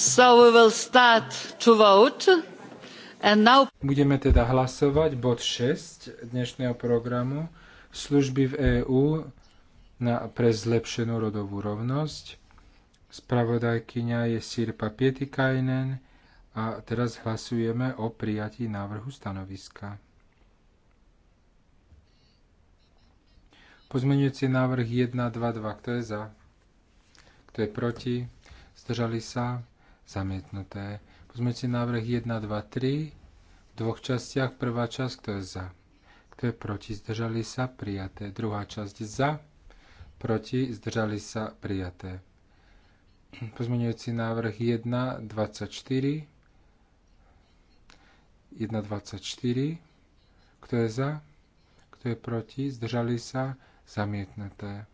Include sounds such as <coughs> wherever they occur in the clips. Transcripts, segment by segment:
So we will start to vote. And now... Budeme teda hlasovať bod 6 dnešného programu služby v EÚ na, pre zlepšenú rodovú rovnosť. Spravodajkyňa je Sirpa Pietikainen a teraz hlasujeme o prijatí návrhu stanoviska. Pozmeňujúci návrh 1, 2, 2. Kto je za? Kto je proti? Zdržali sa? zamietnuté. Pozmeňujúci návrh 1, 2, 3 v dvoch častiach. Prvá časť, kto je za, kto je proti, zdržali sa, prijaté. Druhá časť za, proti, zdržali sa, prijaté. Pozmeňujúci návrh 1, 24 24. Kto je za? Kto je proti? Zdržali sa? Zamietnuté.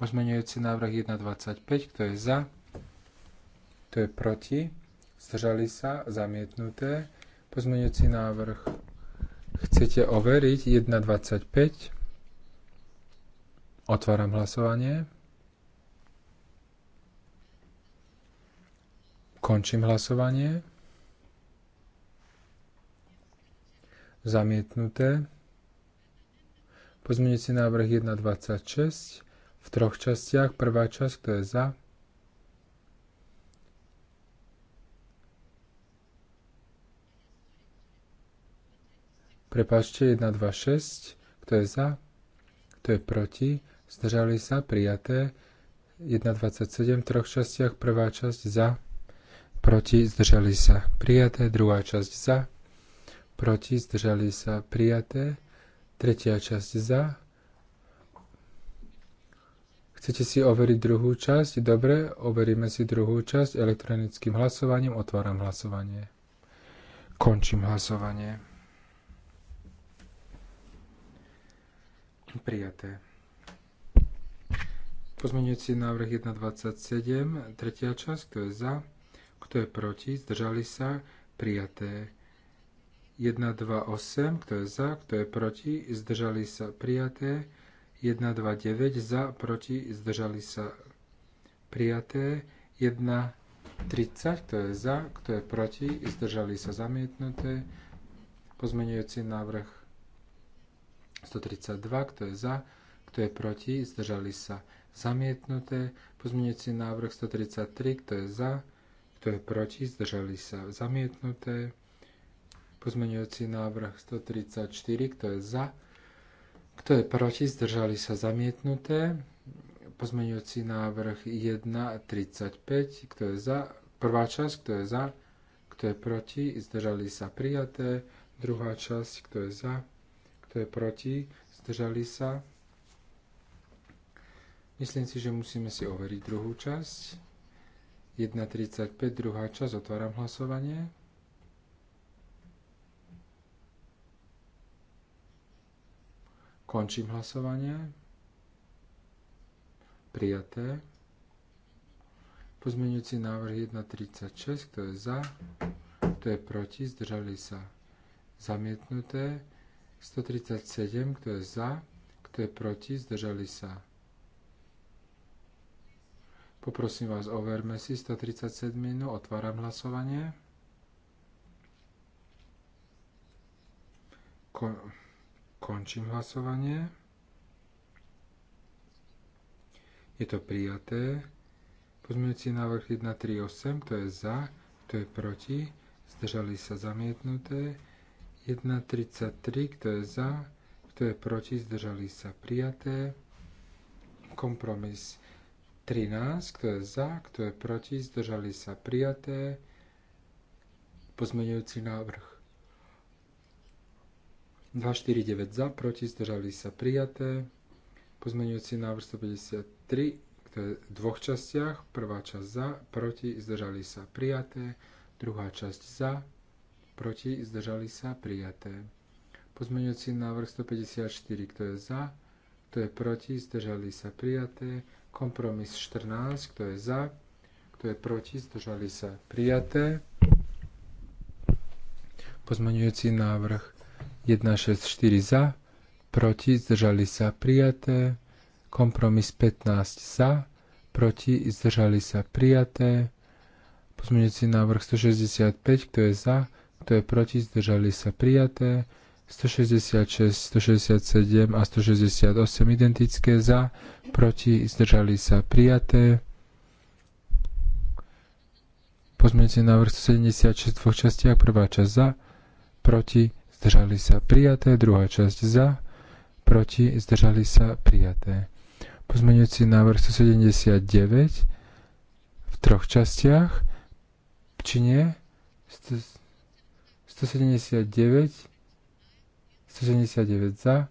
Pozmeňujúci návrh 1,25. Kto je za? To je proti, zdržali sa, zamietnuté. Pozmeňujúci návrh chcete overiť 1.25. Otváram hlasovanie. Končím hlasovanie. Zamietnuté. Pozmeňujúci návrh 1.26 v troch častiach. Prvá časť, kto je za, Prepašte, 1, 2, 6. Kto je za? Kto je proti? Zdržali sa? Prijaté. 1.27 v troch častiach. Prvá časť za. Proti? Zdržali sa? Prijaté. Druhá časť za. Proti? Zdržali sa? Prijaté. Tretia časť za. Chcete si overiť druhú časť? Dobre, overíme si druhú časť elektronickým hlasovaním. Otváram hlasovanie. Končím hlasovanie. Prijaté. Pozmeňujúci návrh 1.27, tretia časť, kto je za, kto je proti, zdržali sa, prijaté. 1.28, kto je za, kto je proti, zdržali sa, prijaté. 1.29, za, proti, zdržali sa, prijaté. 1.30, kto je za, kto je proti, zdržali sa, zamietnuté. Pozmeňujúci návrh 132, kto je za, kto je proti, zdržali sa zamietnuté. Pozmeňujúci návrh 133, kto je za, kto je proti, zdržali sa zamietnuté. Pozmeňujúci návrh 134, kto je za, kto je proti, zdržali sa zamietnuté. Pozmeňujúci návrh 1.35, kto je za, prvá časť, kto je za, kto je proti, zdržali sa prijaté. Druhá časť, kto je za, kto je proti, zdržali sa. Myslím si, že musíme si overiť druhú časť. 1.35, druhá časť, otváram hlasovanie. Končím hlasovanie. Prijaté. Pozmeňujúci návrh 1.36, kto je za, kto je proti, zdržali sa. Zamietnuté. 137, kto je za, kto je proti, zdržali sa. Poprosím vás, overme si 137, no, otváram hlasovanie. končím hlasovanie. Je to prijaté. Pozmeňujúci návrh 138, kto je za, kto je proti, zdržali sa zamietnuté. 1.33, kto je za, kto je proti, zdržali sa prijaté. Kompromis 13, kto je za, kto je proti, zdržali sa prijaté. Pozmeňujúci návrh 249 za, proti, zdržali sa prijaté. Pozmeňujúci návrh 153, kto je v dvoch častiach. Prvá časť za, proti, zdržali sa prijaté. Druhá časť za, proti, zdržali sa, prijaté. Pozmeňujúci návrh 154, kto je za, kto je proti, zdržali sa, prijaté. Kompromis 14, kto je za, kto je proti, zdržali sa, prijaté. Pozmeňujúci návrh 164 za, proti, zdržali sa, prijaté. Kompromis 15 za, proti, zdržali sa, prijaté. Pozmeňujúci návrh 165, kto je za, kto je proti, zdržali sa prijaté, 166, 167 a 168 identické za, proti, zdržali sa prijaté. Pozmeňte návrh 176 v dvoch častiach, prvá časť za, proti, zdržali sa prijaté, druhá časť za, proti, zdržali sa prijaté. Pozmeňujúci návrh 179 v troch častiach, či nie? 179, 179 za,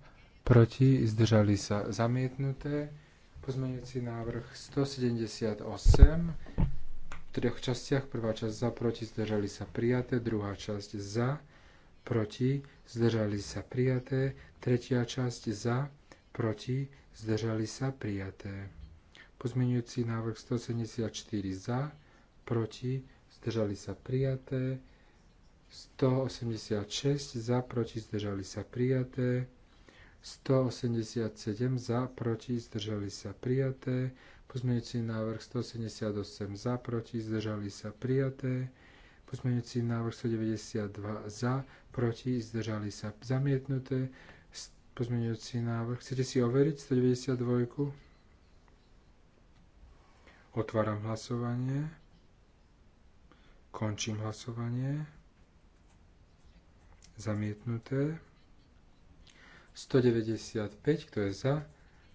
proti, zdržali sa zamietnuté. Pozmeňujúci návrh 178 v troch častiach. Prvá časť za, proti, zdržali sa prijaté. Druhá časť za, proti, zdržali sa prijaté. Tretia časť za, proti, zdržali sa prijaté. Pozmeňujúci návrh 174 za, proti, zdržali sa prijaté. 186 za, proti zdržali sa prijaté. 187 za, proti zdržali sa prijaté. Pozmeňujúci návrh 178 za, proti zdržali sa prijaté. Pozmeňujúci návrh 192 za, proti zdržali sa zamietnuté. Pozmeňujúci návrh. Chcete si overiť 192? Otváram hlasovanie. Končím hlasovanie zamietnuté. 195, kto je za,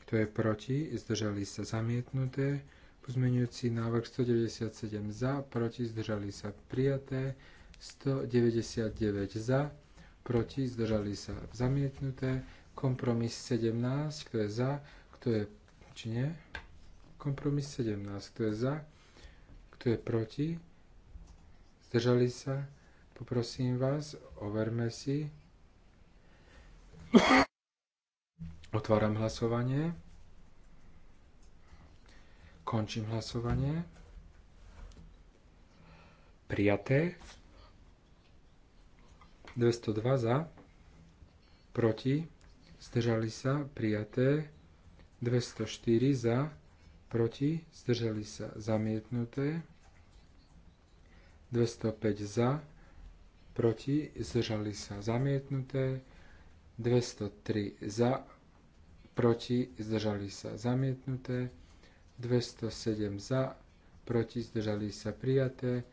kto je proti, zdržali sa zamietnuté. Pozmeňujúci návrh 197 za, proti, zdržali sa prijaté. 199 za, proti, zdržali sa zamietnuté. Kompromis 17, kto je za, kto je, či nie? Kompromis 17, kto je za, kto je proti, zdržali sa Poprosím vás, overme si. Otváram hlasovanie. Končím hlasovanie. Prijaté. 202 za. Proti. Zdržali sa. Prijaté. 204 za. Proti. Zdržali sa. Zamietnuté. 205 za proti, zdržali sa zamietnuté, 203 za, proti, zdržali sa zamietnuté, 207 za, proti, zdržali sa prijaté,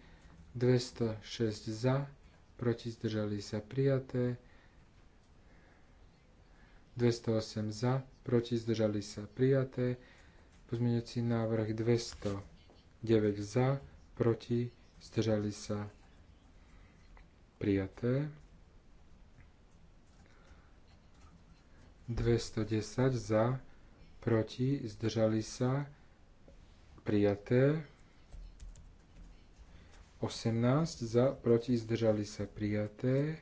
206 za, proti, zdržali sa prijaté, 208 za, proti, zdržali sa prijaté, pozmeňujúci návrh 209 za, proti, zdržali sa prijaté prijaté. 210 za, proti, zdržali sa, prijaté. 18 za, proti, zdržali sa, prijaté.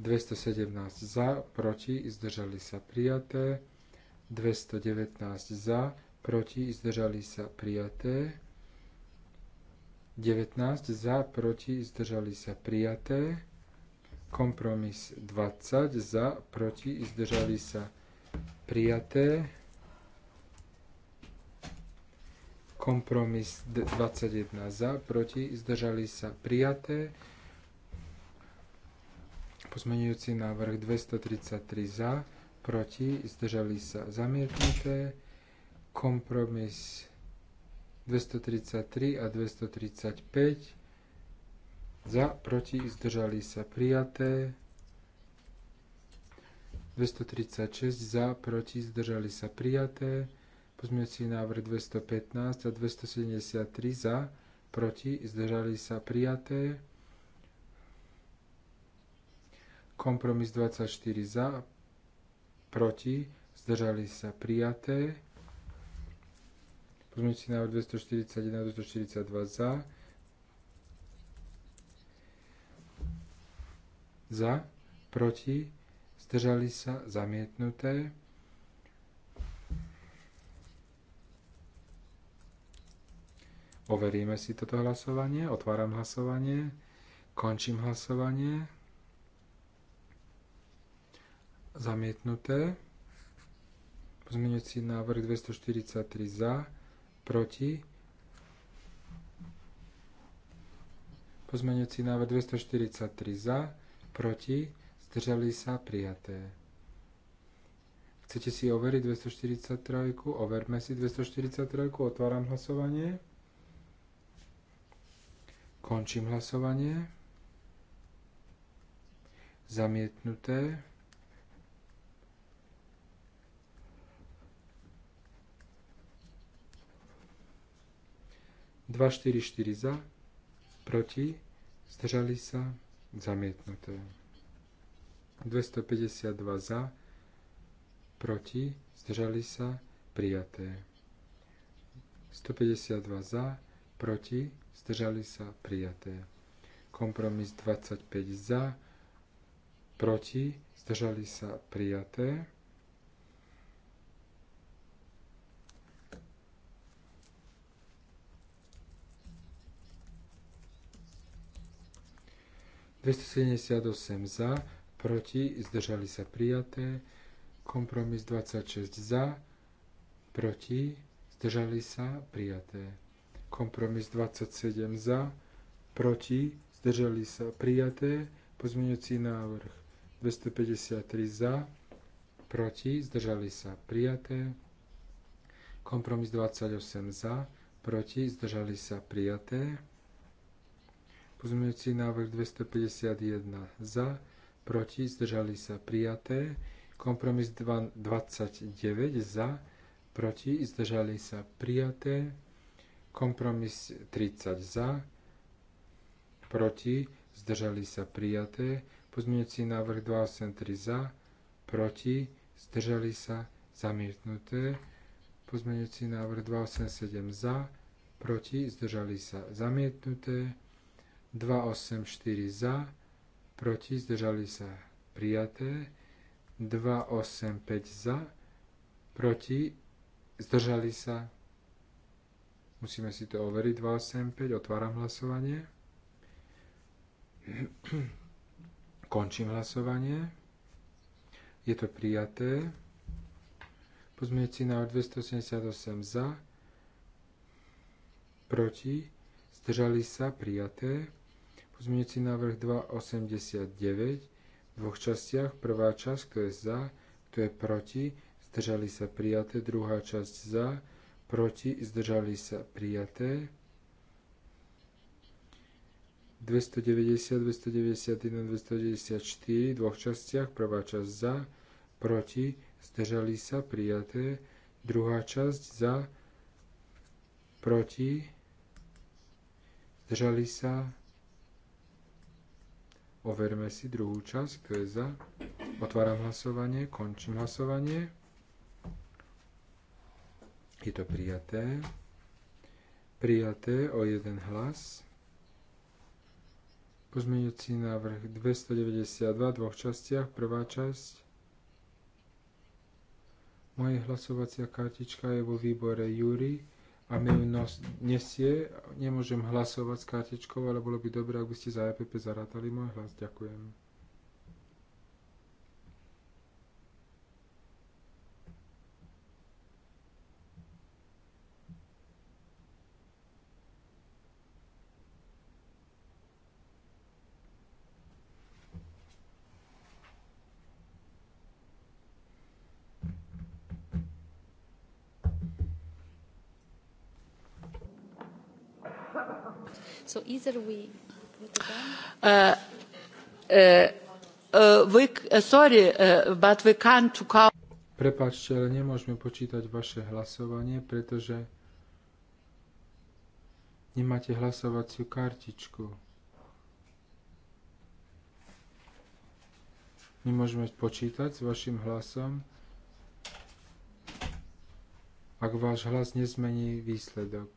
217 za, proti, zdržali sa, prijaté. 219 za, proti, zdržali sa, prijaté. 19 za, proti, zdržali sa prijaté. Kompromis 20 za, proti, zdržali sa prijaté. Kompromis 21 za, proti, zdržali sa prijaté. Pozmenujúci návrh 233 za, proti, zdržali sa zamietnuté. Kompromis 233 a 235. Za, proti, zdržali sa prijaté. 236 za, proti, zdržali sa prijaté. Pozmeňujúci návrh 215 a 273 za, proti, zdržali sa prijaté. Kompromis 24 za, proti, zdržali sa prijaté si návrh 241 242 za. Za, proti, zdržali sa, zamietnuté. Overíme si toto hlasovanie. Otváram hlasovanie. Končím hlasovanie. Zamietnuté. Pozmeňujúci návrh 243 za proti. Pozmeňujúci návrh 243 za, proti, zdržali sa, prijaté. Chcete si overiť 243? Overme si 243, otváram hlasovanie. Končím hlasovanie. Zamietnuté. 244 za, proti, zdržali sa, zamietnuté. 252 za, proti, zdržali sa, prijaté. 152 za, proti, zdržali sa, prijaté. Kompromis 25 za, proti, zdržali sa, prijaté. 278 za, proti, zdržali sa prijaté, kompromis 26 za, proti, zdržali sa prijaté, kompromis 27 za, proti, zdržali sa prijaté, pozmeňujúci návrh 253 za, proti, zdržali sa prijaté, kompromis 28 za, proti, zdržali sa prijaté, Pozmeňujúci návrh 251 za, proti, zdržali sa prijaté. Kompromis 29 za, proti, zdržali sa prijaté. Kompromis 30 za, proti, zdržali sa prijaté. Pozmeňujúci návrh 283 za, proti, zdržali sa zamietnuté. Pozmeňujúci návrh 287 za, proti, zdržali sa zamietnuté. 4 za, proti, zdržali sa prijaté, 5 za, proti, zdržali sa, musíme si to overiť, 5, otváram hlasovanie, <clears throat> končím hlasovanie, je to prijaté, pozmeňujúci návrh 278 za, proti, zdržali sa, prijaté, Pozmeňujúci návrh 289 v dvoch častiach. Prvá časť, kto je za, kto je proti, zdržali sa prijaté. Druhá časť za, proti, zdržali sa prijaté. 290, 291, 294 v dvoch častiach. Prvá časť za, proti, zdržali sa prijaté. Druhá časť za, proti, zdržali sa prijaté Overme si druhú časť, kto je za. Otváram hlasovanie, končím hlasovanie. Je to prijaté. Prijaté o jeden hlas. Pozmeňujúci návrh 292 v dvoch častiach. Prvá časť. Moje hlasovacia kartička je vo výbore Júri a mi ju nos, nesie. Nemôžem hlasovať s kartičkou, ale bolo by dobré, ak by ste za EPP zarátali môj hlas. Ďakujem. Uh, uh, uh, Prepačte, ale nemôžeme počítať vaše hlasovanie, pretože nemáte hlasovaciu kartičku. Nemôžeme počítať s vašim hlasom, ak váš hlas nezmení výsledok.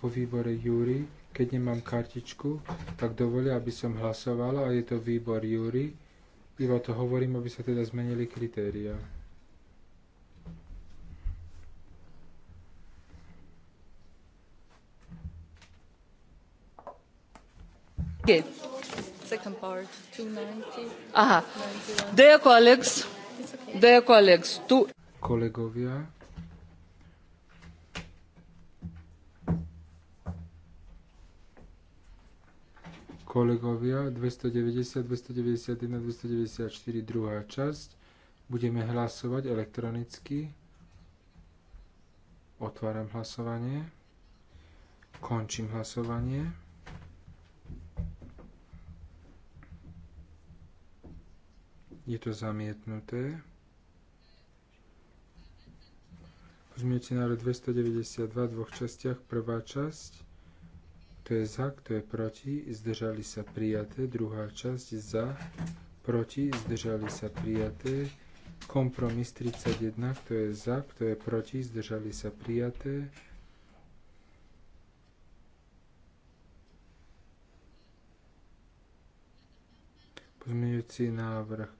vo výbore Júri, keď nemám kartičku, tak dovolia, aby som hlasovala a je to výbor Júri. Iba to hovorím, aby sa teda zmenili kritéria. Okay. Second part, 290. Aha. Dear colleagues, dear colleagues, tu... Kolegovia, Kolegovia, 290, 291, 294, druhá časť. Budeme hlasovať elektronicky. Otváram hlasovanie. Končím hlasovanie. Je to zamietnuté. Pozmiete návrh 292 v dvoch častiach. Prvá časť. Kto je za, kto je proti, zdržali sa prijaté. Druhá časť za, proti, zdržali sa prijaté. Kompromis 31, kto je za, kto je proti, zdržali sa prijaté. Pozmeňujúci návrh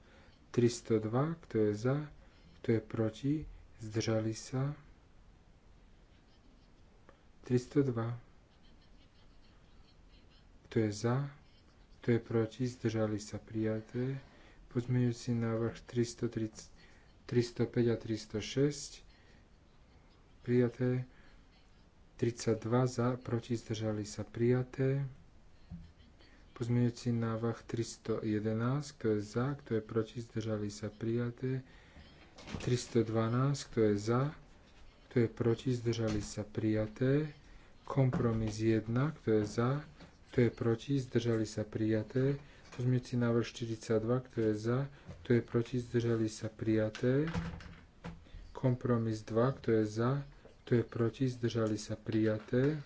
302, kto je za, kto je proti, zdržali sa. 302. Kto je za? Kto je proti? Zdržali sa prijaté. Pozmeňujúci návrh 305 a 306 prijaté. 32 za, proti zdržali sa prijaté. Pozmeňujúci návrh 311, kto je za, kto je proti, zdržali sa prijaté. 312, kto je za, kto je proti, zdržali sa prijaté. Kompromis 1, kto je za, kto je proti, zdržali sa prijaté. Pozmeňujúci návrh 42, kto je za, kto je proti, zdržali sa prijaté. Kompromis 2, kto je za, kto je proti, zdržali sa prijaté.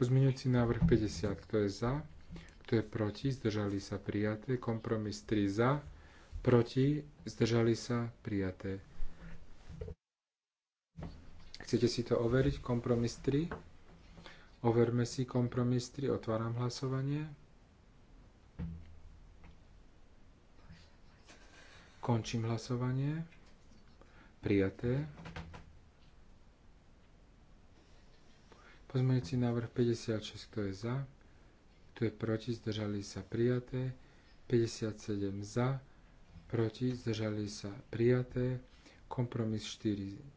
Pozmeňujúci návrh 50, kto je za, kto je proti, zdržali sa prijaté. Kompromis 3 za, proti, zdržali sa prijaté. Chcete si to overiť? Kompromis 3? Overme si kompromis 3. Otváram hlasovanie. Končím hlasovanie. Prijaté. Pozmeňujúci návrh 56, kto je za, kto je proti, zdržali sa prijaté. 57 za, proti, zdržali sa prijaté. Kompromis 4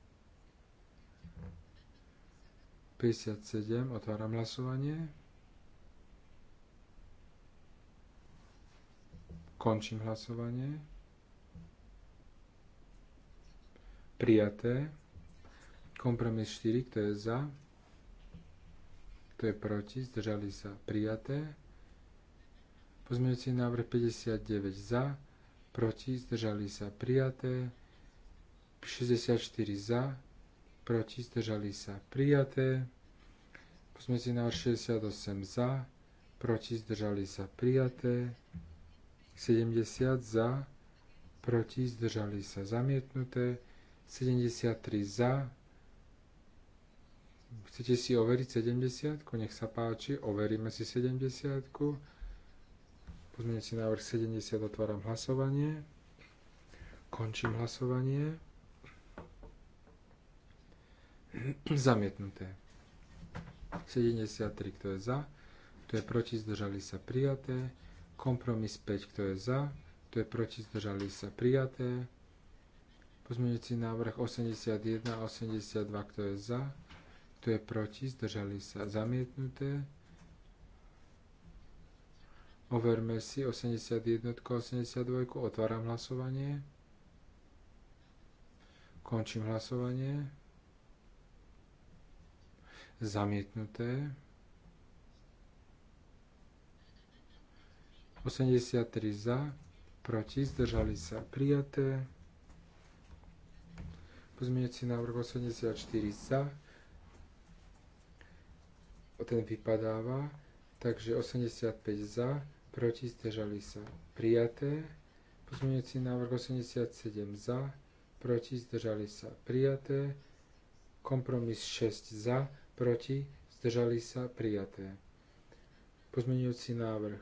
57. Otváram hlasovanie. Končím hlasovanie. Prijaté. Kompromis 4, kto je za, kto je proti, zdržali sa prijaté. Pozmeňujúci návrh 59 za, proti, zdržali sa prijaté. 64 za, proti, zdržali sa prijaté. si na 68 za, proti, zdržali sa prijaté. 70 za, proti, zdržali sa zamietnuté. 73 za. Chcete si overiť 70? -ku? Nech sa páči, overíme si 70. si na návrh 70, otváram hlasovanie. Končím hlasovanie. <clears throat> Zamietnuté. 73, kto je za, kto je proti, zdržali sa prijaté. Kompromis 5, kto je za, kto je proti, zdržali sa prijaté. Pozmeňujúci návrh 81 a 82, kto je za, kto je proti, zdržali sa zamietnuté. Overme si 81, 82, otváram hlasovanie. Končím hlasovanie zamietnuté. 83 za, proti, zdržali sa prijaté. Pozmeňujúci návrh 84 za, ten vypadáva, takže 85 za, proti, zdržali sa prijaté. Pozmeňujúci návrh 87 za, proti, zdržali sa prijaté. Kompromis 6 za, proti, zdržali sa, prijaté. Pozmeňujúci návrh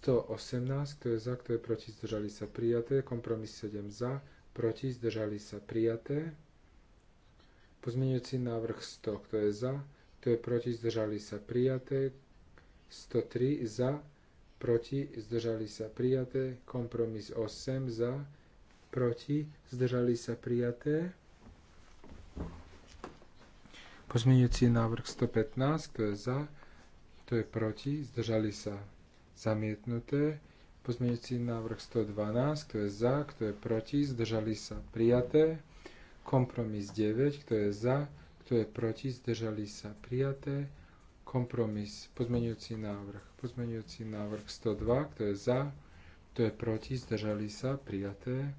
118, kto je za, kto je proti, zdržali sa, prijaté. Kompromis 7 za, proti, zdržali sa, prijaté. Pozmeňujúci návrh 100, kto je za, kto je proti, zdržali sa, prijaté. 103 za, proti, zdržali sa, prijaté. Kompromis 8 za, proti, zdržali sa, prijaté. Pozmeňujúci návrh 115, kto je za, kto je proti, zdržali sa zamietnuté. Pozmeňujúci návrh 112, kto je za, kto je proti, zdržali sa prijaté. Kompromis 9, kto je za, kto je proti, zdržali sa prijaté. Kompromis, pozmeňujúci návrh, pozmeňujúci návrh 102, kto je za, kto je proti, zdržali sa prijaté.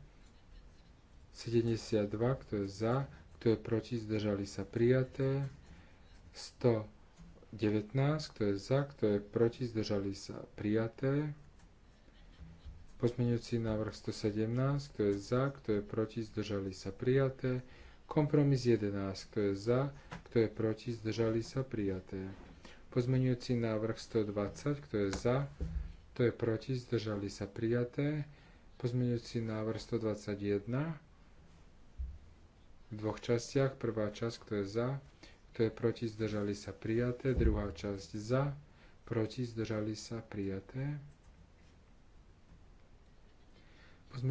72, kto je za, kto je proti, zdržali sa prijaté. 119, kto je za, kto je proti, zdržali sa prijaté. Pozmeňujúci návrh 117, kto je za, kto je proti, zdržali sa prijaté. Kompromis 11, kto je za, kto je proti, zdržali sa prijaté. Pozmeňujúci návrh 120, kto je za, kto je proti, zdržali sa prijaté. Pozmeňujúci návrh 121, v dvoch častiach. Prvá časť, kto je za, kto je proti, zdržali sa prijaté. Druhá časť za, proti, zdržali sa prijaté.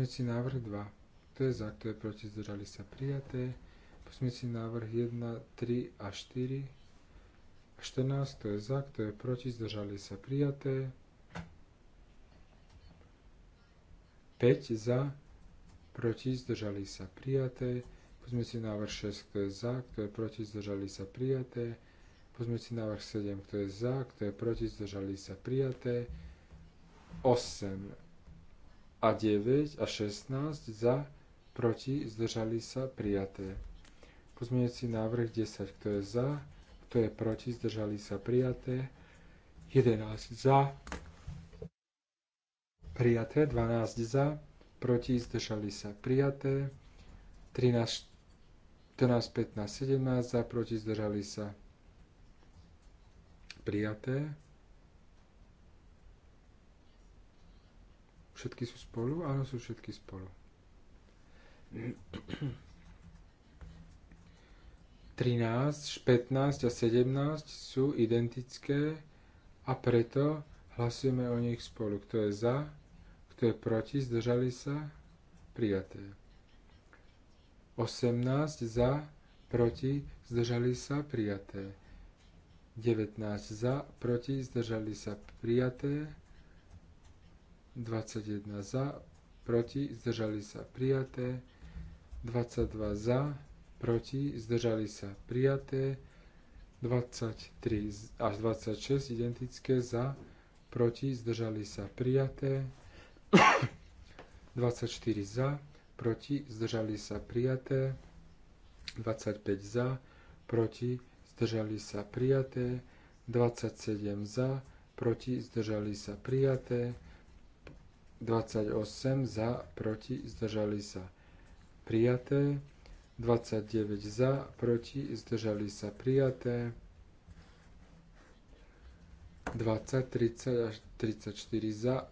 si návrh 2. Kto je za, kto je proti, zdržali sa prijaté. si návrh 1, 3 a 4. 14. Kto je za, kto je proti, zdržali sa prijaté. 5 za, proti, zdržali sa prijaté. Pozme si návrh 6, kto je za, kto je proti, zdržali sa prijaté. Pozme si návrh 7, kto je za, kto je proti, zdržali sa prijaté. 8 a 9 a 16 za, proti, zdržali sa prijaté. Pozmeňujúci návrh 10, kto je za, kto je proti, zdržali sa prijaté. 11 za, prijaté, 12 za, proti, zdržali sa prijaté. 13, 13, 15, 17 za, proti zdržali sa prijaté. Všetky sú spolu? Áno, sú všetky spolu. 13, 15 a 17 sú identické a preto hlasujeme o nich spolu. Kto je za, kto je proti, zdržali sa, prijaté. 18 za, proti, zdržali sa, prijaté. 19 za, proti, zdržali sa, prijaté. 21 za, proti, zdržali sa, prijaté. 22 za, proti, zdržali sa, prijaté. 23 až 26 identické za, proti, zdržali sa, prijaté. 24 <coughs> za, proti, zdržali sa prijaté, 25 za, proti, zdržali sa prijaté, 27 za, proti, zdržali sa prijaté, 28 za, proti, zdržali sa prijaté, 29 za, proti, zdržali sa prijaté, 20, 30 až 34 za,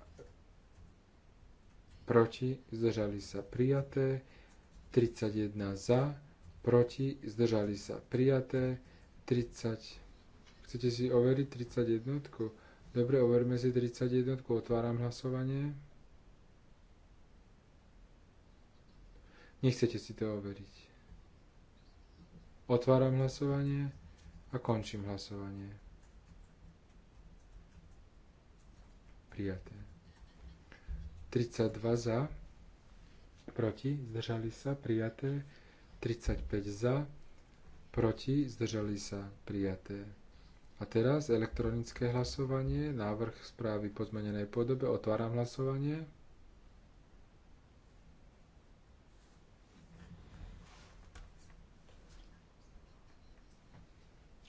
proti, zdržali sa prijaté, 31 za, proti, zdržali sa prijaté, 30. Chcete si overiť 31? Dobre, overme si 31, otváram hlasovanie. Nechcete si to overiť. Otváram hlasovanie a končím hlasovanie. Prijaté. 32 za, proti, zdržali sa, prijaté. 35 za, proti, zdržali sa, prijaté. A teraz elektronické hlasovanie, návrh správy po zmenenej podobe, otváram hlasovanie.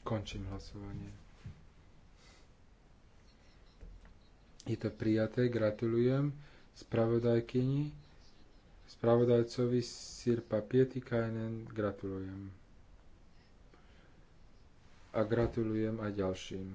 Končím hlasovanie. Je to prijaté, gratulujem spravodajkyni, spravodajcovi Sirpa Pietikainen gratulujem. A gratulujem aj ďalším.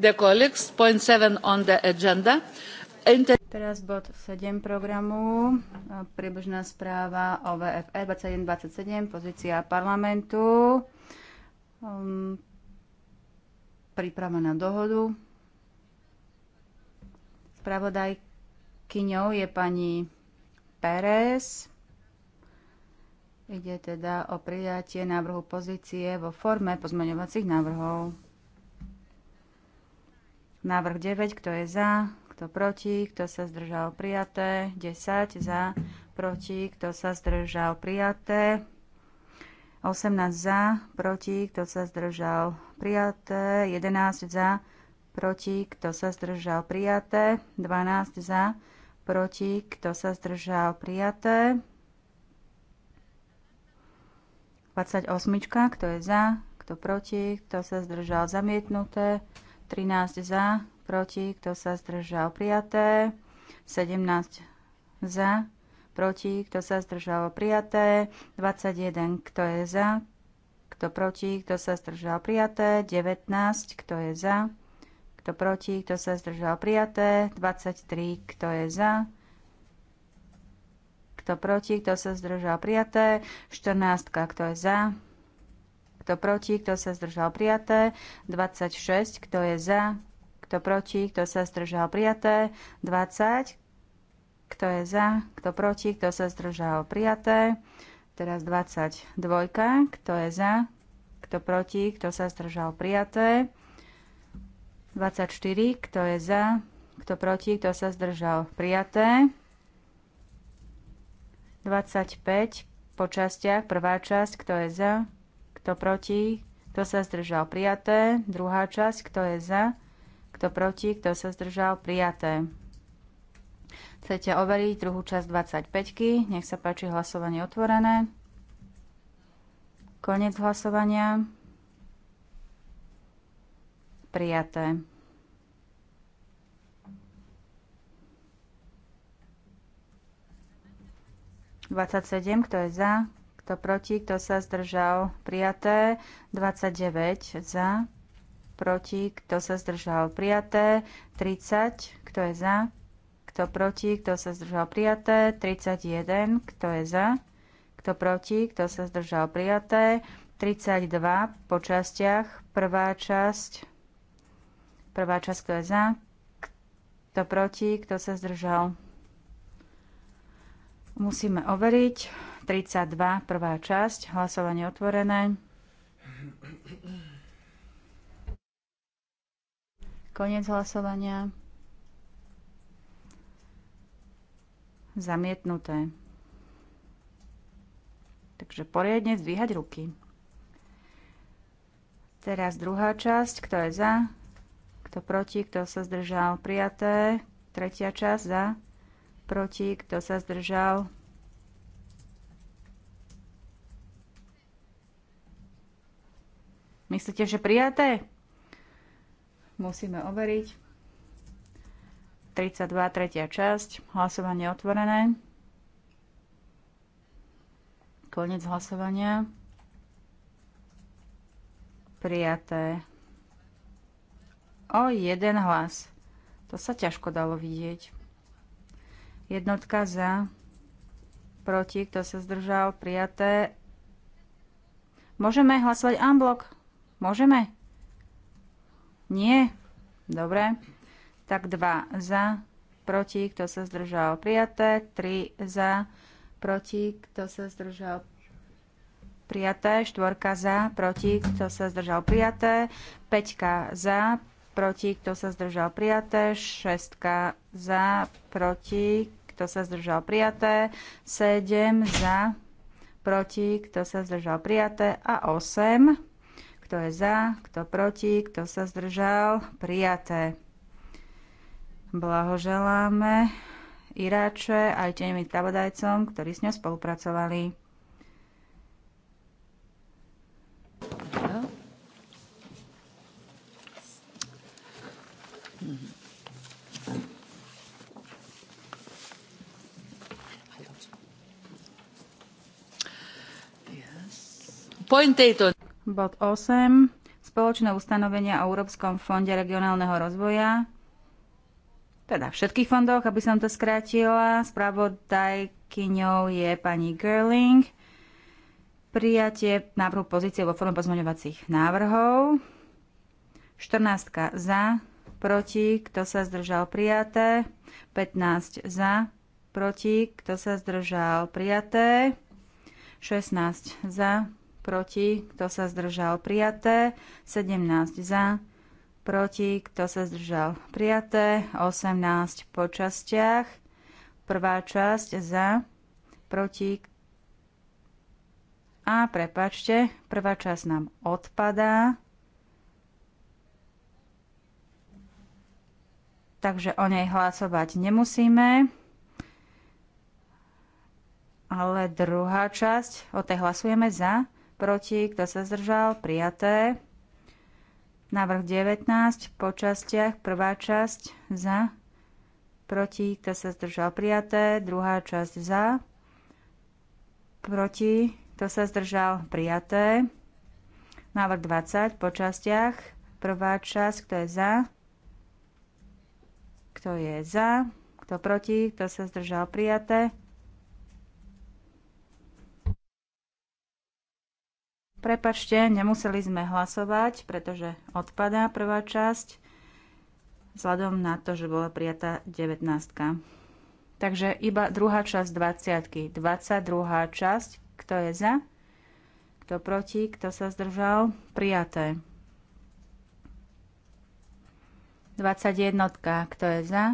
Teraz bod sedem programu, približná správa o VFR 2127, pozícia parlamentu, um, príprava na dohodu. Spravodajkyňou je pani Pérez. Ide teda o prijatie návrhu pozície vo forme pozmeňovacích návrhov. Návrh 9, kto je za, kto proti, kto sa zdržal prijaté. 10 za, proti, kto sa zdržal prijaté. 18 za, proti, kto sa zdržal prijaté. 11 za, proti, kto sa zdržal prijaté. 12 za, proti, kto sa zdržal prijaté. 28, kto je za, kto proti, kto sa zdržal zamietnuté. 13 za, proti, kto sa zdržal prijaté, 17 za, proti, kto sa zdržal prijaté, 21, kto je za, kto proti, kto sa zdržal prijaté, 19, kto je za, kto proti, kto sa zdržal prijaté, 23, kto je za, kto proti, kto sa zdržal prijaté, 14, kto je za, kto proti, kto sa zdržal prijaté, 26, kto je za, kto proti, kto sa zdržal prijaté, 20, kto je za, kto proti, kto sa zdržal prijaté, teraz 22, kto je za, kto proti, kto sa zdržal prijaté, 24, kto je za, kto proti, kto sa zdržal prijaté, 25 po častiach, prvá časť, kto je za, kto proti? Kto sa zdržal? Prijaté. Druhá časť. Kto je za? Kto proti? Kto sa zdržal? Prijaté. Chcete overiť druhú časť 25. Nech sa páči hlasovanie otvorené. Konec hlasovania. Prijaté. Dvadsať kto je za? kto proti, kto sa zdržal, prijaté. 29 za, proti, kto sa zdržal, prijaté. 30, kto je za, kto proti, kto sa zdržal, prijaté. 31, kto je za, kto proti, kto sa zdržal, prijaté. 32 po častiach, prvá časť, prvá časť, kto je za, kto proti, kto sa zdržal. Musíme overiť. 32, prvá časť, hlasovanie otvorené. Koniec hlasovania. Zamietnuté. Takže poriadne zdvíhať ruky. Teraz druhá časť, kto je za, kto proti, kto sa zdržal, prijaté. Tretia časť za, proti, kto sa zdržal, Myslíte, že prijaté? Musíme overiť. 32, tretia časť. Hlasovanie otvorené. Konec hlasovania. Prijaté. O jeden hlas. To sa ťažko dalo vidieť. Jednotka za. Proti, kto sa zdržal, prijaté. Môžeme hlasovať unblock. Môžeme? Nie? Dobre. Tak 2 za, proti, kto sa zdržal prijaté, 3 za, proti, kto sa zdržal prijaté, 4 za, proti, kto sa zdržal prijaté, 5 za, proti, kto sa zdržal prijaté, 6 za, proti, kto sa zdržal prijaté, 7 za, proti, kto sa zdržal prijaté a 8 kto je za, kto proti, kto sa zdržal, prijaté. Blahoželáme Iráče aj tým spravodajcom, ktorí s ňou spolupracovali. Point eight on Bod 8. Spoločné ustanovenia o Európskom fonde regionálneho rozvoja. Teda všetkých fondoch, aby som to skrátila. Spravodajkyňou je pani Gerling. Prijatie návrhu pozície vo forme pozmeňovacích návrhov. 14 za, proti, kto sa zdržal prijaté, 15 za, proti, kto sa zdržal prijaté, 16 za, proti, kto sa zdržal prijaté, 17 za, proti, kto sa zdržal prijaté, 18 po častiach, prvá časť za, proti, a prepačte, prvá časť nám odpadá, takže o nej hlasovať nemusíme. Ale druhá časť, o tej hlasujeme za, proti, kto sa zdržal, prijaté. Návrh 19 po častiach, prvá časť za, proti, kto sa zdržal, prijaté, druhá časť za, proti, kto sa zdržal, prijaté. Návrh 20 po častiach, prvá časť, kto je za, kto je za, kto proti, kto sa zdržal, prijaté. Prepačte, nemuseli sme hlasovať, pretože odpadá prvá časť, vzhľadom na to, že bola prijatá 19. Takže iba druhá časť 20. 22. časť, kto je za, kto proti, kto sa zdržal, prijaté. 21. Kto je za,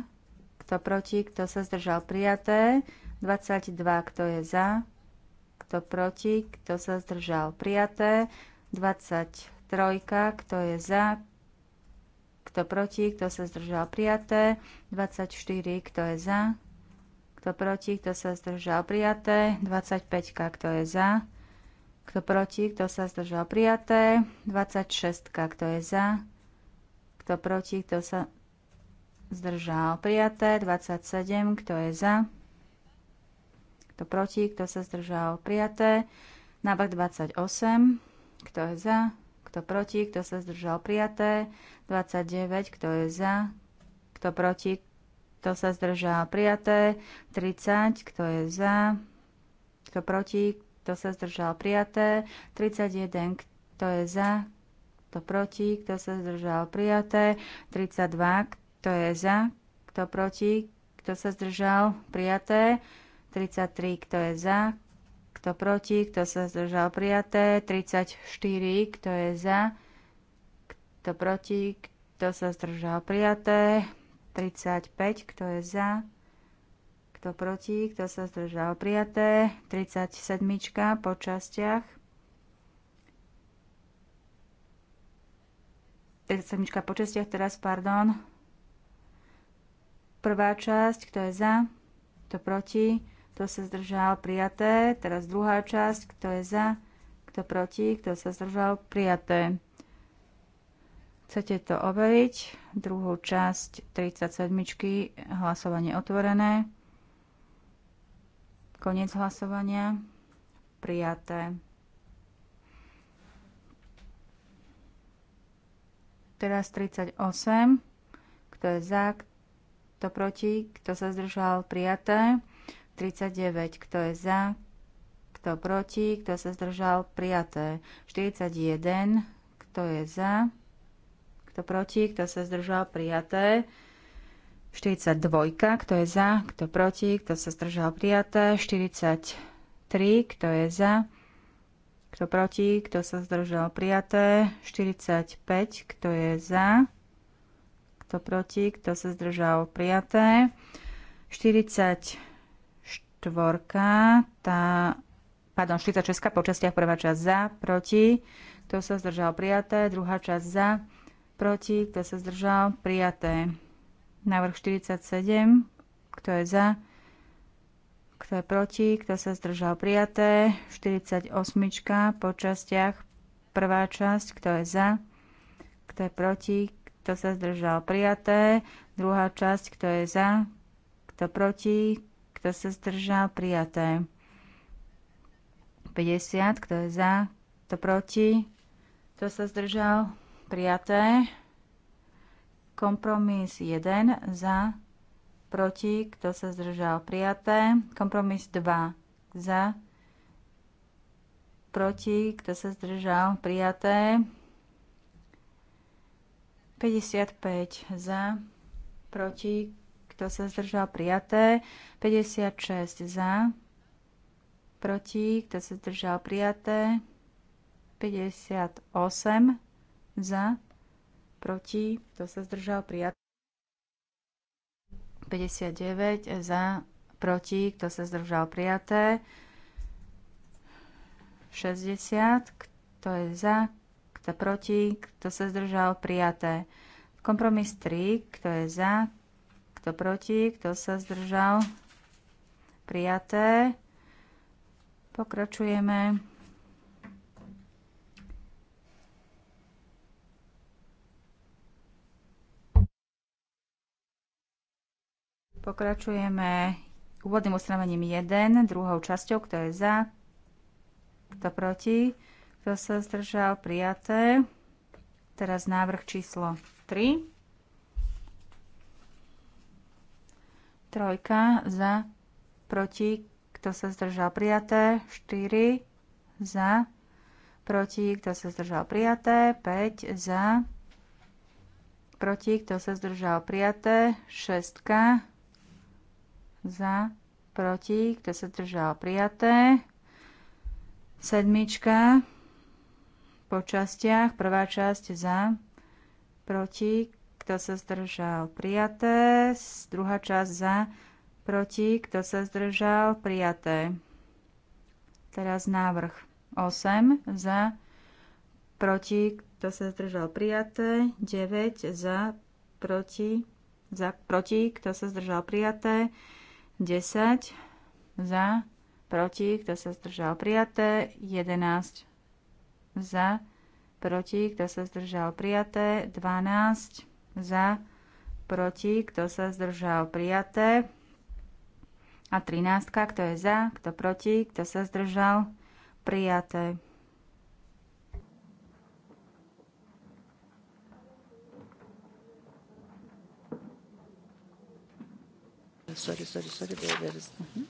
kto proti, kto sa zdržal, prijaté. 22. Kto je za, kto proti, kto sa zdržal. Prijaté 23, kto je za, kto proti, kto sa zdržal. Prijaté 24, kto je za, kto proti, kto sa zdržal. Prijaté 25, kto je za, kto proti, kto sa zdržal. Prijaté 26, kto je za, kto proti, kto sa zdržal. Prijaté 27, kto je za kto proti? Kto sa zdržal? Prijaté. Návrh 28. Kto je za? Kto proti? Kto sa zdržal? Prijaté. 29. Kto je za? Kto proti? Kto sa zdržal? Prijaté. 30. Kto je za? Kto proti? Kto sa zdržal? Prijaté. 31. Kto je za? Kto proti? Kto sa zdržal? Prijaté. 32. Kto je za? Kto proti? Kto sa zdržal? Prijaté. 33, kto je za, kto proti, kto sa zdržal prijaté, 34, kto je za, kto proti, kto sa zdržal prijaté, 35, kto je za, kto proti, kto sa zdržal prijaté, 37 po častiach, 37 po častiach teraz, pardon, prvá časť, kto je za, kto proti, kto sa zdržal, prijaté. Teraz druhá časť, kto je za, kto proti, kto sa zdržal, prijaté. Chcete to overiť? Druhú časť 37. Hlasovanie otvorené. Koniec hlasovania. Prijaté. Teraz 38. Kto je za, kto proti, kto sa zdržal, prijaté. 39. Kto je za? Kto proti? Kto sa zdržal? Prijaté. 41. Kto je za? Kto proti? Kto sa zdržal? Prijaté. 42. Kto je za? Kto proti? Kto sa zdržal? Prijaté. 43. Kto je za? Kto proti? Kto sa zdržal? Prijaté. 45. Kto je za? Kto proti? Kto sa zdržal? Prijaté. 46 tá, pardon, 46 po častiach, prvá časť za, proti, kto sa zdržal prijaté, druhá časť za, proti, kto sa zdržal prijaté. Návrh 47, kto je za, kto je proti, kto sa zdržal prijaté, 48 po častiach, prvá časť, kto je za, kto je proti, kto sa zdržal prijaté, druhá časť, kto je za, kto proti, kto sa zdržal, prijaté. 50, kto je za, kto proti, kto sa zdržal, prijaté. Kompromis 1, za, proti, kto sa zdržal, prijaté. Kompromis 2, za, proti, kto sa zdržal, prijaté. 55 za, proti, kto sa zdržal? Prijaté. 56 za. Proti. Kto sa zdržal? Prijaté. 58 za. Proti. Kto sa zdržal? Prijaté. 59 za. Proti. Kto sa zdržal? Prijaté. 60. Kto je za? Kto proti? Kto sa zdržal? Prijaté. Kompromis 3. Kto je za? Kto proti? Kto sa zdržal? Prijaté. Pokračujeme. Pokračujeme úvodným ustanovením 1, druhou časťou, kto je za, kto proti, kto sa zdržal, prijaté. Teraz návrh číslo 3. 3 za, proti, kto sa zdržal prijaté. 4 za, proti, kto sa zdržal prijaté. 5 za, proti, kto sa zdržal prijaté. 6 za, proti, kto sa zdržal prijaté. 7 po častiach, prvá časť za, proti, kto sa zdržal, prijaté. Druhá časť za, proti, kto sa zdržal, prijaté. Teraz návrh 8 za, proti, kto sa zdržal, prijaté. 9 za, proti, za, proti, kto sa zdržal, prijaté. 10 za, proti, kto sa zdržal, prijaté. 11 za, proti, kto sa zdržal, prijaté. 12 za, za, proti, kto sa zdržal, prijaté. A trináctka, kto je za, kto proti, kto sa zdržal, prijaté. Sorry, sorry, sorry, baby. Mm-hmm.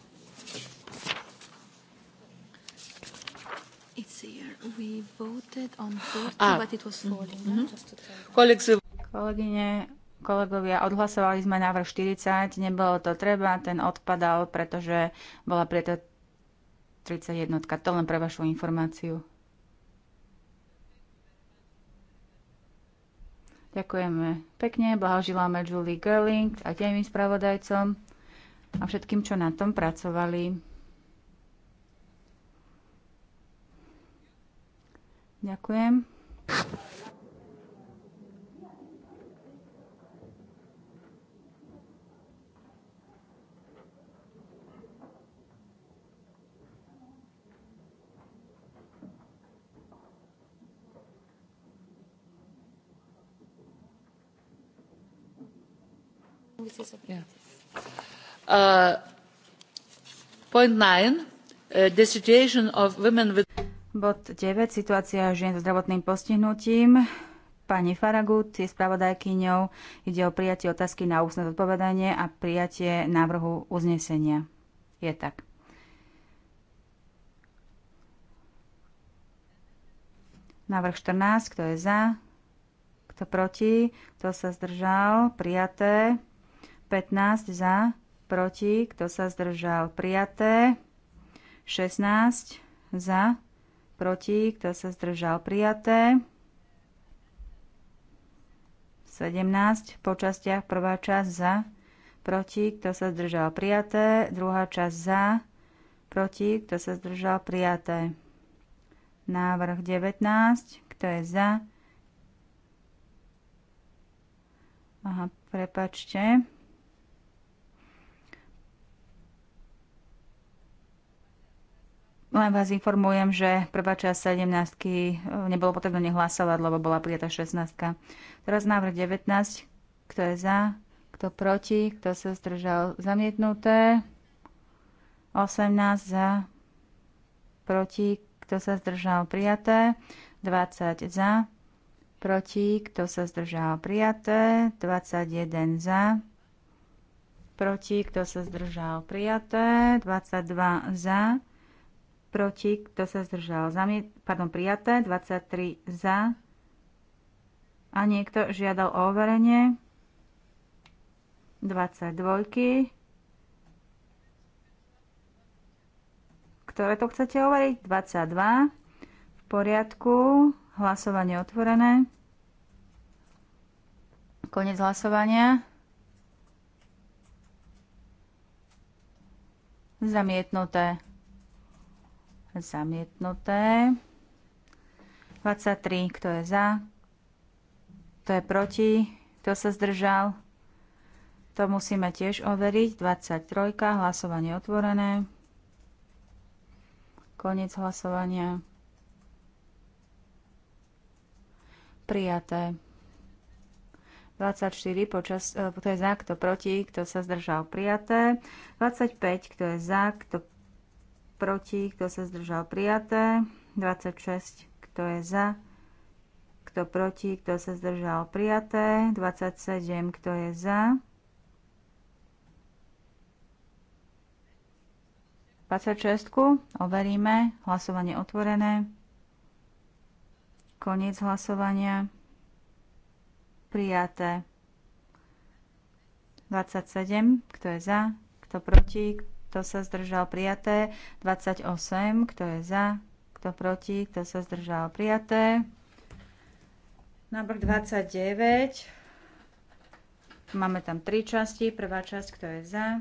It's here. We voted on 40, ah. but it was falling. Mm-hmm. Just to tell you. Colleagues, Kolegyne, kolegovia, odhlasovali sme návrh 40, nebolo to treba, ten odpadal, pretože bola preto 31. To len pre vašu informáciu. Ďakujeme pekne, blahoželáme Julie Gerling a tým spravodajcom a všetkým, čo na tom pracovali. Ďakujem. Uh, point uh, the situation of women with... Bod 9. Situácia žien so zdravotným postihnutím. Pani Faragut je spravodajkyňou. Ide o prijatie otázky na ústne zodpovedanie a prijatie návrhu uznesenia. Je tak. Návrh 14. Kto je za? Kto proti? Kto sa zdržal? Prijaté. 15 za, proti, kto sa zdržal, prijaté. 16 za, proti, kto sa zdržal, prijaté. 17 po častiach, prvá časť za, proti, kto sa zdržal, prijaté. Druhá časť za, proti, kto sa zdržal, prijaté. Návrh 19, kto je za? Aha, prepačte. Len vás informujem, že prvá časť 17 e, nebolo potrebné nehlasovať, lebo bola prijatá 16. Teraz návrh 19. Kto je za? Kto proti? Kto sa zdržal? Zamietnuté. 18 za. Proti? Kto sa zdržal? Prijaté. 20 za. Proti? Kto sa zdržal? Prijaté. 21 za. Proti? Kto sa zdržal? Prijaté. 22 za proti, kto sa zdržal. Zamiet, pardon, prijaté, 23 za. A niekto žiadal o overenie. 22. Ktoré to chcete overiť? 22. V poriadku. Hlasovanie otvorené. Konec hlasovania. Zamietnuté zamietnuté. 23, kto je za, kto je proti, kto sa zdržal. To musíme tiež overiť. 23, hlasovanie otvorené. Koniec hlasovania. Prijaté. 24, počas, eh, kto je za, kto proti, kto sa zdržal, prijaté. 25, kto je za, kto proti, kto sa zdržal prijaté, 26, kto je za, kto proti, kto sa zdržal prijaté, 27, kto je za, 26, overíme, hlasovanie otvorené, koniec hlasovania, prijaté, 27, kto je za, kto proti, kto sa zdržal prijaté, 28, kto je za, kto proti, kto sa zdržal prijaté. Návrh 29, máme tam tri časti, prvá časť, kto je za,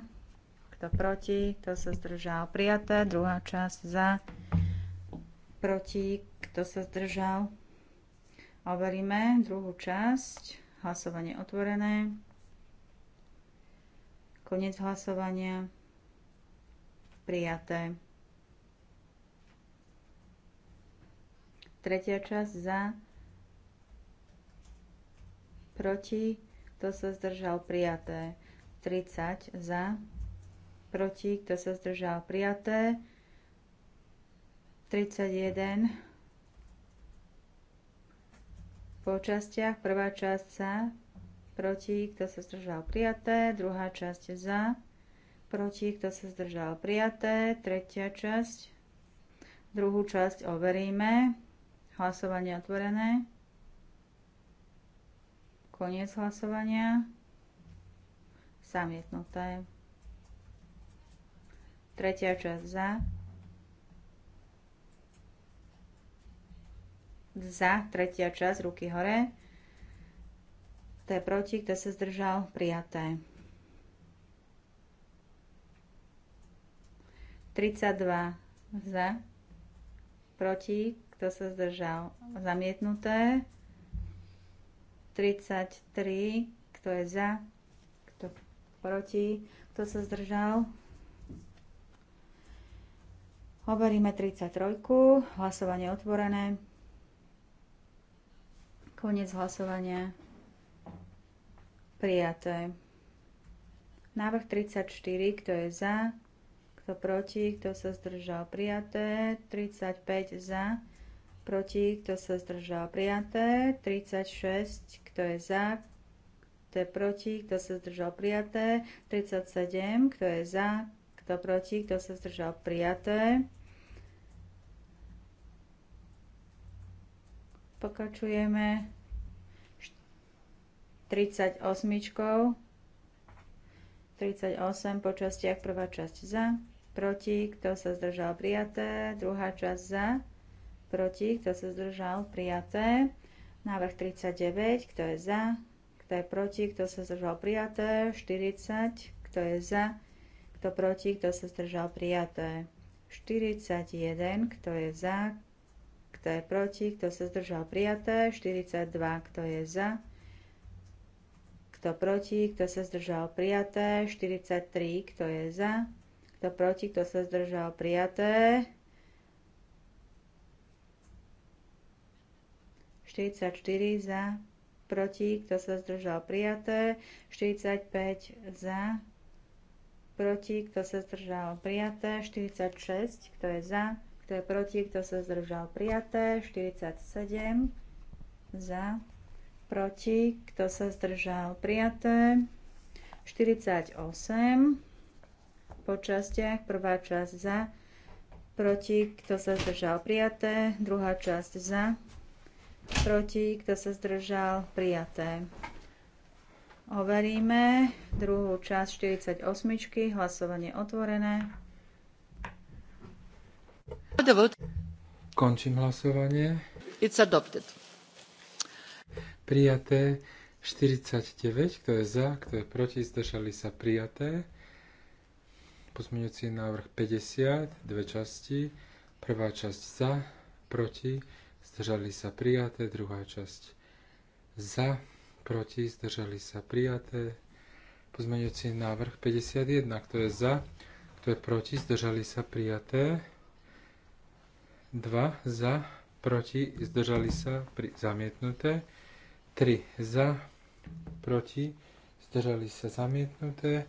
kto proti, kto sa zdržal prijaté, druhá časť za, proti, kto sa zdržal. Overíme druhú časť, hlasovanie otvorené. Koniec hlasovania prijaté. Tretia časť za, proti, kto sa zdržal, prijaté. 30 za, proti, kto sa zdržal, prijaté. 31 po častiach, prvá časť za, proti, kto sa zdržal, prijaté, druhá časť za, proti, kto sa zdržal prijaté, tretia časť, druhú časť overíme, hlasovanie otvorené, koniec hlasovania, samietnuté, tretia časť za, za, tretia časť, ruky hore, to je proti, kto sa zdržal, prijaté. 32 za, proti, kto sa zdržal, zamietnuté. 33, kto je za, kto proti, kto sa zdržal. Hovoríme 33, hlasovanie otvorené. Koniec hlasovania. Prijaté. Návrh 34, kto je za, kto proti? Kto sa zdržal? Prijaté. 35 za. Proti? Kto sa zdržal? Prijaté. 36. Kto je za? Kto je proti? Kto sa zdržal? Prijaté. 37. Kto je za? Kto proti? Kto sa zdržal? Prijaté. Pokračujeme 38. 38 po častiach prvá časť za, proti, kto sa zdržal prijaté, druhá časť za, proti, kto sa zdržal prijaté, návrh 39, kto je za, kto je proti, kto sa zdržal prijaté, 40, kto je za, kto proti, kto sa zdržal prijaté, 41, kto je za, kto je proti, kto sa zdržal prijaté, 42, kto je za, kto proti, kto sa zdržal prijaté, 43, kto je za, kto proti, kto sa zdržal, prijaté. 44 za, proti, kto sa zdržal, prijaté. 45 za, proti, kto sa zdržal, prijaté. 46, kto je za, kto je proti, kto sa zdržal, prijaté. 47 za, proti, kto sa zdržal, prijaté. 48 po častiach. Prvá časť za, proti, kto sa zdržal prijaté. Druhá časť za, proti, kto sa zdržal prijaté. Overíme druhú časť 48. Hlasovanie otvorené. Končím hlasovanie. It's adopted. Prijaté 49, kto je za, kto je proti, zdržali sa prijaté. Pozmeňujúci návrh 50, dve časti. Prvá časť za, proti, zdržali sa prijaté. Druhá časť za, proti, zdržali sa prijaté. Pozmeňujúci návrh 51, kto je za, kto je proti, zdržali sa prijaté. 2 za, proti, zdržali sa pri, zamietnuté. 3 za, proti, zdržali sa zamietnuté.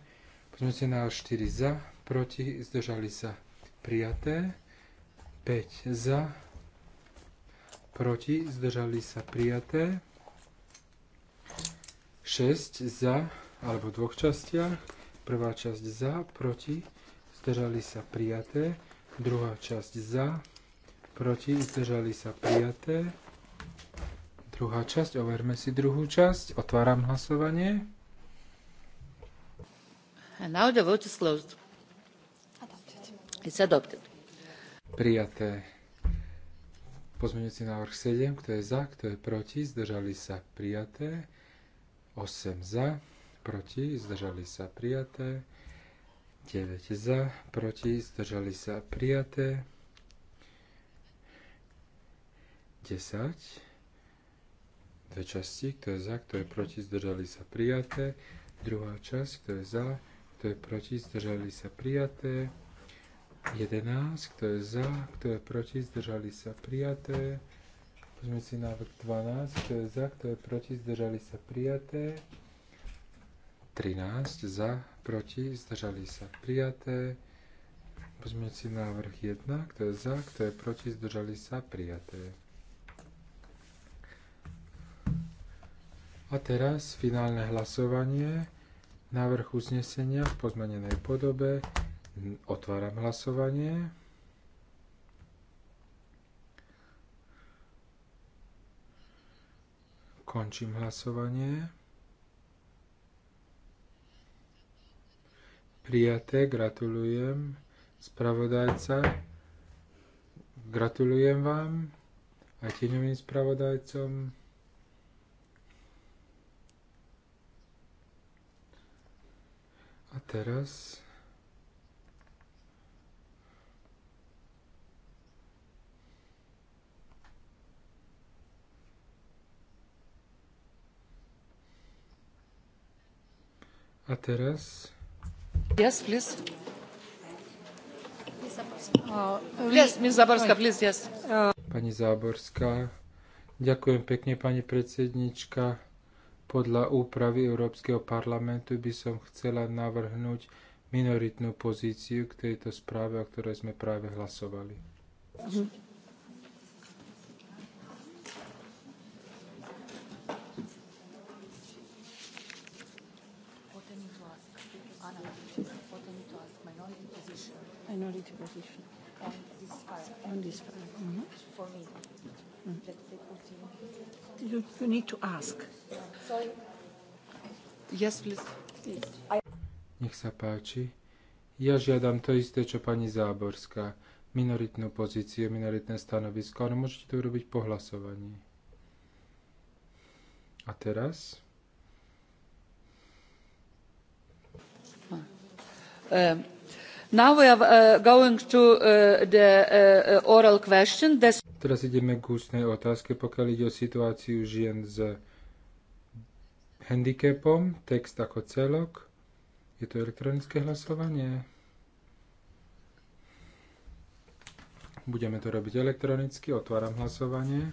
Pozmeňujúci návrh 4 za, proti, zdržali sa prijaté, 5 za, proti, zdržali sa prijaté, 6 za, alebo v dvoch častiach, prvá časť za, proti, zdržali sa prijaté, druhá časť za, proti, zdržali sa prijaté, druhá časť, overme si druhú časť, otváram hlasovanie. And now the vote is closed. It's adopted. Prijaté. Pozmeňujúci návrh 7, kto je za, kto je proti, zdržali sa prijaté. 8 za, proti, zdržali sa prijaté. 9 za, proti, zdržali sa prijaté. 10. Dve časti, kto je za, kto je proti, zdržali sa prijaté. Druhá časť, kto je za, kto je proti, zdržali sa prijaté. 11, kto je za, kto je proti, zdržali sa prijaté. Pozrime si návrh 12, kto je za, kto je proti, zdržali sa prijaté. 13 za, proti, zdržali sa prijaté. si návrh 1, kto je za, kto je proti, zdržali sa prijaté. A teraz finálne hlasovanie návrh uznesenia v pozmenenej podobe. Mhm, otváram hlasovanie. Končím hlasovanie. Prijaté, gratulujem. Spravodajca, gratulujem vám aj tieňovým spravodajcom. A teraz A teraz... Yes, please. Uh, uh, pani Záborská, ďakujem pekne, pani predsednička. Podľa úpravy Európskeho parlamentu by som chcela navrhnúť minoritnú pozíciu k tejto správe, o ktorej sme práve hlasovali. uh Minority position. On this file. On this file. Mm -hmm. For me. Mm. Let's say Putin. You, you need to ask. Sorry. Yes, please. please. Nech sa páči. Ja žiadam to isté, čo pani Záborská. Minoritnú pozíciu, minoritné stanovisko, ale môžete to urobiť po hlasovaní. A teraz? Uh, Now we are uh, going to uh, the uh, oral question. This... Teraz ideme k ústnej otázke, pokiaľ ide o situáciu žien s handicapom, text ako celok. Je to elektronické hlasovanie. Budeme to robiť elektronicky, otváram hlasovanie.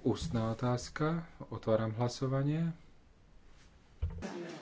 Ústna otázka, otváram hlasovanie. Yeah.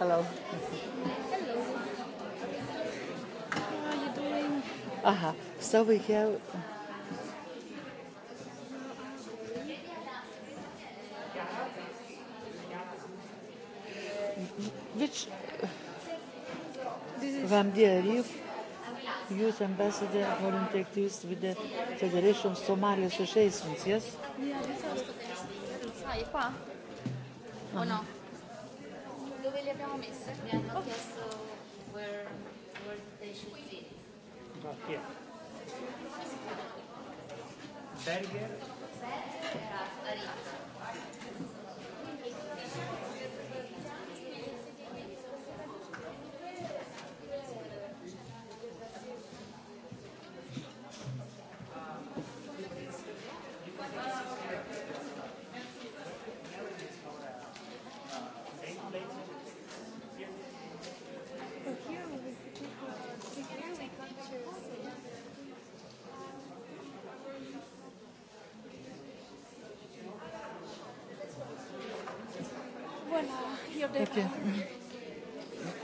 Hello. Hello. How are you doing? Aha, so we have... Which this is Van der Rief, Youth Ambassador, volunteer activist with the Federation of Somali Associations, yes? Yeah, this is the next. Oh no dove will abbiamo messe? Mi hanno oh. chiesto where, where they should fit. Not here. Berger. Berger, Raftarica.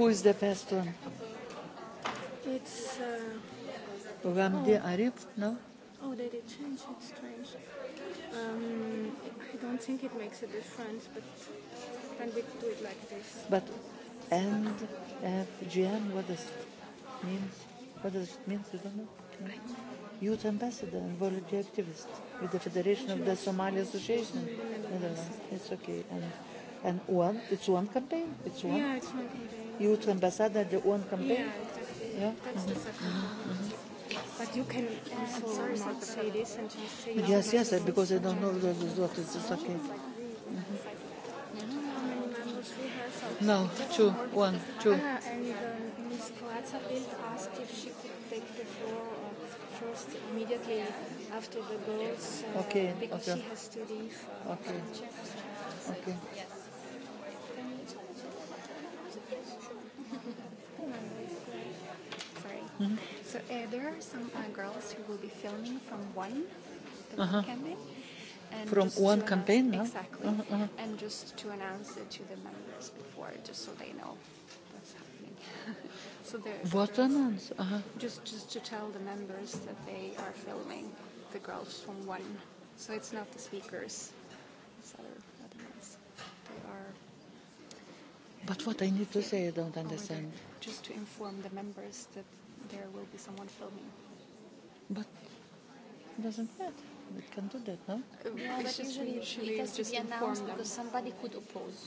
Who is the first one? It's. Uh, oh. Arif, no? Oh, they did change it. Strange. Um, I don't think it makes a difference, but can we do it like this? But and FGM, what does it mean? What does it mean? You don't know? No? Youth ambassador and volunteer activist with the Federation of the Somali Association. Netherlands. It's okay. And And one, it's one campaign. It's one. Yeah, it's one campaign. Youth ambassador, the one campaign. Yeah, exactly. Yeah. That's mm-hmm. the second mm-hmm. But you can also say this and just say. Yes, yes, because I don't know what is what is the second. No, two, one, two. Ah, and um, Miss Coatzaville asked if she could take the floor uh, first immediately after the girls uh, okay, because okay. she has to leave. Okay. Okay. Yes. Mm-hmm. So uh, there are some uh, girls who will be filming from one the uh-huh. campaign. And from one campaign, announce, no? exactly, uh-huh, uh-huh. and just to announce it to the members before, just so they know what's happening. <laughs> so there. What girls, announce? Uh-huh. Just, just to tell the members that they are filming the girls from one. So it's not the speakers. It's other, other ones. They are. But what I need to say, I don't oh understand. Just to inform the members that there will be someone filming. But it doesn't matter. We can do that, no? Uh, well, no, but usually, usually it has to be announced them. because somebody could oppose.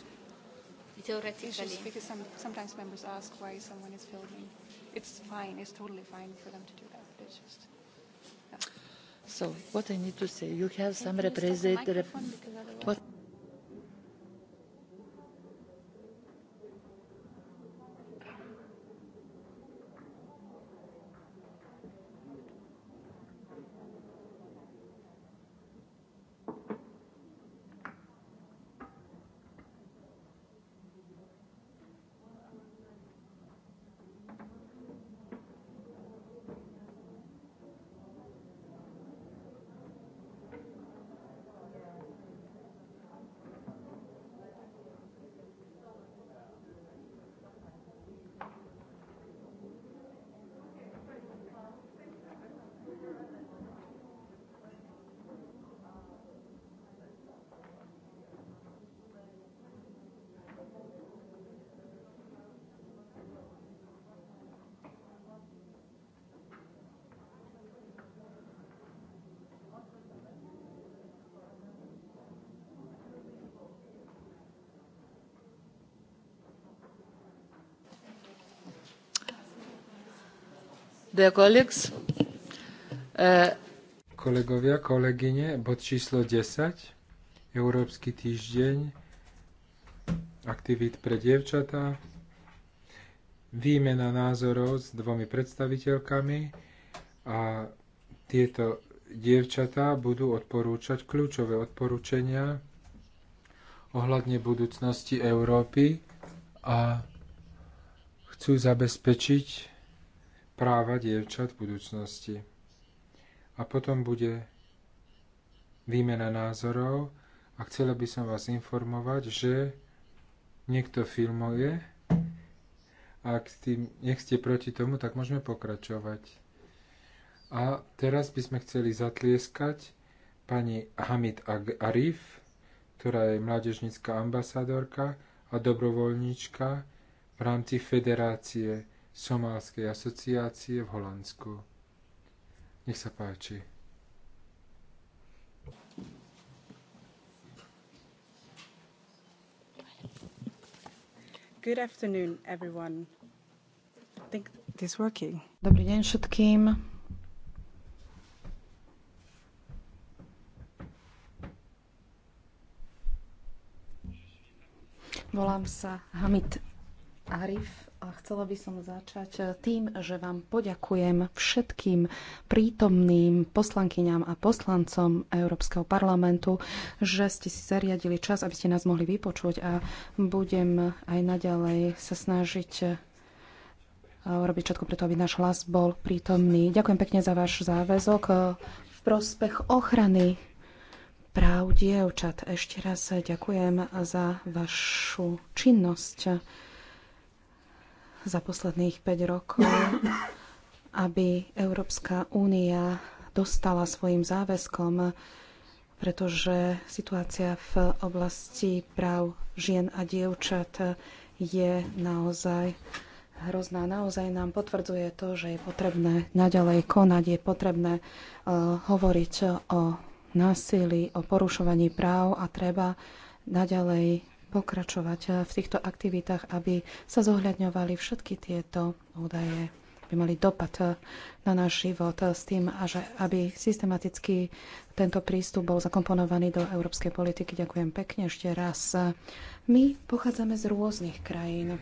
Theoretically. It's just because some, sometimes members ask why someone is filming. It's fine. It's totally fine for them to do that. But it's just... Yeah. So what I need to say, you have some representative. What? Uh, Kolegovia, kolegyne, bod číslo 10, Európsky týždeň aktivít pre dievčatá, výmena názorov s dvomi predstaviteľkami a tieto dievčatá budú odporúčať kľúčové odporúčania ohľadne budúcnosti Európy a chcú zabezpečiť práva dievčat v budúcnosti. A potom bude výmena názorov a chcela by som vás informovať, že niekto filmuje a ak tým, nech ste proti tomu, tak môžeme pokračovať. A teraz by sme chceli zatlieskať pani Hamid Arif, ktorá je mládežnická ambasádorka a dobrovoľníčka v rámci Federácie somálskej asociácie v Holandsku. Nech sa páči. Good afternoon, everyone. I think this working. Dobrý deň všetkým. Volám sa Hamid Arif a chcela by som začať eh, tým, že vám poďakujem všetkým prítomným poslankyňam a poslancom Európskeho parlamentu, že ste si zariadili čas, aby ste nás mohli vypočuť a budem aj naďalej sa snažiť eh, robiť všetko preto, aby náš hlas bol prítomný. Ďakujem pekne za váš záväzok eh, v prospech ochrany práv dievčat. Ešte raz ďakujem za vašu činnosť za posledných 5 rokov, aby Európska únia dostala svojim záväzkom, pretože situácia v oblasti práv žien a dievčat je naozaj hrozná. Naozaj nám potvrdzuje to, že je potrebné naďalej konať, je potrebné uh, hovoriť o násilí, o porušovaní práv a treba naďalej pokračovať eh, v týchto aktivitách, aby sa zohľadňovali všetky tieto údaje aby mali dopad eh, na náš život eh, s tým, že aby systematicky tento prístup bol zakomponovaný do európskej politiky. Ďakujem pekne ešte raz. My pochádzame z rôznych krajín,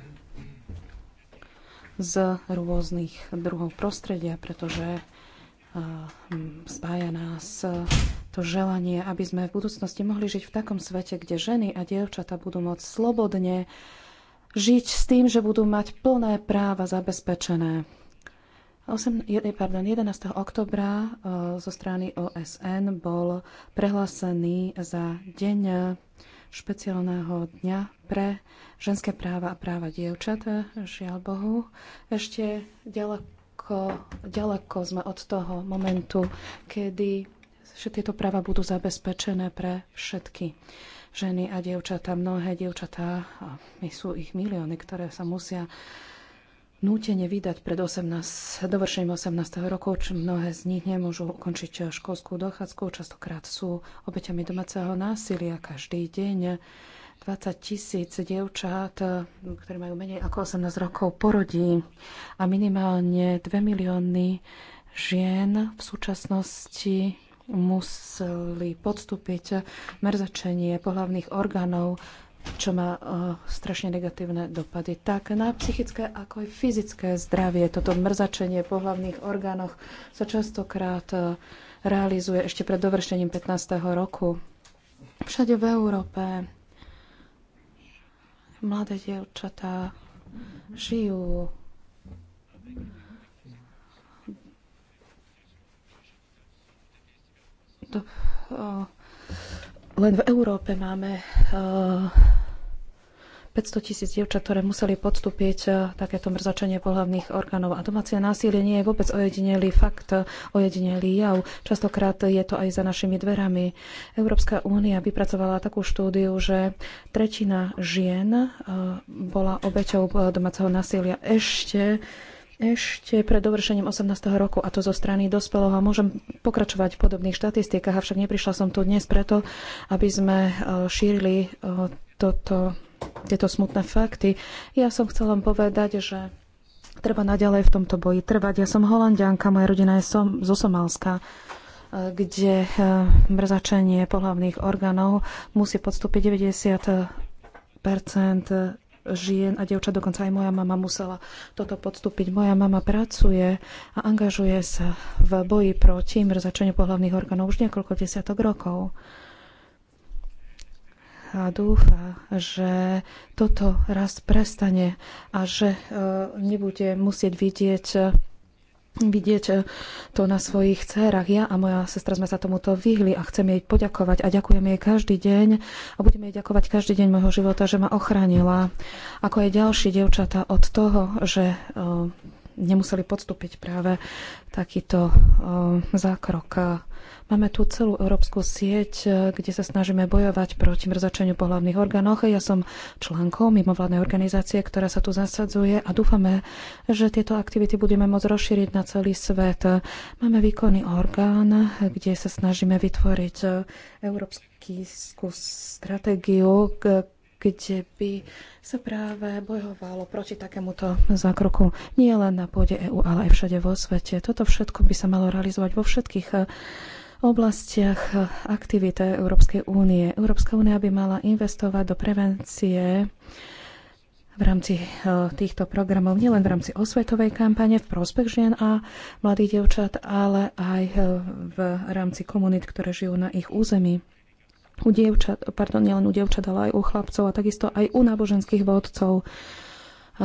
z rôznych druhov prostredia, pretože Hm, spája nás e, to želanie, aby sme v budúcnosti mohli žiť v takom svete, kde ženy a dievčata budú môcť slobodne žiť s tým, že budú mať plné práva zabezpečené. 8, pardon, 11. oktobra e, zo strany OSN bol prehlásený za deň špeciálneho dňa pre ženské práva a práva dievčat. E, žiaľ Bohu, ešte ďalej ako ďaleko sme od toho momentu, kedy všetky tieto práva budú zabezpečené pre všetky ženy a dievčatá. Mnohé dievčatá, a my sú ich milióny, ktoré sa musia nútene vydať pred 18, dovršením 18. rokov, čo mnohé z nich nemôžu ukončiť školskú dochádzku, častokrát sú obeťami domáceho násilia každý deň 20 tisíc dievčat, eh, ktoré majú menej ako 18 rokov, porodí a minimálne 2 milióny žien v súčasnosti museli podstúpiť mrzačenie pohlavných orgánov, čo má uh, strašne negatívne dopady tak na psychické, ako aj fyzické zdravie. Toto mrzačenie pohlavných orgánoch sa častokrát uh, realizuje ešte pred dovršením 15. roku. Všade v Európe Mladé dievčatá žijú do, o, len v Európe máme o, 500 tisíc dievčat, ktoré museli podstúpiť eh, takéto mrzačenie pohľavných orgánov. A domáce násilie nie je vôbec ojedinelý fakt, ojedinelý jav. Častokrát je to aj za našimi dverami. Európska únia vypracovala takú štúdiu, že tretina žien eh, bola obeťou domáceho násilia ešte ešte pred dovršením 18. roku, a to zo strany dospelov A môžem pokračovať v podobných štatistikách, avšak neprišla som tu dnes preto, aby sme eh, šírili toto tieto smutné fakty. Ja som chcela len povedať, že treba naďalej v tomto boji trvať. Ja som holandianka, moja rodina je som, zo Somálska eh, kde eh, mrzačenie pohlavných orgánov musí podstúpiť 90 žien a dievčat, dokonca aj moja mama musela toto podstúpiť. Moja mama pracuje a angažuje sa v boji proti mrzačeniu pohlavných orgánov už niekoľko desiatok rokov a dúfa, že toto raz prestane a že e, nebude musieť vidieť vidieť e, to na svojich dcerách. Ja a moja sestra sme sa tomuto vyhli a chcem jej poďakovať a ďakujem jej každý deň a budem jej ďakovať každý deň môjho života, že ma ochránila, ako aj ďalší devčata od toho, že e, nemuseli podstúpiť práve takýto zákrok. Máme tu celú európsku sieť, e, kde sa snažíme bojovať proti mrzačeniu pohľavných orgánoch. Ja som členkou mimovládnej organizácie, ktorá sa tu zasadzuje a dúfame, že tieto aktivity budeme môcť rozšíriť na celý svet. Máme výkonný orgán, kde sa snažíme vytvoriť e, európsku stratégiu, kde by sa práve bojovalo proti takémuto zákroku nie len na pôde EÚ, ale aj všade vo svete. Toto všetko by sa malo realizovať vo všetkých e, oblastiach aktivity Európskej únie. Európska únia by mala investovať do prevencie v rámci e, týchto programov, nielen v rámci osvetovej kampane v prospech žien a mladých devčat, ale aj e, v rámci komunít, ktoré žijú na ich území u dievčat, pardon, nielen u dievčat, ale aj u chlapcov a takisto aj u náboženských vodcov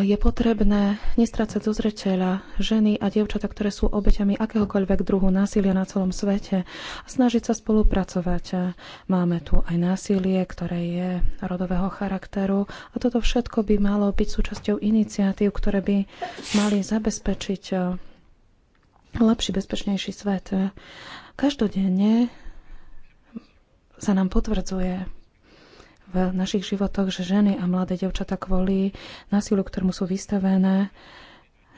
je potrebné nestrácať zo zreteľa ženy a dievčata, ktoré sú obeťami akéhokoľvek druhu násilia na celom svete a snažiť sa spolupracovať. Máme tu aj násilie, ktoré je rodového charakteru a toto všetko by malo byť súčasťou iniciatív, ktoré by mali zabezpečiť lepší, bezpečnejší svet. Každodenne sa nám potvrdzuje v našich životoch, že ženy a mladé devčata kvôli násilu, ktorému sú vystavené,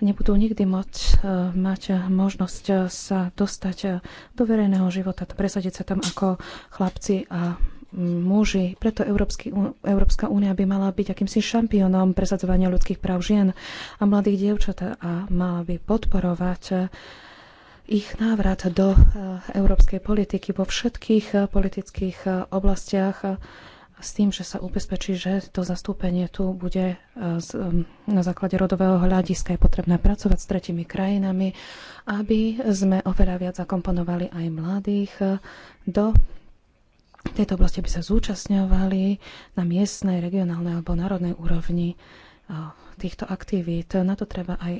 nebudú nikdy moť, e, mať možnosť e, sa dostať e, do verejného života, presadiť sa tam ako chlapci a muži. Preto Európsky, Európska únia by mala byť akýmsi šampiónom presadzovania ľudských práv žien a mladých dievčat a mala by podporovať ich návrat do európskej politiky vo všetkých politických oblastiach s tým, že sa ubezpečí, že to zastúpenie tu bude e, z, e, na základe rodového hľadiska. Je potrebné pracovať s tretimi krajinami, aby sme oveľa viac zakomponovali aj mladých e, do tejto oblasti, aby sa zúčastňovali na miestnej, regionálnej alebo národnej úrovni týchto aktivít. Na to treba aj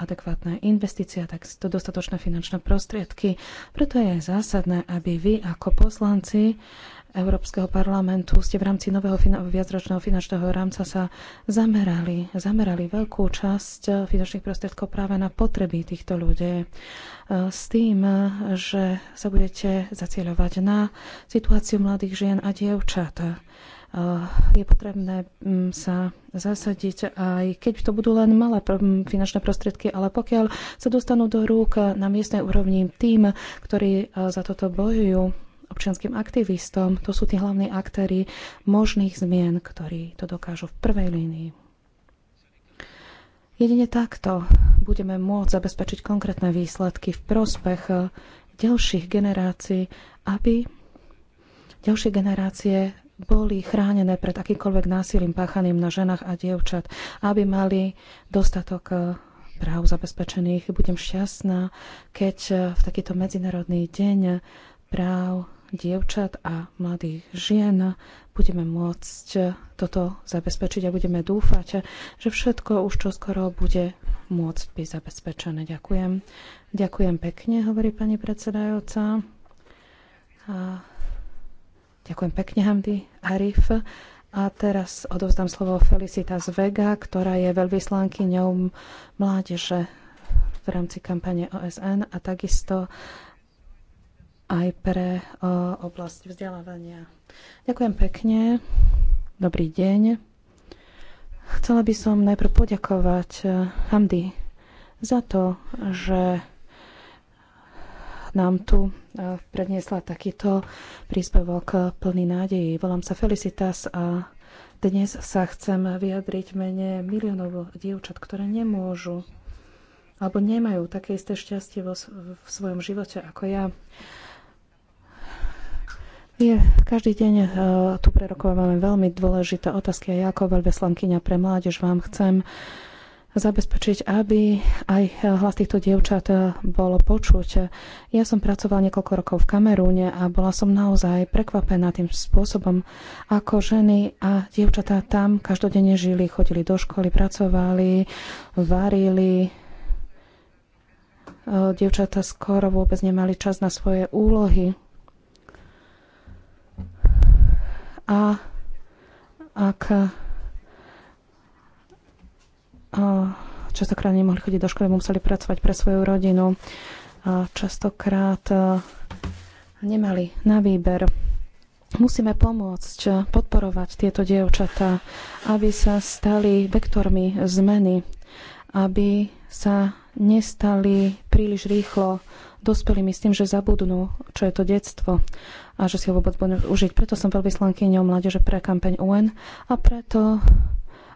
adekvátne investície, tak to dostatočné finančné prostriedky. Preto je zásadné, aby vy ako poslanci Európskeho parlamentu ste v rámci nového viacročného finančného rámca sa zamerali, zamerali veľkú časť finančných prostriedkov práve na potreby týchto ľudí e, s tým, že sa budete zacieľovať na situáciu mladých žien a dievčat. E, je potrebné mm, sa zasadiť, aj keď to budú len malé mm, finančné prostriedky, ale pokiaľ sa dostanú do rúk na miestnej úrovni tým, ktorí e, za toto bojujú, občianským aktivistom. To sú tí hlavní aktéry možných zmien, ktorí to dokážu v prvej línii. Jedine takto budeme môcť zabezpečiť konkrétne výsledky v prospech ďalších generácií, aby ďalšie generácie boli chránené pred akýmkoľvek násilím páchaným na ženách a dievčat, aby mali dostatok eh, práv zabezpečených. Budem šťastná, keď eh, v takýto medzinárodný deň práv dievčat a mladých žien budeme môcť toto zabezpečiť a budeme dúfať, že všetko už čoskoro bude môcť byť zabezpečené. Ďakujem. Ďakujem pekne, hovorí pani predsedajúca. A ďakujem pekne, Hamdi Arif. A teraz odovzdám slovo Felicitas Vega, ktorá je veľvyslankyňou mládeže v rámci kampane OSN a takisto aj pre e, oblasť vzdelávania. Ďakujem pekne. Dobrý deň. Chcela by som najprv poďakovať e, Hamdy za to, že nám tu e, predniesla takýto príspevok plný nádej. Volám sa Felicitas a dnes sa chcem vyjadriť mene miliónov dievčat, ktoré nemôžu alebo nemajú také isté šťastie vo, v svojom živote ako ja. Je, každý deň uh, tu prerokovávame veľmi dôležité otázky a ja ako veľveslankyňa pre mládež vám chcem zabezpečiť, aby aj eh, hlas týchto dievčat eh, bolo počuť. Ja som pracovala niekoľko rokov v Kamerúne a bola som naozaj prekvapená tým spôsobom, ako ženy a dievčatá tam každodenne žili, chodili do školy, pracovali, varili. Dievčatá skoro vôbec nemali čas na svoje úlohy. A ak častokrát nemohli chodiť do školy, museli pracovať pre svoju rodinu. a Častokrát nemali na výber. Musíme pomôcť podporovať tieto dievčatá, aby sa stali vektormi zmeny, aby sa nestali príliš rýchlo dospelí myslím, že zabudnú, čo je to detstvo a že si ho vôbec budú užiť. Preto som veľvyslankyňou mládeže pre kampaň UN a preto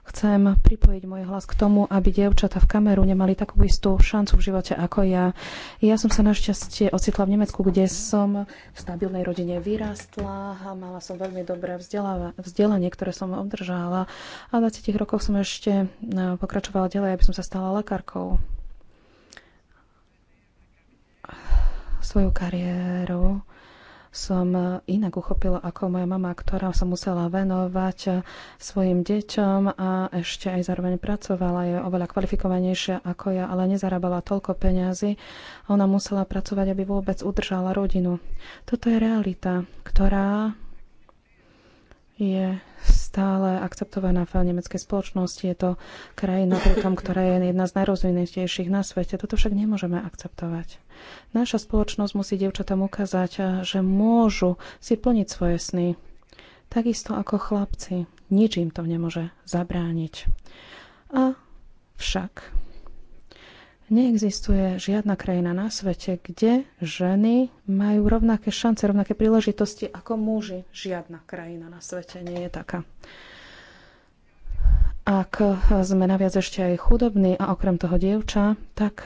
chcem pripojiť môj hlas k tomu, aby dievčata v Kameru nemali takú istú šancu v živote ako ja. Ja som sa našťastie ocitla v Nemecku, kde som v stabilnej rodine vyrástla a mala som veľmi dobré vzdelanie, ktoré som obdržala. A v 20 rokoch som ešte eh, pokračovala ďalej, aby som sa stala lekárkou. svoju kariéru som inak uchopila ako moja mama, ktorá sa musela venovať svojim deťom a ešte aj zároveň pracovala. Je oveľa kvalifikovanejšia ako ja, ale nezarábala toľko peňazí. Ona musela pracovať, aby vôbec udržala rodinu. Toto je realita, ktorá je stále akceptovaná v nemeckej spoločnosti. Je to krajina tom, ktorá je jedna z najrozvinutejších na svete. Toto však nemôžeme akceptovať. Naša spoločnosť musí devčatám ukázať, že môžu si plniť svoje sny. Takisto ako chlapci. Nič im to nemôže zabrániť. A však Neexistuje žiadna krajina na svete, kde ženy majú rovnaké šance, rovnaké príležitosti ako muži. Žiadna krajina na svete nie je taká. Ak sme naviac ešte aj chudobní a okrem toho dievča, tak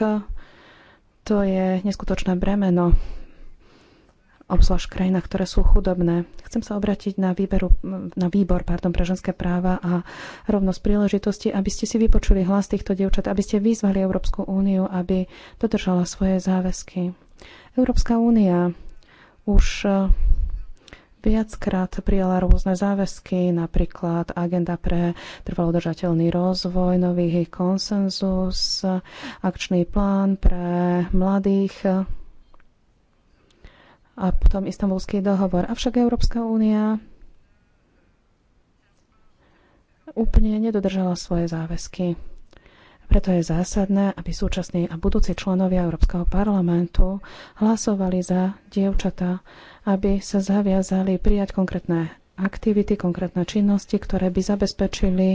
to je neskutočné bremeno obzvlášť v krajinách, ktoré sú chudobné. Chcem sa obratiť na, výberu, na výbor pardon, pre ženské práva a rovnosť príležitosti, aby ste si vypočuli hlas týchto dievčat, aby ste vyzvali Európsku úniu, aby dodržala svoje záväzky. Európska únia už eh, viackrát prijala rôzne záväzky, napríklad agenda pre trvalodržateľný rozvoj, nový konsenzus, akčný plán pre mladých a potom istambulský dohovor. Avšak Európska únia úplne nedodržala svoje záväzky. Preto je zásadné, aby súčasní a budúci členovia Európskeho parlamentu hlasovali za dievčatá, aby sa zaviazali prijať konkrétne aktivity, konkrétne činnosti, ktoré by zabezpečili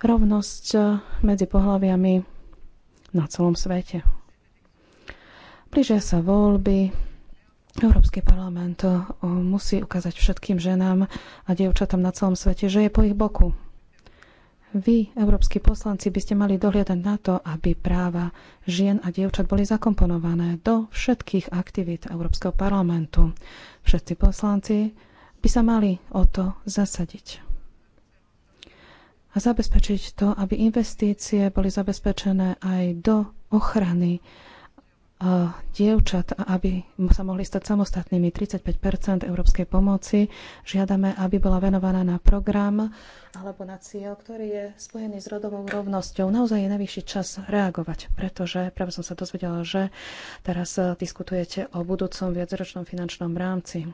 rovnosť medzi pohľaviami na celom svete. Blížia sa voľby, Európsky parlament eh, musí ukázať všetkým ženám a dievčatám na celom svete, že je po ich boku. Vy, európsky poslanci, by ste mali dohliadať na to, aby práva žien a dievčat boli zakomponované do všetkých aktivít Európskeho parlamentu. Všetci poslanci by sa mali o to zasadiť a zabezpečiť to, aby investície boli zabezpečené aj do ochrany dievčat, aby sa mohli stať samostatnými. 35 európskej pomoci žiadame, aby bola venovaná na program alebo na cieľ, ktorý je spojený s rodovou rovnosťou. Naozaj je najvyšší čas reagovať, pretože práve som sa dozvedela, že teraz eh, diskutujete o budúcom viacročnom finančnom rámci.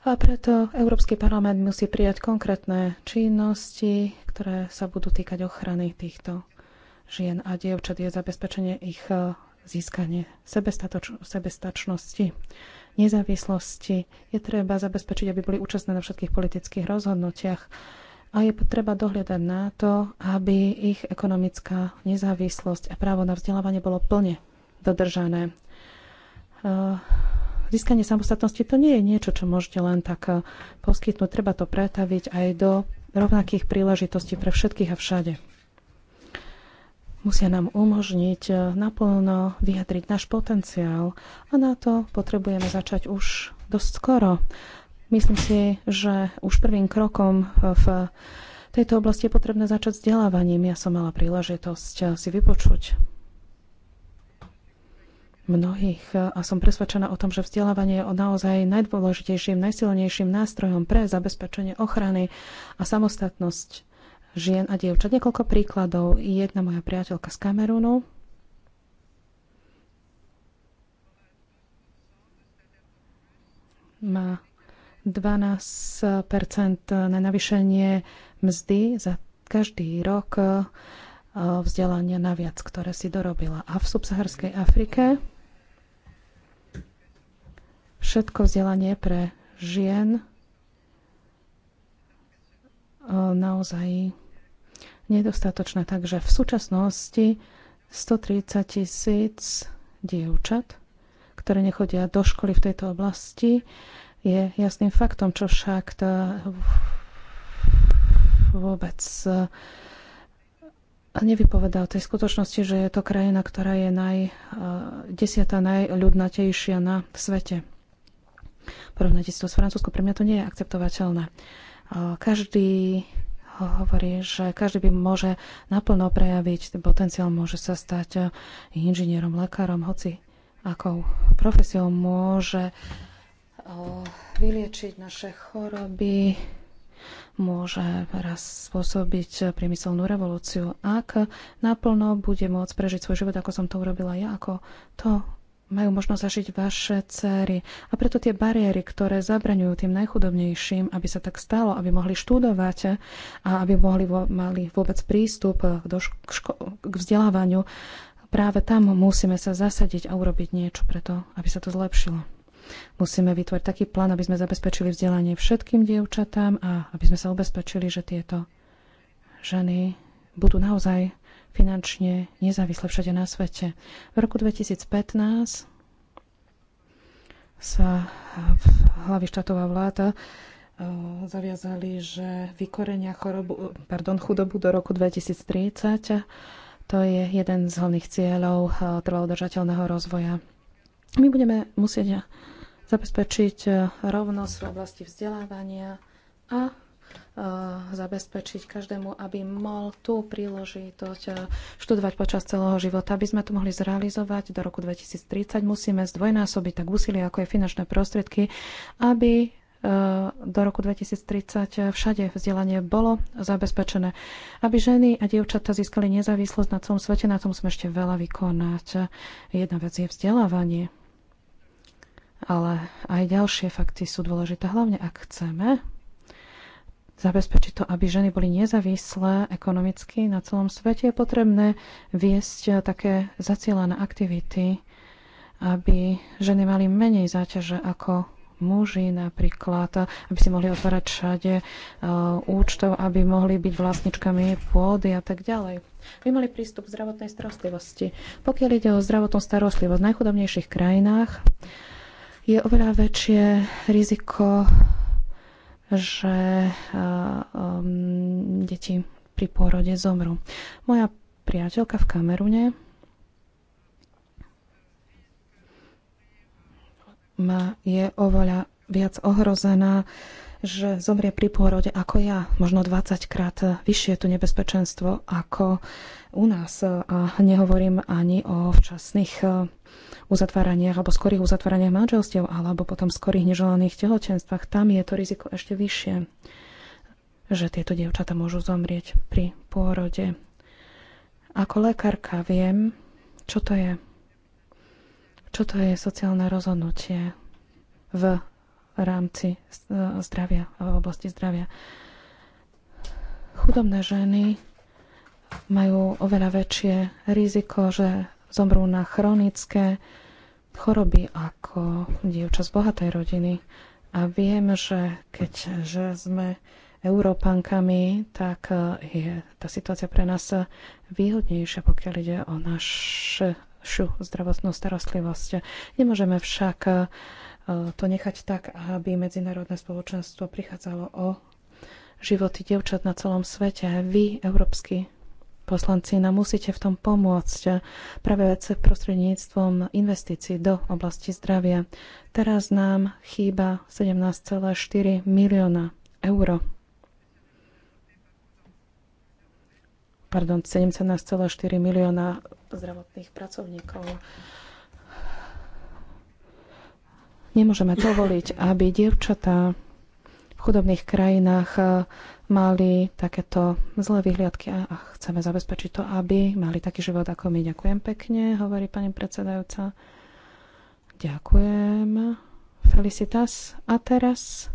A preto Európsky parlament musí prijať konkrétne činnosti, ktoré sa budú týkať ochrany týchto žien a dievčat je zabezpečenie ich e, získanie sebestačnosti, nezávislosti. Je treba zabezpečiť, aby boli účastné na všetkých politických rozhodnutiach a je treba dohľadať na to, aby ich ekonomická nezávislosť a právo na vzdelávanie bolo plne dodržané. E, získanie samostatnosti to nie je niečo, čo môžete len tak e, poskytnúť. Treba to pretaviť aj do rovnakých príležitostí pre všetkých a všade musia nám umožniť eh, naplno vyjadriť náš potenciál a na to potrebujeme začať už dosť skoro. Myslím si, že už prvým krokom eh, v tejto oblasti je potrebné začať vzdelávaním. Ja som mala príležitosť eh, si vypočuť mnohých a som presvedčená o tom, že vzdelávanie je naozaj najdôležitejším, najsilnejším nástrojom pre zabezpečenie ochrany a samostatnosť žien a dievčat. Niekoľko príkladov. Jedna moja priateľka z Kamerunu, má 12% na navýšenie mzdy za každý rok e, vzdelania naviac, ktoré si dorobila. A v subsaharskej Afrike všetko vzdelanie pre žien E, naozaj nedostatočné. Takže v súčasnosti 130 tisíc dievčat, ktoré nechodia do školy v tejto oblasti, je jasným faktom, čo však tá vôbec e, nevypovedá o tej skutočnosti, že je to krajina, ktorá je naj, e, desiatá najľudnatejšia na svete. Porovnať si to s Francúzskou, pre mňa to nie je akceptovateľné. Každý hovorí, že každý by môže naplno prejaviť potenciál, môže sa stať inžinierom, lekárom, hoci akou profesiou môže vyliečiť naše choroby, môže raz spôsobiť priemyselnú revolúciu, ak naplno bude môcť prežiť svoj život, ako som to urobila ja, ako to majú možnosť zažiť vaše céry. A preto tie bariéry, ktoré zabraňujú tým najchudobnejším, aby sa tak stalo, aby mohli študovať a aby mohli, mali vôbec prístup do k vzdelávaniu, práve tam musíme sa zasadiť a urobiť niečo preto, aby sa to zlepšilo. Musíme vytvoriť taký plán, aby sme zabezpečili vzdelanie všetkým dievčatám a aby sme sa ubezpečili, že tieto ženy budú naozaj finančne nezávisle všade na svete. V roku 2015 sa v hlavy štátov a vláda e, zaviazali, že vykorenia chorobu, pardon, chudobu do roku 2030. To je jeden z hlavných cieľov e, trvalodržateľného rozvoja. My budeme musieť zabezpečiť e, rovnosť v oblasti vzdelávania a Eh, zabezpečiť každému, aby mal tú príležitosť eh, študovať počas celého života. Aby sme to mohli zrealizovať do roku 2030, musíme zdvojnásobiť tak úsilie, ako aj finančné prostriedky, aby eh, do roku 2030 všade vzdelanie bolo zabezpečené. Aby ženy a dievčatá získali nezávislosť na celom svete, na tom sme ešte veľa vykonať. Jedna vec je vzdelávanie, ale aj ďalšie fakty sú dôležité, hlavne ak chceme zabezpečiť to, aby ženy boli nezávislé ekonomicky na celom svete, je potrebné viesť také zacielané aktivity, aby ženy mali menej záťaže ako muži napríklad, aby si mohli otvárať všade e, účtov, aby mohli byť vlastničkami pôdy a tak ďalej. By mali prístup k zdravotnej starostlivosti. Pokiaľ ide o zdravotnú starostlivosť v najchudobnejších krajinách, je oveľa väčšie riziko že um, deti pri pôrode zomru. Moja priateľka v Kamerune je oveľa viac ohrozená že zomrie pri pôrode ako ja, možno 20 krát vyššie to nebezpečenstvo ako u nás. A nehovorím ani o včasných eh, uzatváraniach alebo skorých uzatváraniach manželstiev alebo potom skorých neželaných tehotenstvách. Tam je to riziko ešte vyššie, že tieto dievčata môžu zomrieť pri pôrode. Ako lekárka viem, čo to je. Čo to je sociálne rozhodnutie v rámci eh, zdravia, v eh, oblasti zdravia. Chudobné ženy majú oveľa väčšie riziko, že zomrú na chronické choroby ako dievča z bohatej rodiny. A viem, že keď že sme Európankami, tak eh, je tá situácia pre nás výhodnejšia, pokiaľ ide o našu zdravotnú starostlivosť. Nemôžeme však E, to nechať tak, aby medzinárodné spoločenstvo prichádzalo o životy dievčat na celom svete. Vy, európsky poslanci, nám musíte v tom pomôcť e, práve prostredníctvom investícií do oblasti zdravia. Teraz nám chýba 17,4 milióna eur. Pardon, 17,4 milióna zdravotných pracovníkov Nemôžeme dovoliť, aby dievčatá v chudobných krajinách eh, mali takéto zlé vyhliadky a chceme zabezpečiť to, aby mali taký život ako my. Ďakujem pekne, hovorí pani predsedajúca. Ďakujem. Felicitas. A teraz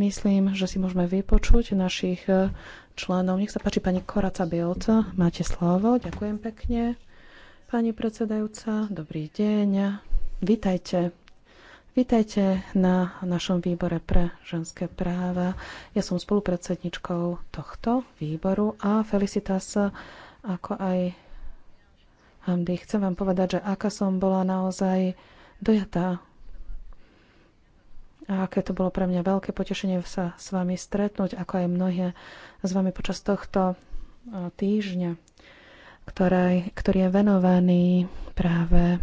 myslím, že si môžeme vypočuť našich eh, členov. Nech sa páči pani Koraca Bielca. Máte slovo. Ďakujem pekne. Pani predsedajúca, dobrý deň. Vítajte Vítajte na našom výbore pre ženské práva. Ja som spolupredsedničkou tohto výboru a Felicitas ako aj Hamdy. Chcem vám povedať, že aká som bola naozaj dojatá a aké to bolo pre mňa veľké potešenie sa s vami stretnúť, ako aj mnohé s vami počas tohto e, týždňa, ktoré, ktorý je venovaný práve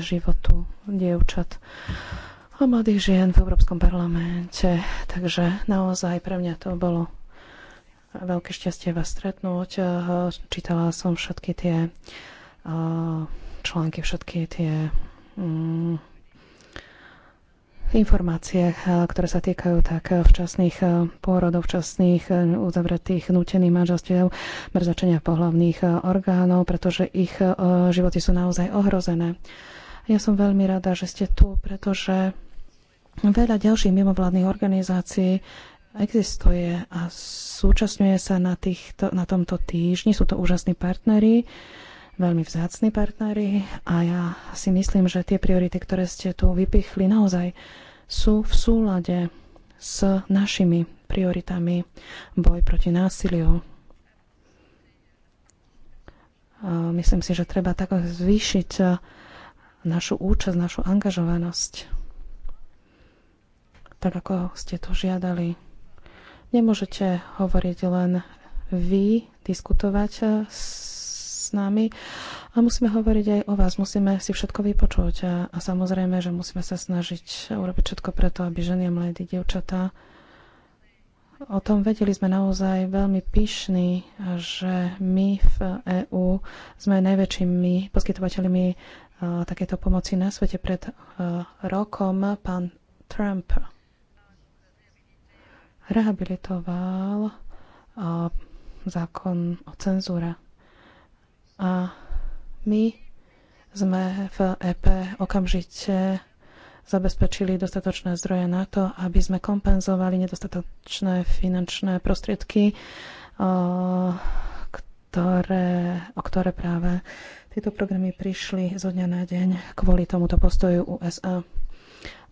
životu dievčat a mladých žien v Európskom parlamente. Takže naozaj pre mňa to bolo veľké šťastie vás stretnúť. Čítala som všetky tie články, všetky tie mm, informácie, ktoré sa týkajú tak včasných pôrodov, včasných uzavretých nutených manželstiev, mrzačenia pohlavných orgánov, pretože ich životy sú naozaj ohrozené. Ja som veľmi rada, že ste tu, pretože veľa ďalších mimovládnych organizácií existuje a súčasňuje sa na, týchto, na tomto týždni. Sú to úžasní partnery, veľmi vzácni partnery a ja si myslím, že tie priority, ktoré ste tu vypichli, naozaj sú v súlade s našimi prioritami boj proti násiliu. Myslím si, že treba tak zvýšiť našu účasť, našu angažovanosť. Tak ako ste to žiadali. Nemôžete hovoriť len vy, diskutovať eh, s nami, a musíme hovoriť aj o vás, musíme si všetko vypočuť a, eh, a samozrejme, že musíme sa snažiť urobiť všetko preto, aby ženy a mladí dievčatá o tom vedeli sme naozaj veľmi pyšní, že my v EÚ sme najväčšími poskytovateľmi takéto pomoci na svete pred rokom pán Trump rehabilitoval zákon o cenzúre. A my sme v EP okamžite zabezpečili dostatočné zdroje na to, aby sme kompenzovali nedostatočné finančné prostriedky, ktoré, o ktoré práve tieto programy prišli zo dňa na deň kvôli tomuto postoju USA.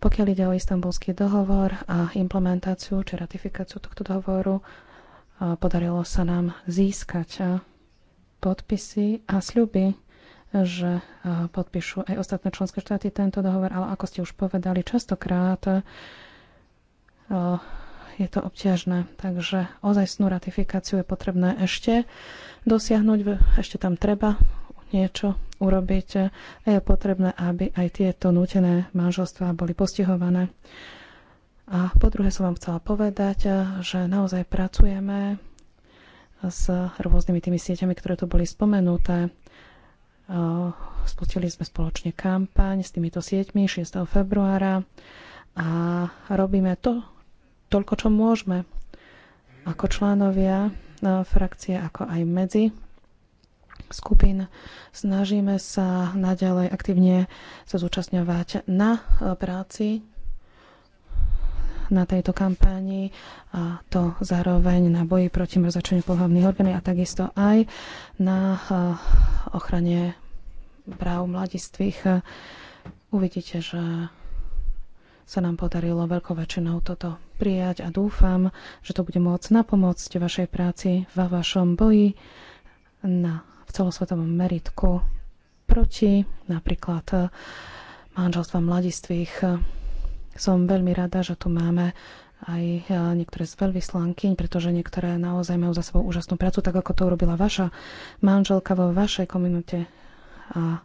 Pokiaľ ide o istambulský dohovor a implementáciu či ratifikáciu tohto dohovoru, podarilo sa nám získať podpisy a sľuby, že podpíšu aj ostatné členské štáty tento dohovor, ale ako ste už povedali, častokrát je to obťažné. Takže ozajstnú ratifikáciu je potrebné ešte dosiahnuť, ešte tam treba niečo urobiť. A je potrebné, aby aj tieto nútené manželstvá boli postihované. A po druhé som vám chcela povedať, že naozaj pracujeme s rôznymi tými sieťami, ktoré tu boli spomenuté. Spustili sme spoločne kampaň s týmito sieťmi 6. februára a robíme to, toľko, čo môžeme ako členovia frakcie, ako aj medzi skupín. Snažíme sa naďalej aktívne sa zúčastňovať na e, práci na tejto kampáni a to zároveň na boji proti mrzačeniu pohľavných orgány a takisto aj na e, ochrane práv mladistvých. Uvidíte, že sa nám podarilo veľkou väčšinou toto prijať a dúfam, že to bude môcť napomôcť vašej práci, vo vašom boji na v celosvetovom meritku proti napríklad eh, manželstva mladistvých. Som veľmi rada, že tu máme aj eh, niektoré z veľvyslankyň, pretože niektoré naozaj majú za sebou úžasnú prácu, tak ako to urobila vaša manželka vo vašej komunite a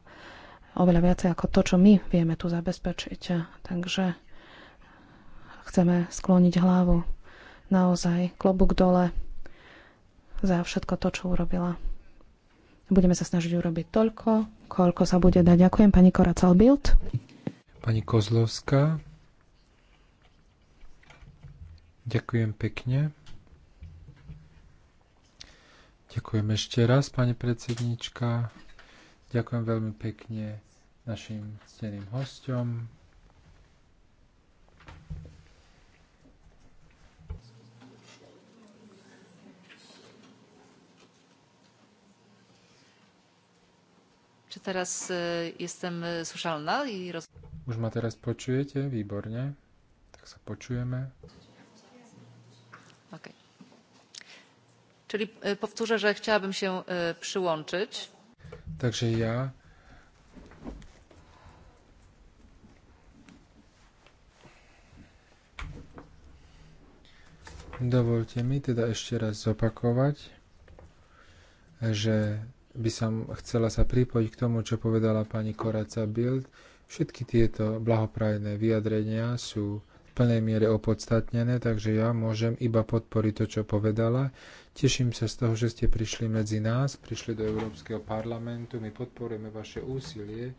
oveľa viacej ako to, čo my vieme tu zabezpečiť. Takže chceme skloniť hlavu naozaj klobúk dole za všetko to, čo urobila. Budeme sa snažiť urobiť toľko, koľko sa bude dať. Ďakujem pani Koracal Bild. Pani Kozlovská. Ďakujem pekne. Ďakujem ešte raz, pani predsednička. Ďakujem veľmi pekne našim cteným hostom. Czy teraz e, jestem e, słyszalna i roz... Už ma teraz počujete? Výborne. Tak sa počujeme. OK. Czyli e, powtórzę, że chciałabym się przyłączyć. Także ja Dovolte mi teda ešte raz zopakovať, že by som chcela sa pripojiť k tomu, čo povedala pani Koraca Bild. Všetky tieto blahoprajné vyjadrenia sú v plnej miere opodstatnené, takže ja môžem iba podporiť to, čo povedala. Teším sa z toho, že ste prišli medzi nás, prišli do Európskeho parlamentu, my podporujeme vaše úsilie,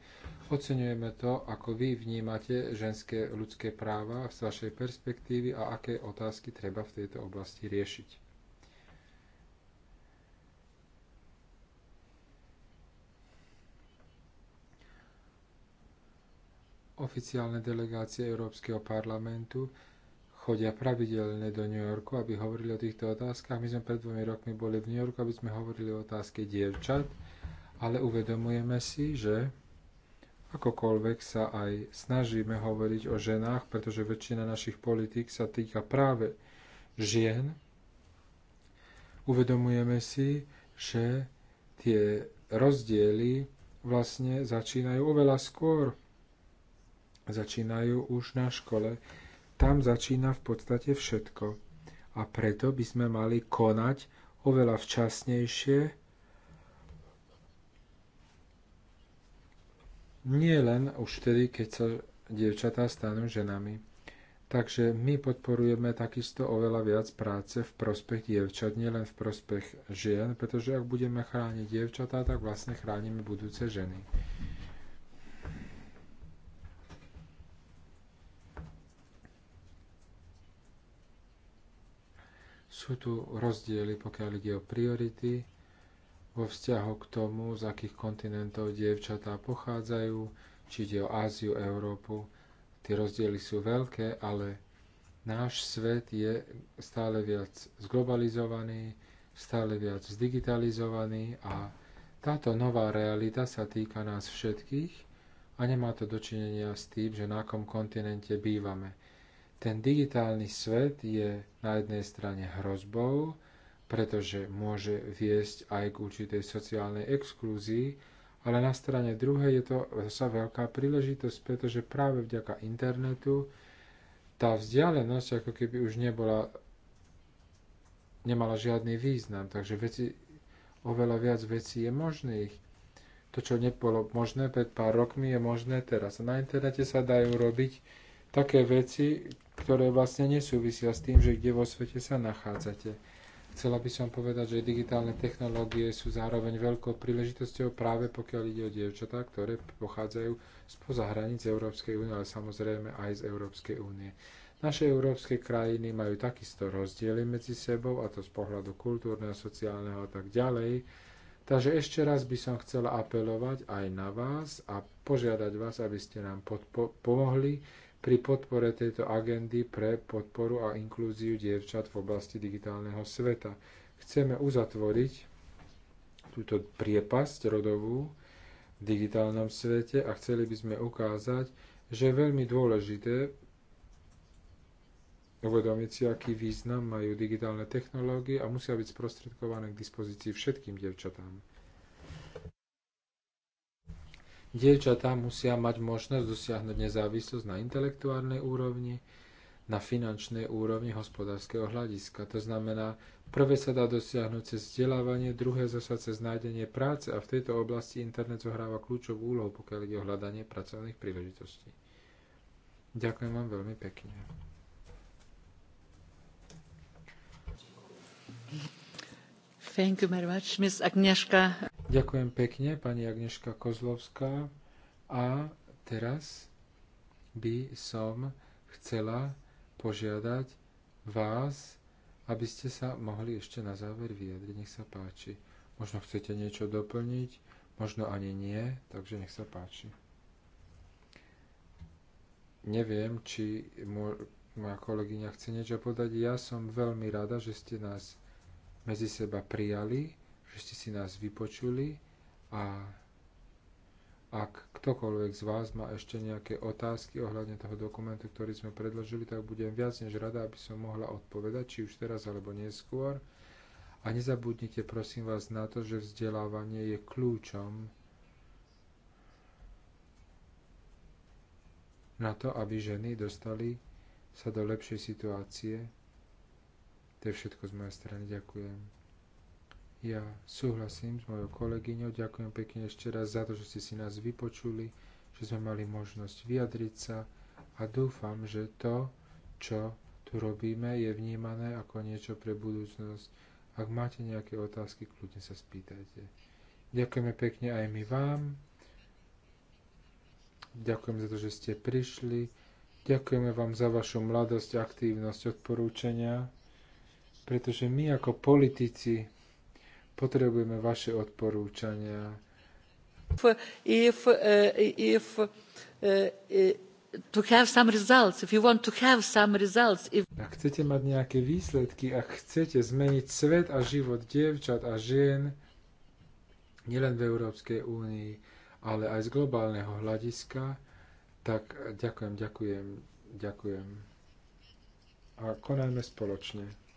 oceňujeme to, ako vy vnímate ženské ľudské práva z vašej perspektívy a aké otázky treba v tejto oblasti riešiť. oficiálne delegácie Európskeho parlamentu chodia pravidelne do New Yorku, aby hovorili o týchto otázkach. My sme pred dvomi rokmi boli v New Yorku, aby sme hovorili o otázke dievčat, ale uvedomujeme si, že akokoľvek sa aj snažíme hovoriť o ženách, pretože väčšina našich politík sa týka práve žien, uvedomujeme si, že tie rozdiely vlastne začínajú oveľa skôr začínajú už na škole. Tam začína v podstate všetko. A preto by sme mali konať oveľa včasnejšie, nie len už vtedy, keď sa dievčatá stanú ženami. Takže my podporujeme takisto oveľa viac práce v prospech dievčat, nielen v prospech žien, pretože ak budeme chrániť dievčatá, tak vlastne chránime budúce ženy. Sú tu rozdiely, pokiaľ ide o priority, vo vzťahu k tomu, z akých kontinentov dievčatá pochádzajú, či ide o Áziu, Európu. Tie rozdiely sú veľké, ale náš svet je stále viac zglobalizovaný, stále viac zdigitalizovaný a táto nová realita sa týka nás všetkých a nemá to dočinenia s tým, že na akom kontinente bývame. Ten digitálny svet je na jednej strane hrozbou, pretože môže viesť aj k určitej sociálnej exklúzii, ale na strane druhej je to zasa veľká príležitosť, pretože práve vďaka internetu tá vzdialenosť ako keby už nebola, nemala žiadny význam, takže veci, oveľa viac vecí je možných. To, čo nebolo možné pred pár rokmi, je možné teraz. Na internete sa dajú robiť také veci, ktoré vlastne nesúvisia s tým, že kde vo svete sa nachádzate. Chcela by som povedať, že digitálne technológie sú zároveň veľkou príležitosťou práve pokiaľ ide o dievčatá, ktoré pochádzajú spoza hraníc Európskej únie, ale samozrejme aj z Európskej únie. Naše európske krajiny majú takisto rozdiely medzi sebou, a to z pohľadu kultúrneho, sociálneho a tak ďalej. Takže ešte raz by som chcela apelovať aj na vás a požiadať vás, aby ste nám pomohli pri podpore tejto agendy pre podporu a inklúziu dievčat v oblasti digitálneho sveta. Chceme uzatvoriť túto priepasť rodovú v digitálnom svete a chceli by sme ukázať, že je veľmi dôležité uvedomiť si, aký význam majú digitálne technológie a musia byť sprostredkované k dispozícii všetkým dievčatám. Dievčatá musia mať možnosť dosiahnuť nezávislosť na intelektuálnej úrovni, na finančnej úrovni hospodárskeho hľadiska. To znamená, prvé sa dá dosiahnuť cez vzdelávanie, druhé zasa cez nájdenie práce a v tejto oblasti internet zohráva kľúčovú úlohu, pokiaľ ide o hľadanie pracovných príležitostí. Ďakujem vám veľmi pekne. Thank you very much, Miss Agnieszka. Ďakujem pekne, pani Agneška Kozlovská. A teraz by som chcela požiadať vás, aby ste sa mohli ešte na záver vyjadriť. Nech sa páči. Možno chcete niečo doplniť, možno ani nie, takže nech sa páči. Neviem, či moja kolegyňa chce niečo podať. Ja som veľmi rada, že ste nás medzi seba prijali, že ste si nás vypočuli a ak ktokoľvek z vás má ešte nejaké otázky ohľadne toho dokumentu, ktorý sme predložili, tak budem viac než rada, aby som mohla odpovedať, či už teraz alebo neskôr. A nezabudnite prosím vás na to, že vzdelávanie je kľúčom na to, aby ženy dostali sa do lepšej situácie to je všetko z mojej strany. Ďakujem. Ja súhlasím s mojou kolegyňou. Ďakujem pekne ešte raz za to, že ste si nás vypočuli, že sme mali možnosť vyjadriť sa a dúfam, že to, čo tu robíme, je vnímané ako niečo pre budúcnosť. Ak máte nejaké otázky, kľudne sa spýtajte. Ďakujeme pekne aj my vám. Ďakujem za to, že ste prišli. Ďakujeme vám za vašu mladosť, aktívnosť, odporúčania pretože my ako politici potrebujeme vaše odporúčania. If, if, results, results, if... Ak chcete mať nejaké výsledky, ak chcete zmeniť svet a život dievčat a žien, nielen v Európskej únii, ale aj z globálneho hľadiska, tak ďakujem, ďakujem, ďakujem. A konajme spoločne.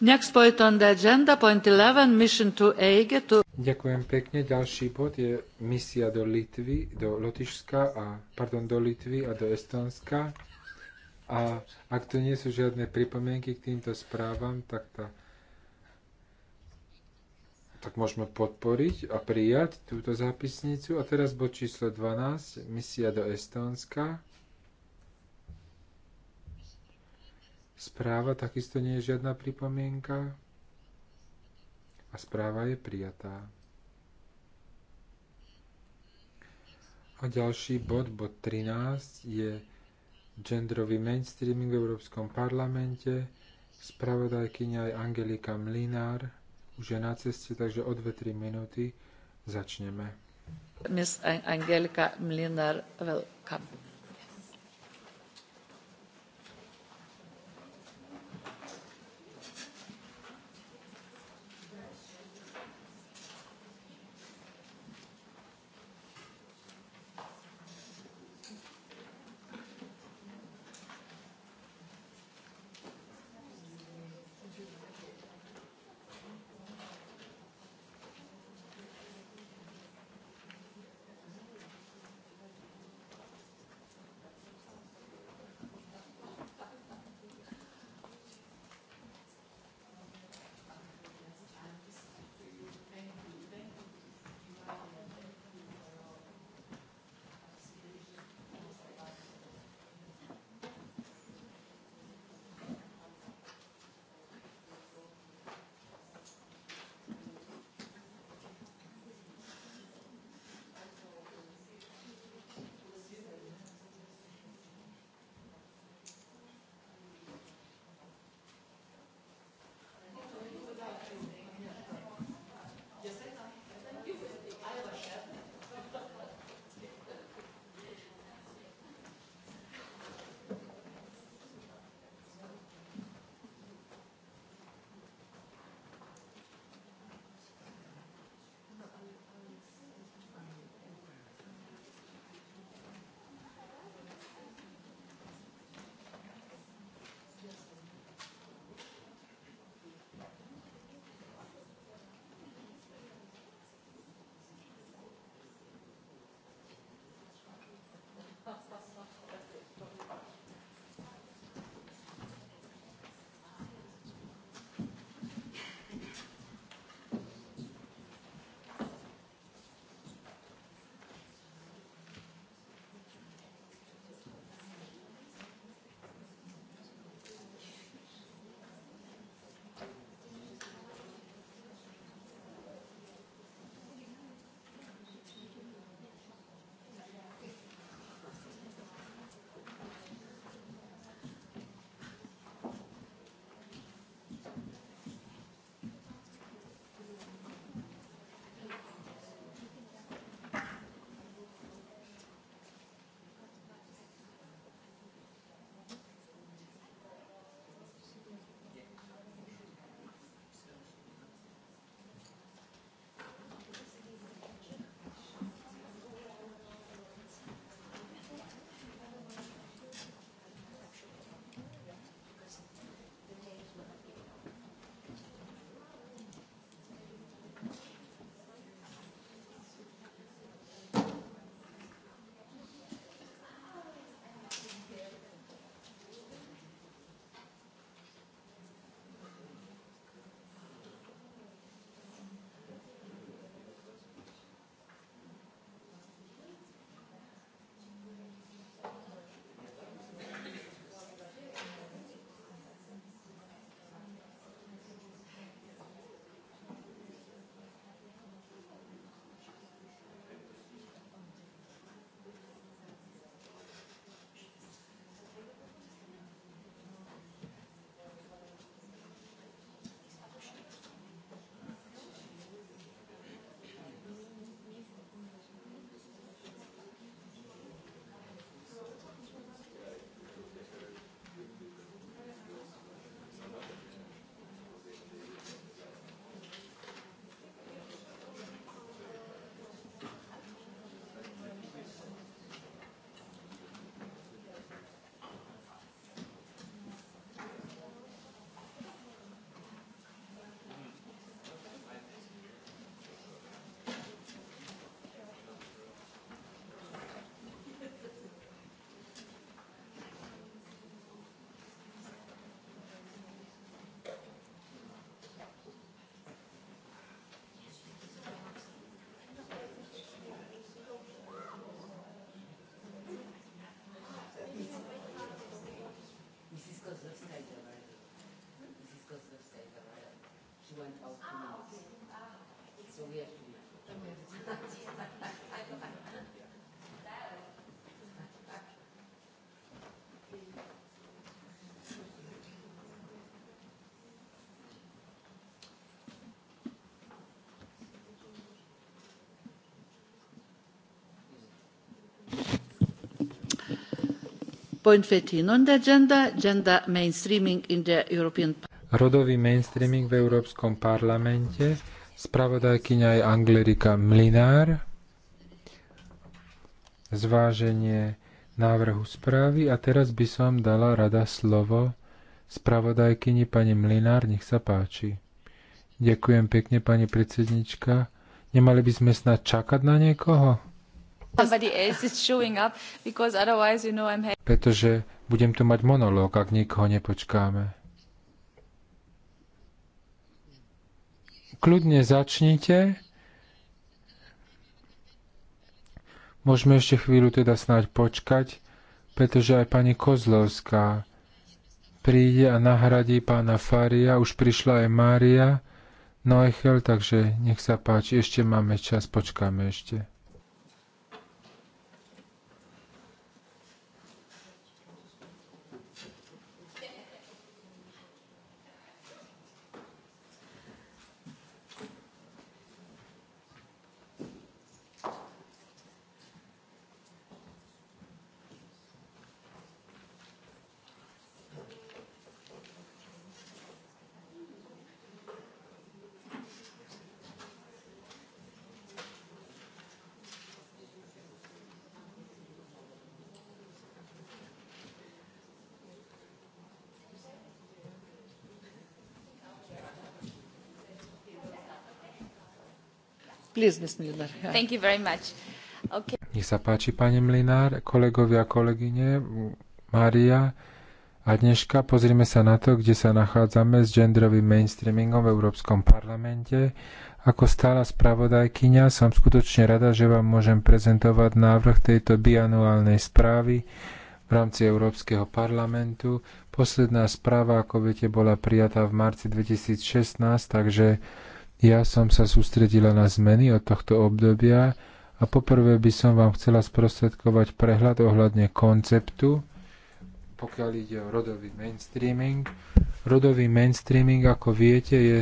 Ďakujem pekne. Ďalší bod je misia do Litvy, do Lotyšska a, pardon, do Litvy a do Estonska. A ak tu nie sú žiadne pripomienky k týmto správam, tak tá tak môžeme podporiť a prijať túto zápisnicu. A teraz bod číslo 12, misia do Estónska. Správa takisto nie je žiadna pripomienka a správa je prijatá. A ďalší bod, bod 13, je genderový mainstreaming v Európskom parlamente. Spravodajkynia je Angelika Mlinár. Už je na ceste, takže o 2-3 minúty začneme. Miss Angelika Mlinár, welcome. point fifteen on the agenda gender mainstreaming in the european rodový mainstreaming v Európskom parlamente. Spravodajkyňa je Anglerika Mlinár. Zváženie návrhu správy. A teraz by som dala rada slovo spravodajkyni pani Mlinár. Nech sa páči. Ďakujem pekne, pani predsednička. Nemali by sme snad čakať na niekoho? Pretože budem tu mať monológ, ak nikoho nepočkáme. Kľudne začnite. Môžeme ešte chvíľu teda snáď počkať, pretože aj pani Kozlovská príde a nahradí pána Faria, už prišla aj Mária Noechel, takže nech sa páči, ešte máme čas, počkáme ešte. Nech sa páči, pani Mlinár, kolegovia, kolegyne, Maria a dneška. Pozrime sa na to, kde sa nachádzame s genderovým mainstreamingom v Európskom parlamente. Ako stála spravodajkyňa som skutočne rada, že vám môžem prezentovať návrh tejto bianuálnej správy v rámci Európskeho parlamentu. Posledná správa, ako viete, bola prijatá v marci 2016, takže ja som sa sústredila na zmeny od tohto obdobia a poprvé by som vám chcela sprostredkovať prehľad ohľadne konceptu, pokiaľ ide o rodový mainstreaming. Rodový mainstreaming, ako viete, je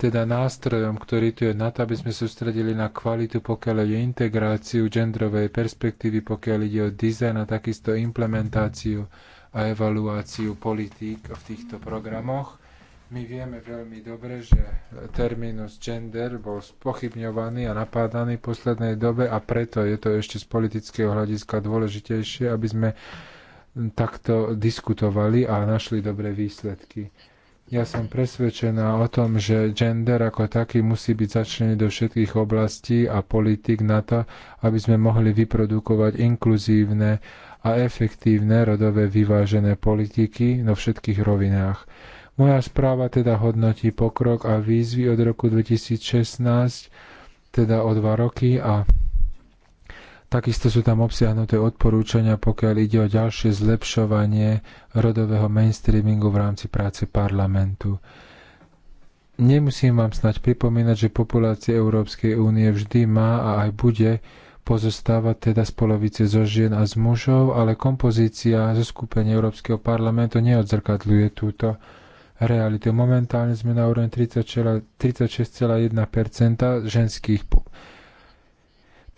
teda nástrojom, ktorý tu je na to, aby sme sústredili na kvalitu, pokiaľ ide integráciu genderovej perspektívy, pokiaľ ide o dizajn a takisto implementáciu a evaluáciu politík v týchto programoch. My vieme veľmi dobre, že terminus gender bol spochybňovaný a napádaný v poslednej dobe a preto je to ešte z politického hľadiska dôležitejšie, aby sme takto diskutovali a našli dobré výsledky. Ja som presvedčená o tom, že gender ako taký musí byť začlený do všetkých oblastí a politik na to, aby sme mohli vyprodukovať inkluzívne a efektívne rodové vyvážené politiky na všetkých rovinách. Moja správa teda hodnotí pokrok a výzvy od roku 2016, teda o dva roky a Takisto sú tam obsiahnuté odporúčania, pokiaľ ide o ďalšie zlepšovanie rodového mainstreamingu v rámci práce parlamentu. Nemusím vám snať pripomínať, že populácia Európskej únie vždy má a aj bude pozostávať teda z polovice zo žien a z mužov, ale kompozícia zo skupenia Európskeho parlamentu neodzrkadľuje túto realitu. Momentálne sme na úrovni 36,1 ženských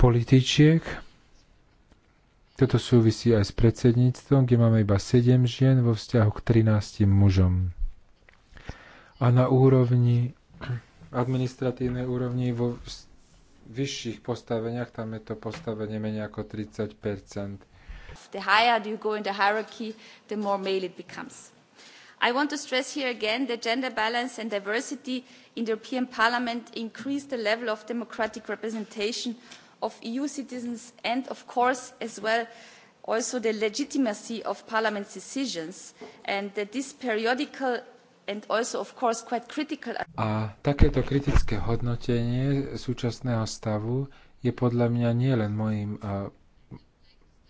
političiek. Toto súvisí aj s predsedníctvom, kde máme iba 7 žien vo vzťahu k 13 mužom. A na úrovni administratívnej úrovni vo vyšších postaveniach, tam je to postavenie menej ako 30 The higher you go in the hierarchy, the more male it becomes. I want to stress here again that gender balance and diversity in the European Parliament increase the level of democratic representation of EU citizens and, of course, as well, also the legitimacy of Parliament's decisions, and that this periodical and also, of course, quite critical... A takéto kritické hodnotenie súčasného stavu je podľa mňa nielen mojim uh,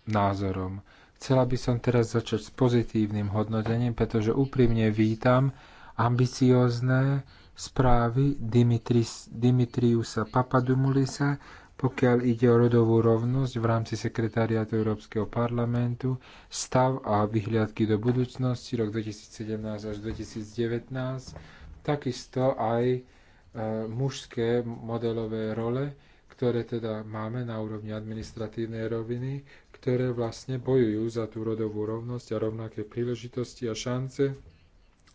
názorom. Chcela by som teraz začať s pozitívnym hodnotením, pretože úprimne vítam ambiciózne správy Dimitris, Dimitriusa Papadumulisa, pokiaľ ide o rodovú rovnosť v rámci sekretariátu Európskeho parlamentu, stav a vyhliadky do budúcnosti rok 2017 až 2019, takisto aj e, mužské modelové role, ktoré teda máme na úrovni administratívnej roviny, ktoré vlastne bojujú za tú rodovú rovnosť a rovnaké príležitosti a šance.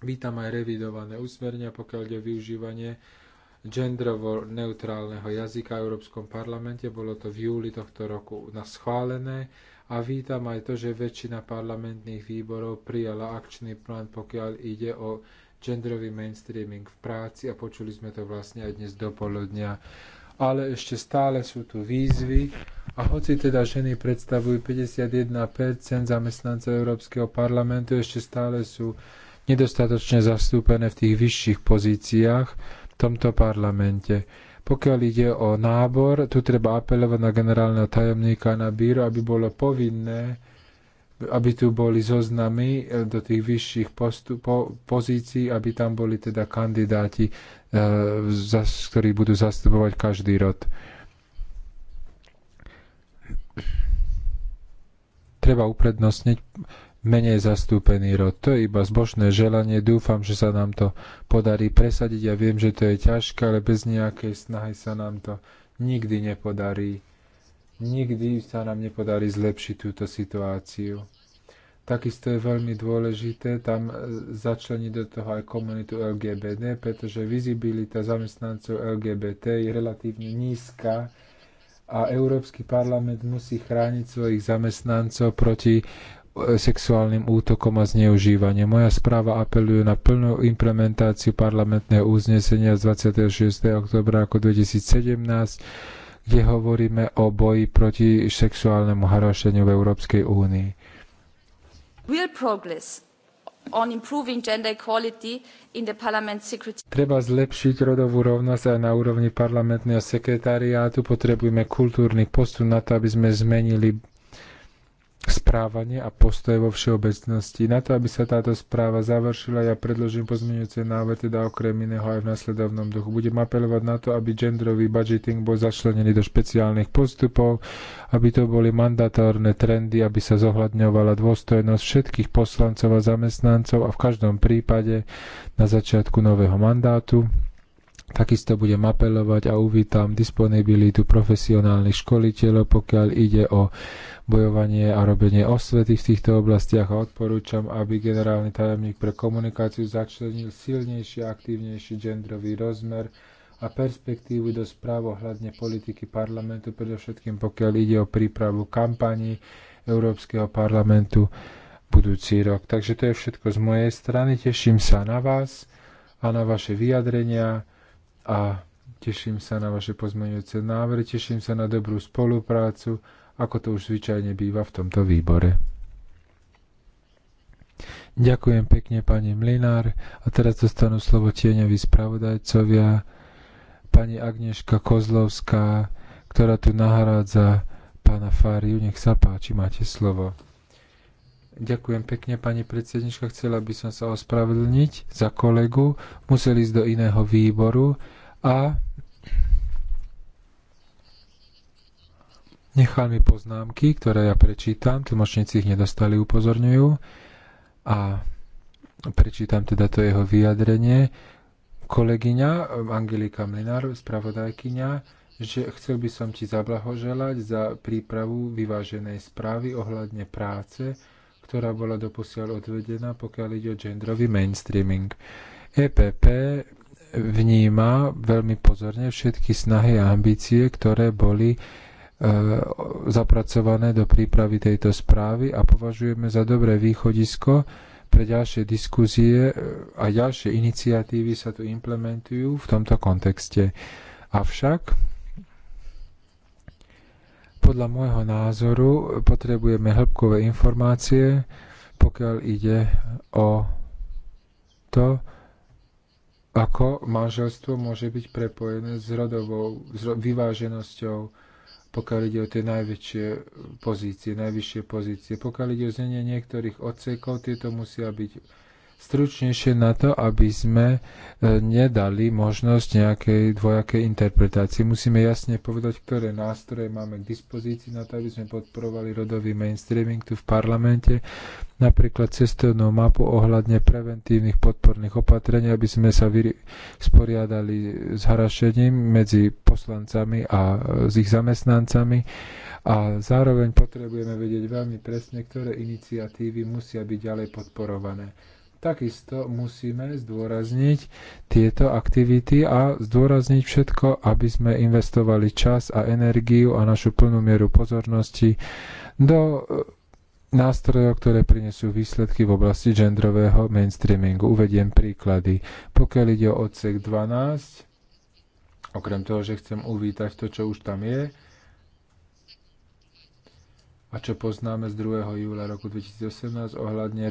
Vítam aj revidované usmernia, pokiaľ ide o využívanie genderovo neutrálneho jazyka v Európskom parlamente. Bolo to v júli tohto roku na schválené a vítam aj to, že väčšina parlamentných výborov prijala akčný plán, pokiaľ ide o genderový mainstreaming v práci a počuli sme to vlastne aj dnes do poludnia. Ale ešte stále sú tu výzvy a hoci teda ženy predstavujú 51 zamestnancov Európskeho parlamentu, ešte stále sú nedostatočne zastúpené v tých vyšších pozíciách v tomto parlamente. Pokiaľ ide o nábor, tu treba apelovať na generálneho tajomníka na bíro, aby bolo povinné, aby tu boli zoznamy eh, do tých vyšších postupov, pozícií, aby tam boli teda kandidáti, e, eh, ktorí budú zastupovať každý rod treba uprednostniť menej zastúpený rod. To je iba zbožné želanie, dúfam, že sa nám to podarí presadiť. Ja viem, že to je ťažké, ale bez nejakej snahy sa nám to nikdy nepodarí. Nikdy sa nám nepodarí zlepšiť túto situáciu. Takisto je veľmi dôležité tam e, začleniť do toho aj komunitu LGBT, pretože vizibilita zamestnancov LGBT je relatívne nízka a Európsky parlament musí chrániť svojich zamestnancov proti e, sexuálnym útokom a zneužívaniu. Moja správa apeluje na plnú implementáciu parlamentného uznesenia z 26. oktobra ako 2017, kde hovoríme o boji proti sexuálnemu harašeniu v Európskej únii. Real progress on improving gender equality in the parliament secretary. Treba zlepšiť rodovú rovnosť aj na úrovni parlamentného sekretariátu. Potrebujeme kultúrny postup na to, aby sme zmenili správanie a postoje vo všeobecnosti. Na to, aby sa táto správa završila, ja predložím pozmeňujúce návrh, teda okrem iného aj v nasledovnom duchu. Budem apelovať na to, aby genderový budgeting bol začlenený do špeciálnych postupov, aby to boli mandatárne trendy, aby sa zohľadňovala dôstojnosť všetkých poslancov a zamestnancov a v každom prípade na začiatku nového mandátu Takisto budem apelovať a uvítam disponibilitu profesionálnych školiteľov, pokiaľ ide o bojovanie a robenie osvety v týchto oblastiach a odporúčam, aby generálny tajomník pre komunikáciu začlenil silnejší a aktívnejší genderový rozmer a perspektívu do správ ohľadne politiky parlamentu, predovšetkým pokiaľ ide o prípravu kampaní Európskeho parlamentu budúci rok. Takže to je všetko z mojej strany. Teším sa na vás a na vaše vyjadrenia a teším sa na vaše pozmeňujúce návrhy, teším sa na dobrú spoluprácu, ako to už zvyčajne býva v tomto výbore. Ďakujem pekne pani Mlinár a teraz dostanú slovo tieňoví spravodajcovia pani Agneška Kozlovská, ktorá tu nahrádza pána Fáriu. Nech sa páči, máte slovo. Ďakujem pekne, pani predsednička. Chcela by som sa ospravedlniť za kolegu. Musel ísť do iného výboru a nechal mi poznámky, ktoré ja prečítam, tlmočníci ich nedostali, upozorňujú a prečítam teda to jeho vyjadrenie. Kolegyňa Angelika Mlinár, spravodajkyňa, že chcel by som ti zablahoželať za prípravu vyváženej správy ohľadne práce, ktorá bola doposiaľ odvedená, pokiaľ ide o genderový mainstreaming. EPP vníma veľmi pozorne všetky snahy a ambície, ktoré boli e, zapracované do prípravy tejto správy a považujeme za dobré východisko pre ďalšie diskuzie e, a ďalšie iniciatívy sa tu implementujú v tomto kontexte. Avšak podľa môjho názoru potrebujeme hĺbkové informácie, pokiaľ ide o to, ako manželstvo môže byť prepojené s rodovou s ro- vyváženosťou, pokiaľ ide o tie najväčšie pozície, najvyššie pozície. Pokiaľ ide o znenie niektorých odsekov, tieto musia byť stručnejšie na to, aby sme e, nedali možnosť nejakej dvojakej interpretácii. Musíme jasne povedať, ktoré nástroje máme k dispozícii na to, aby sme podporovali rodový mainstreaming tu v parlamente, napríklad cestovnú mapu ohľadne preventívnych podporných opatrení, aby sme sa sporiadali s harašením medzi poslancami a e, s ich zamestnancami. A zároveň potrebujeme vedieť veľmi presne, ktoré iniciatívy musia byť ďalej podporované Takisto musíme zdôrazniť tieto aktivity a zdôrazniť všetko, aby sme investovali čas a energiu a našu plnú mieru pozornosti do eh, nástrojov, ktoré prinesú výsledky v oblasti genderového mainstreamingu. Uvediem príklady. Pokiaľ ide o odsek 12, okrem toho, že chcem uvítať to, čo už tam je, a čo poznáme z 2. júla roku 2018 ohľadne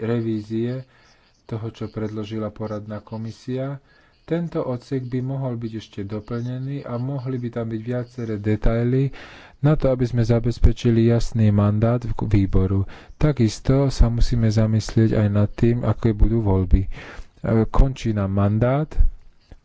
revízie toho, čo predložila poradná komisia. Tento odsek by mohol byť ešte doplnený a mohli by tam byť viaceré detaily na to, aby sme zabezpečili jasný mandát v výboru. Takisto sa musíme zamyslieť aj nad tým, aké budú voľby. E, končí nám mandát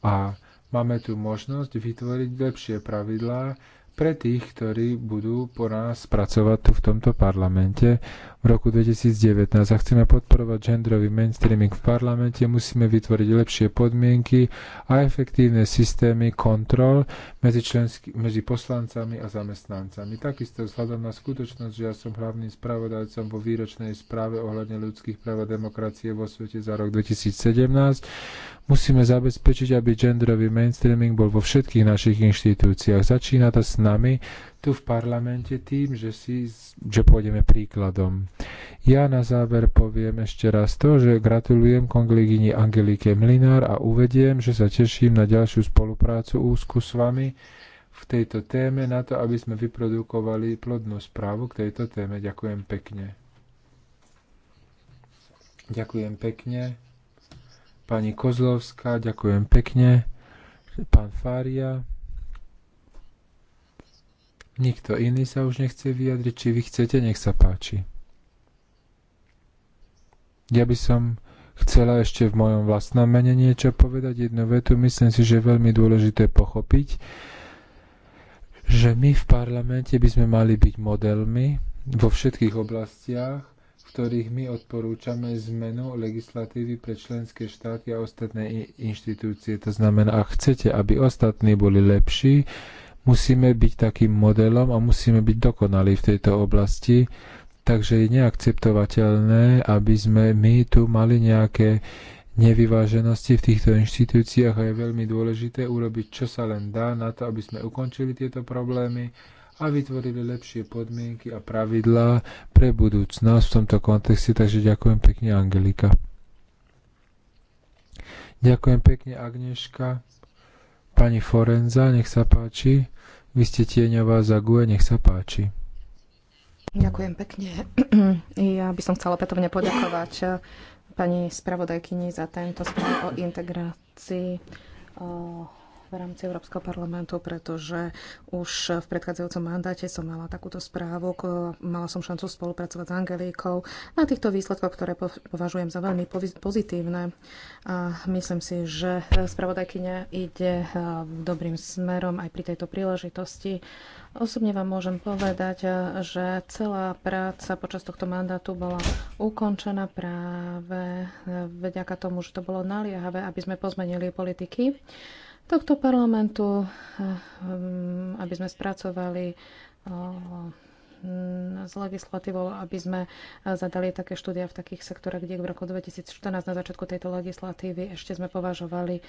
a máme tu možnosť vytvoriť lepšie pravidlá pre tých, ktorí budú po nás pracovať tu v tomto parlamente v roku 2019. A chceme podporovať genderový mainstreaming v parlamente, musíme vytvoriť lepšie podmienky a efektívne systémy kontrol medzi, členský, medzi poslancami a zamestnancami. Takisto vzhľadom na skutočnosť, že ja som hlavným spravodajcom vo výročnej správe ohľadne ľudských práv a demokracie vo svete za rok 2017, musíme zabezpečiť, aby genderový mainstreaming bol vo všetkých našich inštitúciách. Začína to s nami, tu v parlamente tým, že, si, že pôjdeme príkladom. Ja na záver poviem ešte raz to, že gratulujem kolegyni Angelike Mlinár a uvediem, že sa teším na ďalšiu spoluprácu úzku s vami v tejto téme na to, aby sme vyprodukovali plodnú správu k tejto téme. Ďakujem pekne. Ďakujem pekne. Pani Kozlovská, ďakujem pekne. Pán Fária. Nikto iný sa už nechce vyjadriť. Či vy chcete, nech sa páči. Ja by som chcela ešte v mojom vlastnom mene niečo povedať, jednu vetu. Myslím si, že je veľmi dôležité pochopiť, že my v parlamente by sme mali byť modelmi vo všetkých oblastiach, v ktorých my odporúčame zmenu legislatívy pre členské štáty a ostatné inštitúcie. To znamená, ak chcete, aby ostatní boli lepší, Musíme byť takým modelom a musíme byť dokonalí v tejto oblasti, takže je neakceptovateľné, aby sme my tu mali nejaké nevyváženosti v týchto inštitúciách a je veľmi dôležité urobiť, čo sa len dá na to, aby sme ukončili tieto problémy a vytvorili lepšie podmienky a pravidlá pre budúcnosť v tomto kontexte. Takže ďakujem pekne, Angelika. Ďakujem pekne, Agneška. Pani Forenza, nech sa páči. Vy ste tieňová za GUE, nech sa páči. Ďakujem pekne. Ja by som chcela opätovne poďakovať eh, pani spravodajkyni za tento správ o integrácii eh, v rámci Európskeho parlamentu, pretože už v predchádzajúcom mandáte som mala takúto správu, mala som šancu spolupracovať s Angelíkou na týchto výsledkoch, ktoré považujem za veľmi pozitívne. A myslím si, že spravodajkyňa ide eh, dobrým smerom aj pri tejto príležitosti. Osobne vám môžem povedať, eh, že celá práca počas tohto mandátu bola ukončená práve eh, vďaka tomu, že to bolo naliehavé, aby sme pozmenili politiky tohto parlamentu, eh, aby sme spracovali eh, s legislatívou, aby sme eh, zadali také štúdia v takých sektoroch, kde v roku 2014 na začiatku tejto legislatívy ešte sme považovali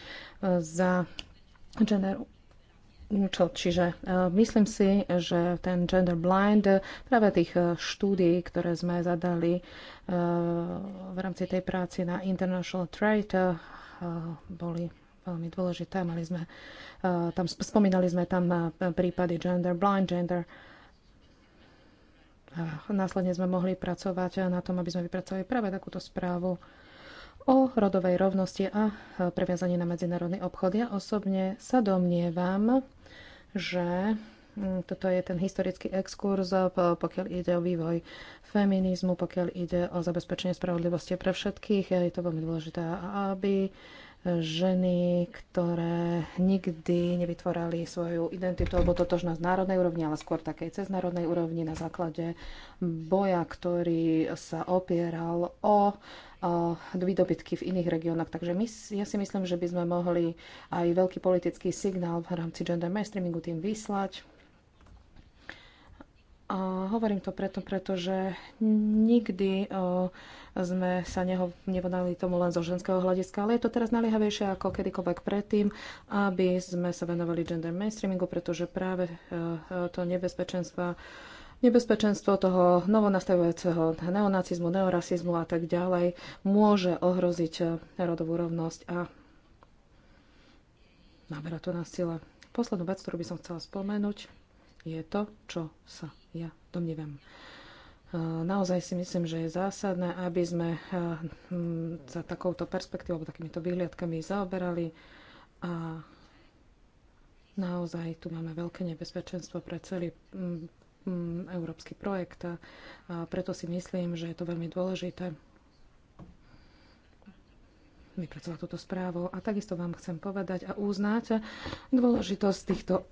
za gender čo, čiže myslím si, že ten gender blind práve tých štúdií, ktoré sme zadali v rámci tej práci na International Trade, boli veľmi dôležité. Mali sme, eh, tam spomínali sme tam eh, prípady gender blind, gender a následne sme mohli pracovať na tom, aby sme vypracovali práve takúto správu o rodovej rovnosti a eh, previazaní na medzinárodný obchod. Ja osobne sa domnievam, že hm, toto je ten historický exkurs, pokiaľ ide o vývoj feminizmu, pokiaľ ide o zabezpečenie spravodlivosti pre všetkých. Je to veľmi dôležité, aby ženy, ktoré nikdy nevytvorali svoju identitu alebo totožnosť národnej úrovni, ale skôr takej cez národnej úrovni na základe boja, ktorý sa opieral o, o výdobytky v iných regiónoch. Takže my, ja si myslím, že by sme mohli aj veľký politický signál v rámci gender mainstreamingu tým vyslať hovorím to preto, pretože nikdy sme sa neho, nevodali tomu len zo ženského hľadiska, ale je to teraz naliehavejšie ako kedykoľvek predtým, aby sme sa venovali gender mainstreamingu, pretože práve to nebezpečenstvo Nebezpečenstvo toho novonastavujúceho neonacizmu, neorasizmu a tak ďalej môže ohroziť rodovú rovnosť a nabera to na sile. Poslednú vec, ktorú by som chcela spomenúť, je to, čo sa ja domnievam. E, naozaj si myslím, že je zásadné, aby sme sa e, hm, takouto perspektívou, alebo takýmito vyhliadkami zaoberali a naozaj tu máme veľké nebezpečenstvo pre celý hm, hm, európsky projekt a preto si myslím, že je to veľmi dôležité vypracovať túto správu. A takisto vám chcem povedať a uznať dôležitosť týchto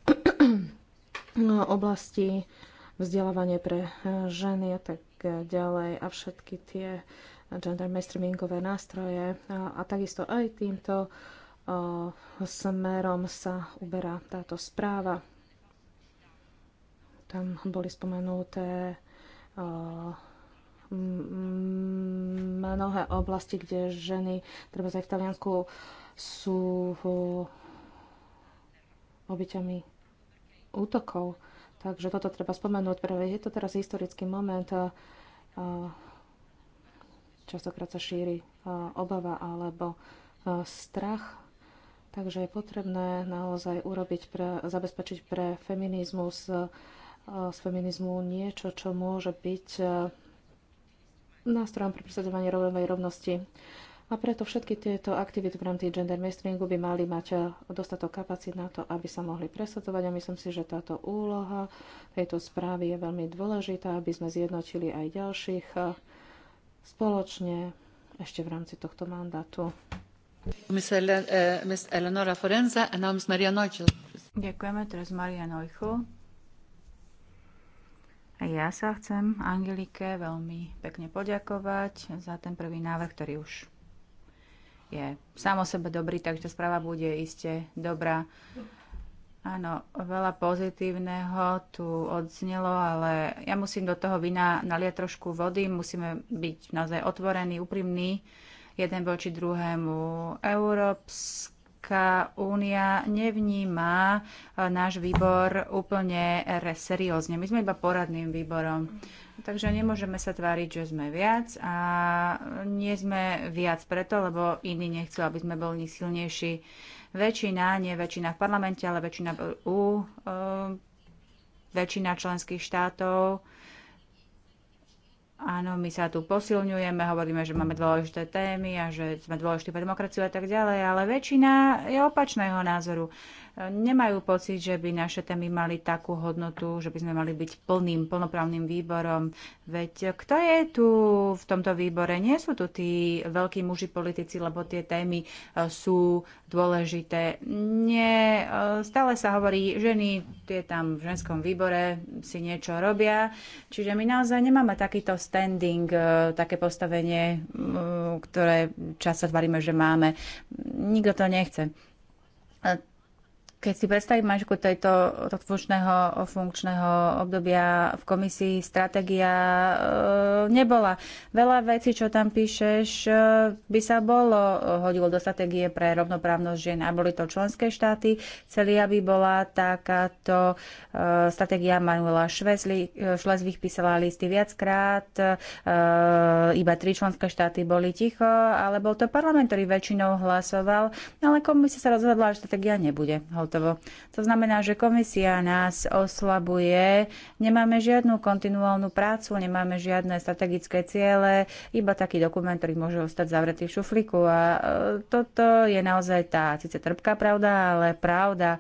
No, oblasti, vzdelávanie pre e, ženy a tak ďalej a všetky tie gender mainstreamingové nástroje. A, a takisto aj týmto o, e, smerom sa uberá táto správa. Tam boli spomenuté o, e, mnohé oblasti, kde ženy, treba aj v Taliansku, sú obyťami útokov. Takže toto treba spomenúť, pretože je to teraz historický moment. Častokrát sa šíri obava alebo strach. Takže je potrebné naozaj urobiť, pre, zabezpečiť pre feminizmus z feminizmu niečo, čo môže byť nástrojom pre presadzovanie rovnej rovnosti. A preto všetky tieto aktivity v rámci gender mainstreamingu by mali mať eh, dostatok kapacít na to, aby sa mohli presadzovať. A myslím si, že táto úloha tejto správy je veľmi dôležitá, aby sme zjednotili aj ďalších eh, spoločne ešte v rámci tohto mandátu. Eh, Ďakujeme teraz Maria Neuchl. A ja sa chcem Angelike veľmi pekne poďakovať za ten prvý návrh, ktorý už je sám o sebe dobrý, takže tá správa bude iste dobrá. Áno, veľa pozitívneho tu odznelo, ale ja musím do toho vina naliať trošku vody, musíme byť naozaj otvorení, úprimní jeden voči druhému. Európsk Európska únia nevníma e, náš výbor úplne seriózne. My sme iba poradným výborom. Takže nemôžeme sa tváriť, že sme viac a nie sme viac preto, lebo iní nechcú, aby sme boli silnejší. Väčšina, nie väčšina v parlamente, ale väčšina v EU, e, väčšina členských štátov Áno, my sa tu posilňujeme, hovoríme, že máme dôležité témy a že sme dôležití pre demokraciu a tak ďalej, ale väčšina je opačného názoru nemajú pocit, že by naše témy mali takú hodnotu, že by sme mali byť plným, plnoprávnym výborom. Veď kto je tu v tomto výbore? Nie sú tu tí veľkí muži politici, lebo tie témy e, sú dôležité. Nie, e, stále sa hovorí, ženy tie tam v ženskom výbore si niečo robia. Čiže my naozaj nemáme takýto standing, e, také postavenie, ktoré často tvaríme, že máme. Nikto to nechce keď si predstavím Mašku tejto funkčného, funkčného obdobia v komisii, stratégia e, nebola. Veľa vecí, čo tam píšeš, e, by sa bolo e, hodilo do stratégie pre rovnoprávnosť žien a boli to členské štáty. Celý aby bola takáto e, stratégia Manuela Švezli, e, Šlezvich písala listy viackrát, e, iba tri členské štáty boli ticho, ale bol to parlament, ktorý väčšinou hlasoval, ale komisia sa rozhodla, že stratégia nebude hotovo. To znamená, že komisia nás oslabuje, nemáme žiadnu kontinuálnu prácu, nemáme žiadne strategické ciele, iba taký dokument, ktorý môže ostať zavretý v šuflíku. A e, toto je naozaj tá síce trpká pravda, ale pravda.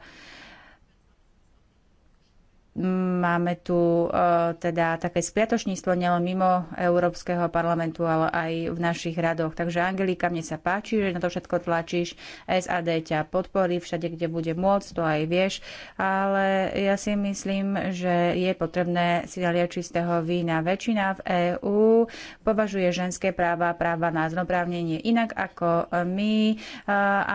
Máme tu e, teda také spiatočníctvo nielen mimo Európskeho parlamentu, ale aj v našich radoch. Takže Angelika, mne sa páči, že na to všetko tlačíš. SAD ťa podporí všade, kde bude môcť, to aj vieš. Ale ja si myslím, že je potrebné si dali čistého vína. Väčšina v EÚ považuje ženské práva, práva na znoprávnenie inak ako my. E,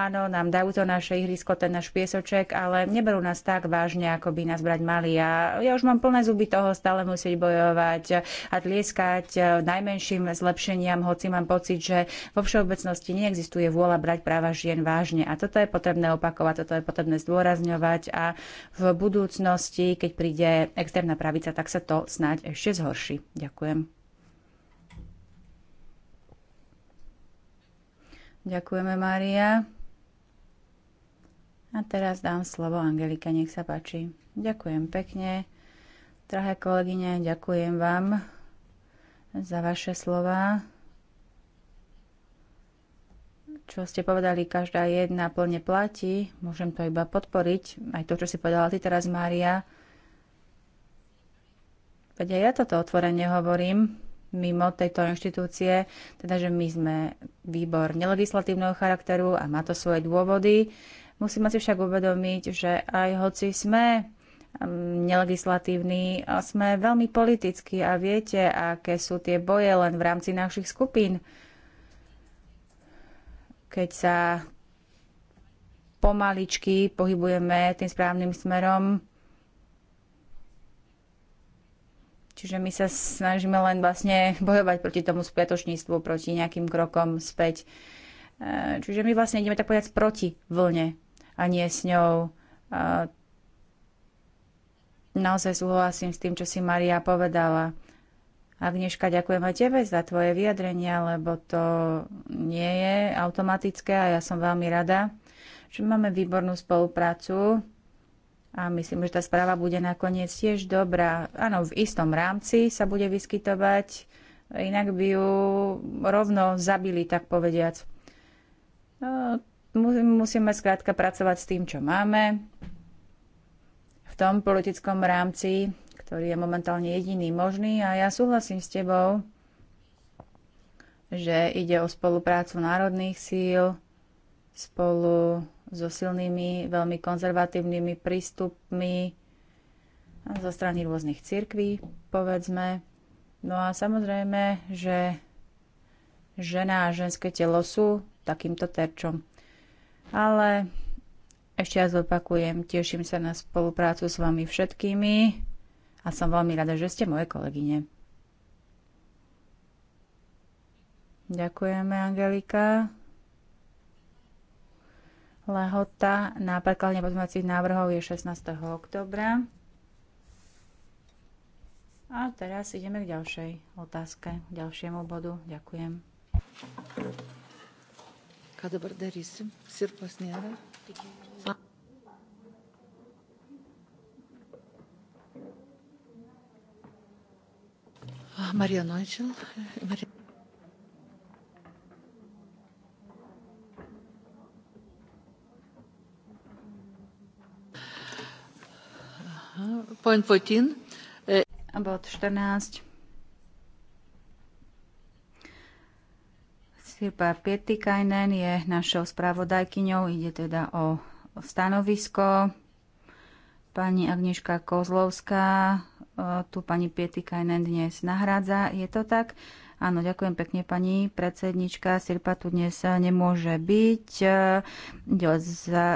áno, nám dajú to naše ihrisko, ten náš piesoček, ale neberú nás tak vážne, ako by nás brať mali. Ja ja už mám plné zuby toho stále musieť bojovať a tlieskať najmenším zlepšeniam, hoci mám pocit, že vo všeobecnosti neexistuje vôľa brať práva žien vážne. A toto je potrebné opakovať, toto je potrebné zdôrazňovať a v budúcnosti, keď príde externá pravica, tak sa to snáď ešte zhorší. Ďakujem. Ďakujeme, Mária. A teraz dám slovo Angelika, nech sa páči. Ďakujem pekne. Drahé kolegyne, ďakujem vám za vaše slova. Čo ste povedali, každá jedna plne platí. Môžem to iba podporiť. Aj to, čo si povedala ty teraz, Mária. Veď aj ja toto otvorene hovorím mimo tejto inštitúcie, teda že my sme výbor nelegislatívneho charakteru a má to svoje dôvody. Musíme si však uvedomiť, že aj hoci sme mm, nelegislatívni, sme veľmi politickí a viete, aké sú tie boje len v rámci našich skupín. Keď sa pomaličky pohybujeme tým správnym smerom, Čiže my sa snažíme len vlastne bojovať proti tomu spiatočníctvu, proti nejakým krokom späť. E, čiže my vlastne ideme tak povedať proti vlne a nie s ňou. Naozaj súhlasím s tým, čo si Maria povedala. Agneška, ďakujem aj tebe za tvoje vyjadrenia, lebo to nie je automatické a ja som veľmi rada, že máme výbornú spoluprácu a myslím, že tá správa bude nakoniec tiež dobrá. Áno, v istom rámci sa bude vyskytovať, inak by ju rovno zabili, tak povediac. Musíme skrátka pracovať s tým, čo máme, v tom politickom rámci, ktorý je momentálne jediný možný. A ja súhlasím s tebou, že ide o spoluprácu národných síl spolu so silnými, veľmi konzervatívnymi prístupmi zo strany rôznych cirkví, povedzme. No a samozrejme, že žena a ženské telo sú takýmto terčom. Ale ešte raz opakujem, teším sa na spoluprácu s vami všetkými a som veľmi rada, že ste moje kolegyne. Ďakujeme, Angelika. Lehota na prekladne pozmeňovacích návrhov je 16. oktobra. A teraz ideme k ďalšej otázke, k ďalšiemu bodu. Ďakujem. Ką dabar darysim? sirpas nėra. Ah, Marija Noičil. Marija. Point 14. About 14 Sirpa Pietikainen je našou spravodajkyňou, ide teda o stanovisko. Pani Agniška Kozlovská, e, tu pani Pietikainen dnes nahrádza. Je to tak? Áno, ďakujem pekne pani predsednička. Sirpa tu dnes nemôže byť. E, ide o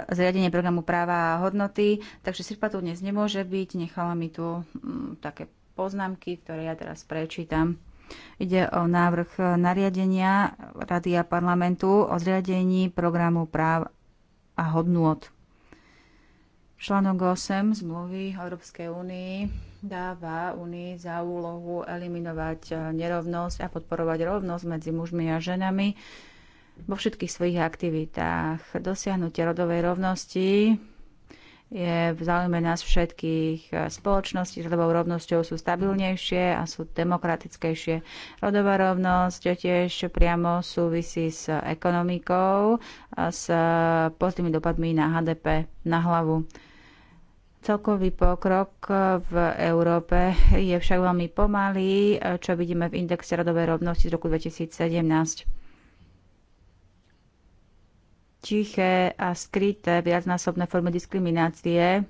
zriadenie programu práva a hodnoty. Takže Sirpa tu dnes nemôže byť. Nechala mi tu mm, také poznámky, ktoré ja teraz prečítam. Ide o návrh nariadenia Rady a parlamentu o zriadení programu práv a hodnôt. Článok 8 zmluvy Európskej únii dáva Únii za úlohu eliminovať nerovnosť a podporovať rovnosť medzi mužmi a ženami vo všetkých svojich aktivitách. Dosiahnutie rodovej rovnosti je v záujme nás všetkých eh, spoločností, rodovou rovnosťou sú stabilnejšie a sú demokratickejšie. Rodová rovnosť tiež priamo súvisí s ekonomikou, a s eh, pozitívnymi dopadmi na HDP, na hlavu. Celkový pokrok eh, v Európe je však veľmi pomalý, čo vidíme v indexe rodovej rovnosti z roku 2017 tiché a skryté viacnásobné formy diskriminácie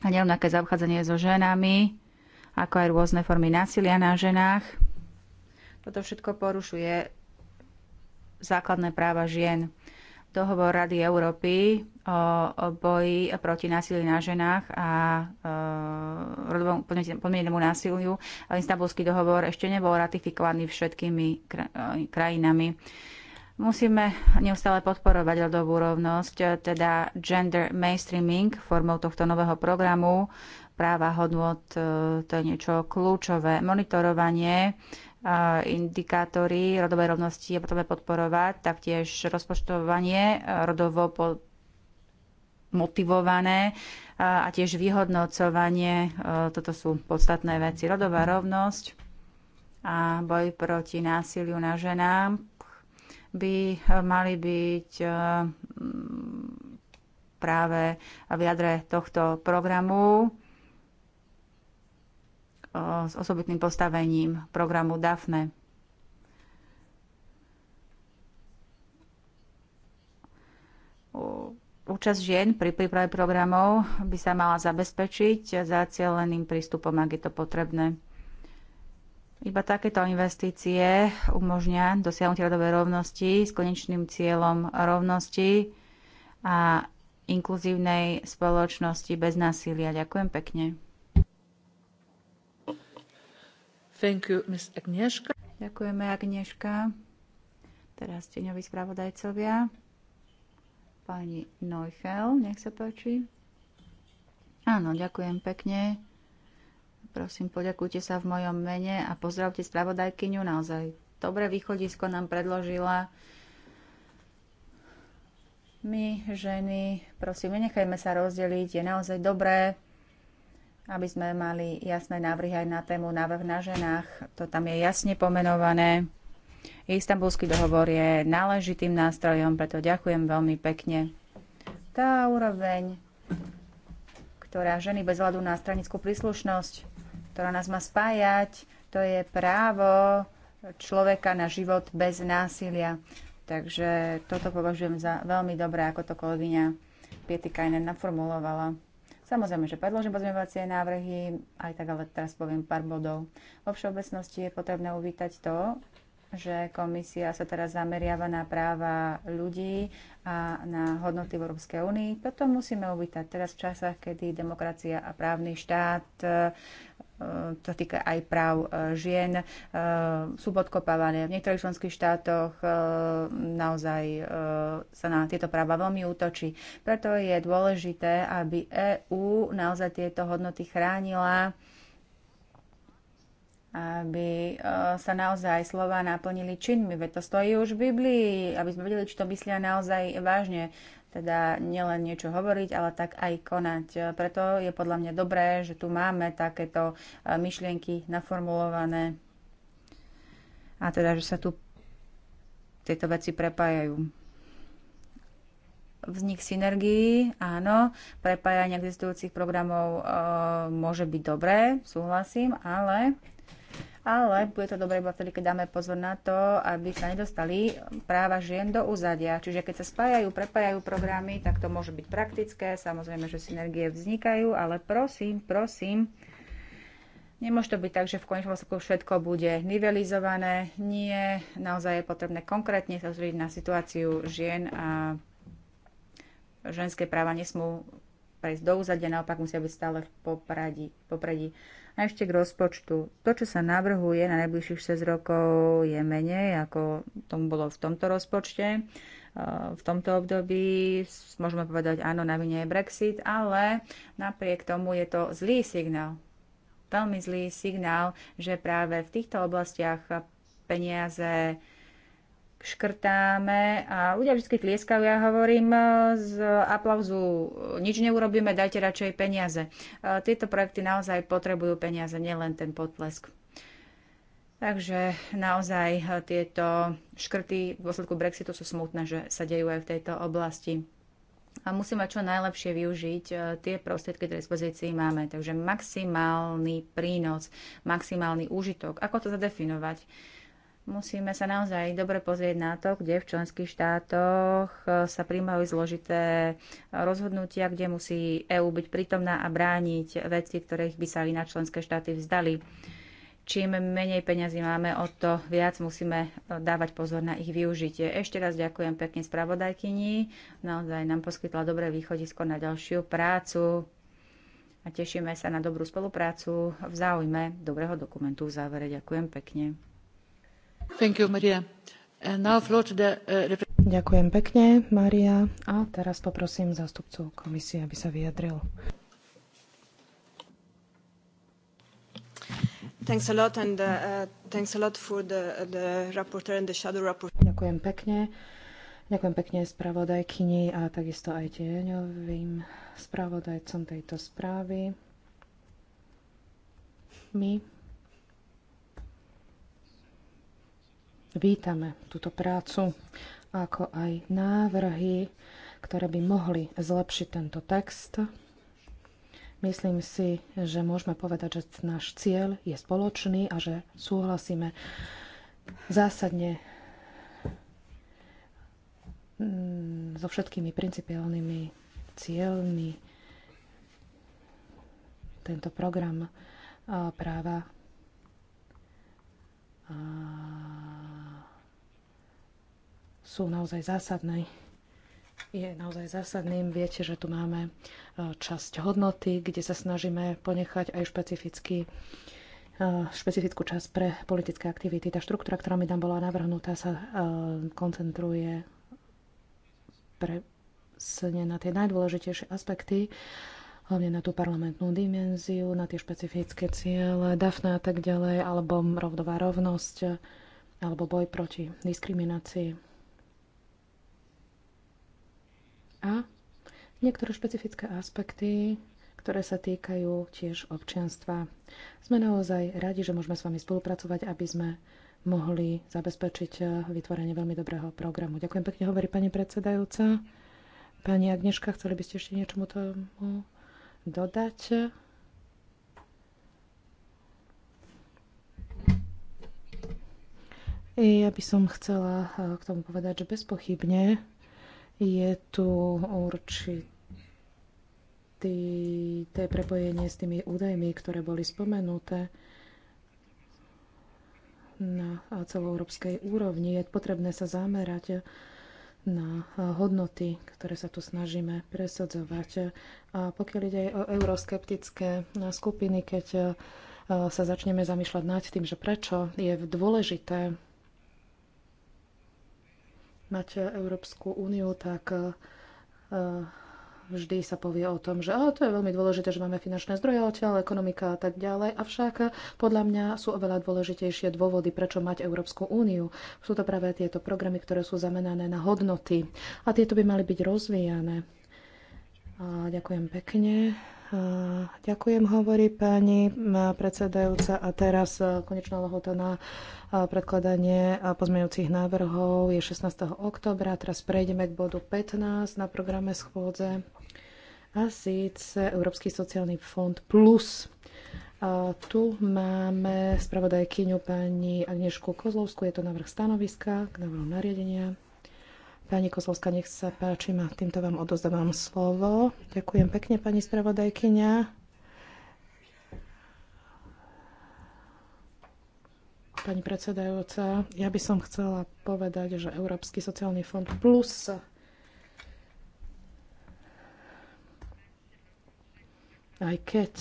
a nerovnaké zaobchádzanie so ženami, ako aj rôzne formy násilia na ženách. Toto všetko porušuje základné práva žien. Dohovor Rady Európy o, boji proti násiliu na ženách a e, rodovom podmienenému násiliu. Istanbulský dohovor ešte nebol ratifikovaný všetkými e, krajinami. Musíme neustále podporovať rodovú rovnosť, teda gender mainstreaming formou tohto nového programu, práva hodnot, e, to je niečo kľúčové, monitorovanie, e, indikátory rodovej rovnosti je potrebné podporovať, taktiež rozpočtovanie e, rodovo motivované a tiež vyhodnocovanie. Toto sú podstatné veci. Rodová rovnosť a boj proti násiliu na ženám by eh, mali byť eh, mm, práve v jadre tohto programu eh, s osobitným postavením programu DAFNE. Účasť žien pri príprave programov by sa mala zabezpečiť zacieleným prístupom, ak je to potrebné. Iba takéto investície umožňa dosiahnuť radové rovnosti s konečným cieľom rovnosti a inkluzívnej spoločnosti bez násilia. Ďakujem pekne. Thank you, Ms. Agnieszka. Ďakujeme, Agnieszka. Teraz tieňoví spravodajcovia. Pani Neuchel, nech sa páči. Áno, ďakujem pekne. Prosím, poďakujte sa v mojom mene a pozdravte spravodajkyňu. Naozaj dobré východisko nám predložila. My, ženy, prosím, nenechajme sa rozdeliť. Je naozaj dobré, aby sme mali jasné návrhy aj na tému návrh na ženách. To tam je jasne pomenované. Istanbulský dohovor je náležitým nástrojom, preto ďakujem veľmi pekne. Tá úroveň, ktorá ženy bez hľadu na stranickú príslušnosť ktorá nás má spájať, to je právo človeka na život bez násilia. Takže toto považujem za veľmi dobré, ako to kolegyňa Pietikajnen naformulovala. Samozrejme, že predložím pozmeňovacie návrhy, aj tak ale teraz poviem pár bodov. Vo všeobecnosti je potrebné uvítať to, že komisia sa teraz zameriava na práva ľudí a na hodnoty v Európskej únii. Toto musíme uvítať teraz v časách, kedy demokracia a právny štát e, to týka aj práv e, žien, e, sú podkopávané. V niektorých členských štátoch naozaj sa na tieto práva veľmi útočí. Preto je dôležité, aby EÚ naozaj tieto hodnoty chránila aby e, sa naozaj slova naplnili činmi, veď to stojí už v Biblii, aby sme vedeli, či to myslia naozaj vážne, teda nielen niečo hovoriť, ale tak aj konať. E, preto je podľa mňa dobré, že tu máme takéto e, myšlienky naformulované a teda, že sa tu tieto veci prepájajú vznik synergií, áno, prepájanie existujúcich programov e, môže byť dobré, súhlasím, ale ale bude to dobré iba vtedy, keď dáme pozor na to, aby sa nedostali práva žien do úzadia. Čiže keď sa spájajú, prepájajú programy, tak to môže byť praktické, samozrejme, že synergie vznikajú, ale prosím, prosím, Nemôže to byť tak, že v konečnom dôsledku všetko bude nivelizované. Nie, naozaj je potrebné konkrétne sa zrieť na situáciu žien a ženské práva nesmú prejsť do úzadia, naopak musia byť stále v popradí. A ešte k rozpočtu. To, čo sa navrhuje na najbližších 6 rokov, je menej, ako tomu bolo v tomto rozpočte. Eh, v tomto období môžeme povedať, áno, na vine je Brexit, ale napriek tomu je to zlý signál. Veľmi zlý signál, že práve v týchto oblastiach peniaze škrtáme a ľudia vždy tlieskajú. Ja hovorím e, z aplauzu, e, nič neurobíme, dajte radšej peniaze. E, tieto projekty naozaj potrebujú peniaze, nielen ten potlesk. Takže naozaj tieto škrty v dôsledku Brexitu sú smutné, že sa dejú aj v tejto oblasti. A musíme čo najlepšie využiť tie prostriedky, ktoré dispozícii máme. Takže maximálny prínos, maximálny úžitok. Ako to zadefinovať? Musíme sa naozaj dobre pozrieť na to, kde v členských štátoch e, sa príjmajú zložité rozhodnutia, kde musí EÚ byť prítomná a brániť veci, ktorých by sa iná členské štáty vzdali. Čím menej peňazí máme, o to viac musíme e, dávať pozor na ich využitie. Ešte raz ďakujem pekne spravodajkyni. Naozaj nám poskytla dobré východisko na ďalšiu prácu a tešíme sa na dobrú spoluprácu v záujme dobrého dokumentu v závere. Ďakujem pekne. Uh, Ďakujem pekne, Maria. A teraz poprosím zástupcu komisie, aby sa vyjadril. Uh, Ďakujem pekne. Ďakujem pekne spravodajkyni a takisto aj tieňovým spravodajcom tejto správy. My vítame túto prácu, ako aj návrhy, ktoré by mohli zlepšiť tento text. Myslím si, že môžeme povedať, že náš cieľ je spoločný a že súhlasíme zásadne mm, so všetkými principiálnymi cieľmi tento program práva sú naozaj zásadné. Je naozaj zásadným. Viete, že tu máme e, časť hodnoty, kde sa snažíme ponechať aj špecifický e, špecifickú časť pre politické aktivity. Tá štruktúra, ktorá mi tam bola navrhnutá, sa e, koncentruje presne na tie najdôležitejšie aspekty, hlavne na tú parlamentnú dimenziu, na tie špecifické ciele, DAFNA a tak ďalej, alebo rovnová rovnosť, alebo boj proti diskriminácii. a niektoré špecifické aspekty, ktoré sa týkajú tiež občianstva. Sme naozaj radi, že môžeme s vami spolupracovať, aby sme mohli zabezpečiť eh, vytvorenie veľmi dobrého programu. Ďakujem pekne, hovorí pani predsedajúca. Pani Agneška, chceli by ste ešte niečomu tomu dodať? Ja by som chcela eh, k tomu povedať, že bezpochybne je tu určité prepojenie s tými údajmi, ktoré boli spomenuté na celoeurópskej úrovni. Je potrebné sa zamerať na hodnoty, ktoré sa tu snažíme presadzovať. A pokiaľ ide aj o euroskeptické skupiny, keď e, sa začneme zamýšľať nad tým, že prečo je dôležité mať Európsku úniu, tak e, vždy sa povie o tom, že oh, to je veľmi dôležité, že máme finančné zdroje odtiaľ, ekonomika a tak ďalej. Avšak e, podľa mňa sú oveľa dôležitejšie dôvody, prečo mať Európsku úniu. Sú to práve tieto programy, ktoré sú zamerané na hodnoty a tieto by mali byť rozvíjane. A ďakujem pekne. Eh, ďakujem, hovorí pani eh, predsedajúca. A teraz eh, konečná lehota na predkladanie pozmeňujúcich návrhov je 16. oktobra. Teraz prejdeme k bodu 15 na programe schôdze. A síce Európsky sociálny fond plus. A tu máme spravodajkyňu pani Agnešku Kozlovskú. Je to návrh stanoviska k návrhu nariadenia. Pani Kozlovská, nech sa páči, ma týmto vám odozdávam slovo. Ďakujem pekne, pani spravodajkyňa. Pani predsedajúca, ja by som chcela povedať, že Európsky sociálny fond plus aj keď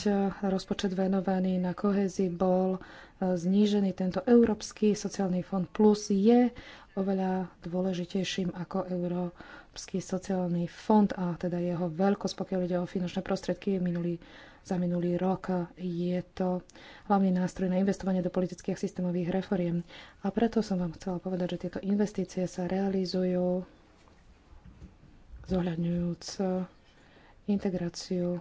rozpočet venovaný na kohezi bol znížený. Tento Európsky sociálny fond plus je oveľa dôležitejším ako Európsky sociálny fond a teda jeho veľkosť, pokiaľ ide o finančné prostriedky, je minulý za minulý rok. Je to hlavný nástroj na investovanie do politických a systémových reforiem. A preto som vám chcela povedať, že tieto investície sa realizujú zohľadňujúc integráciu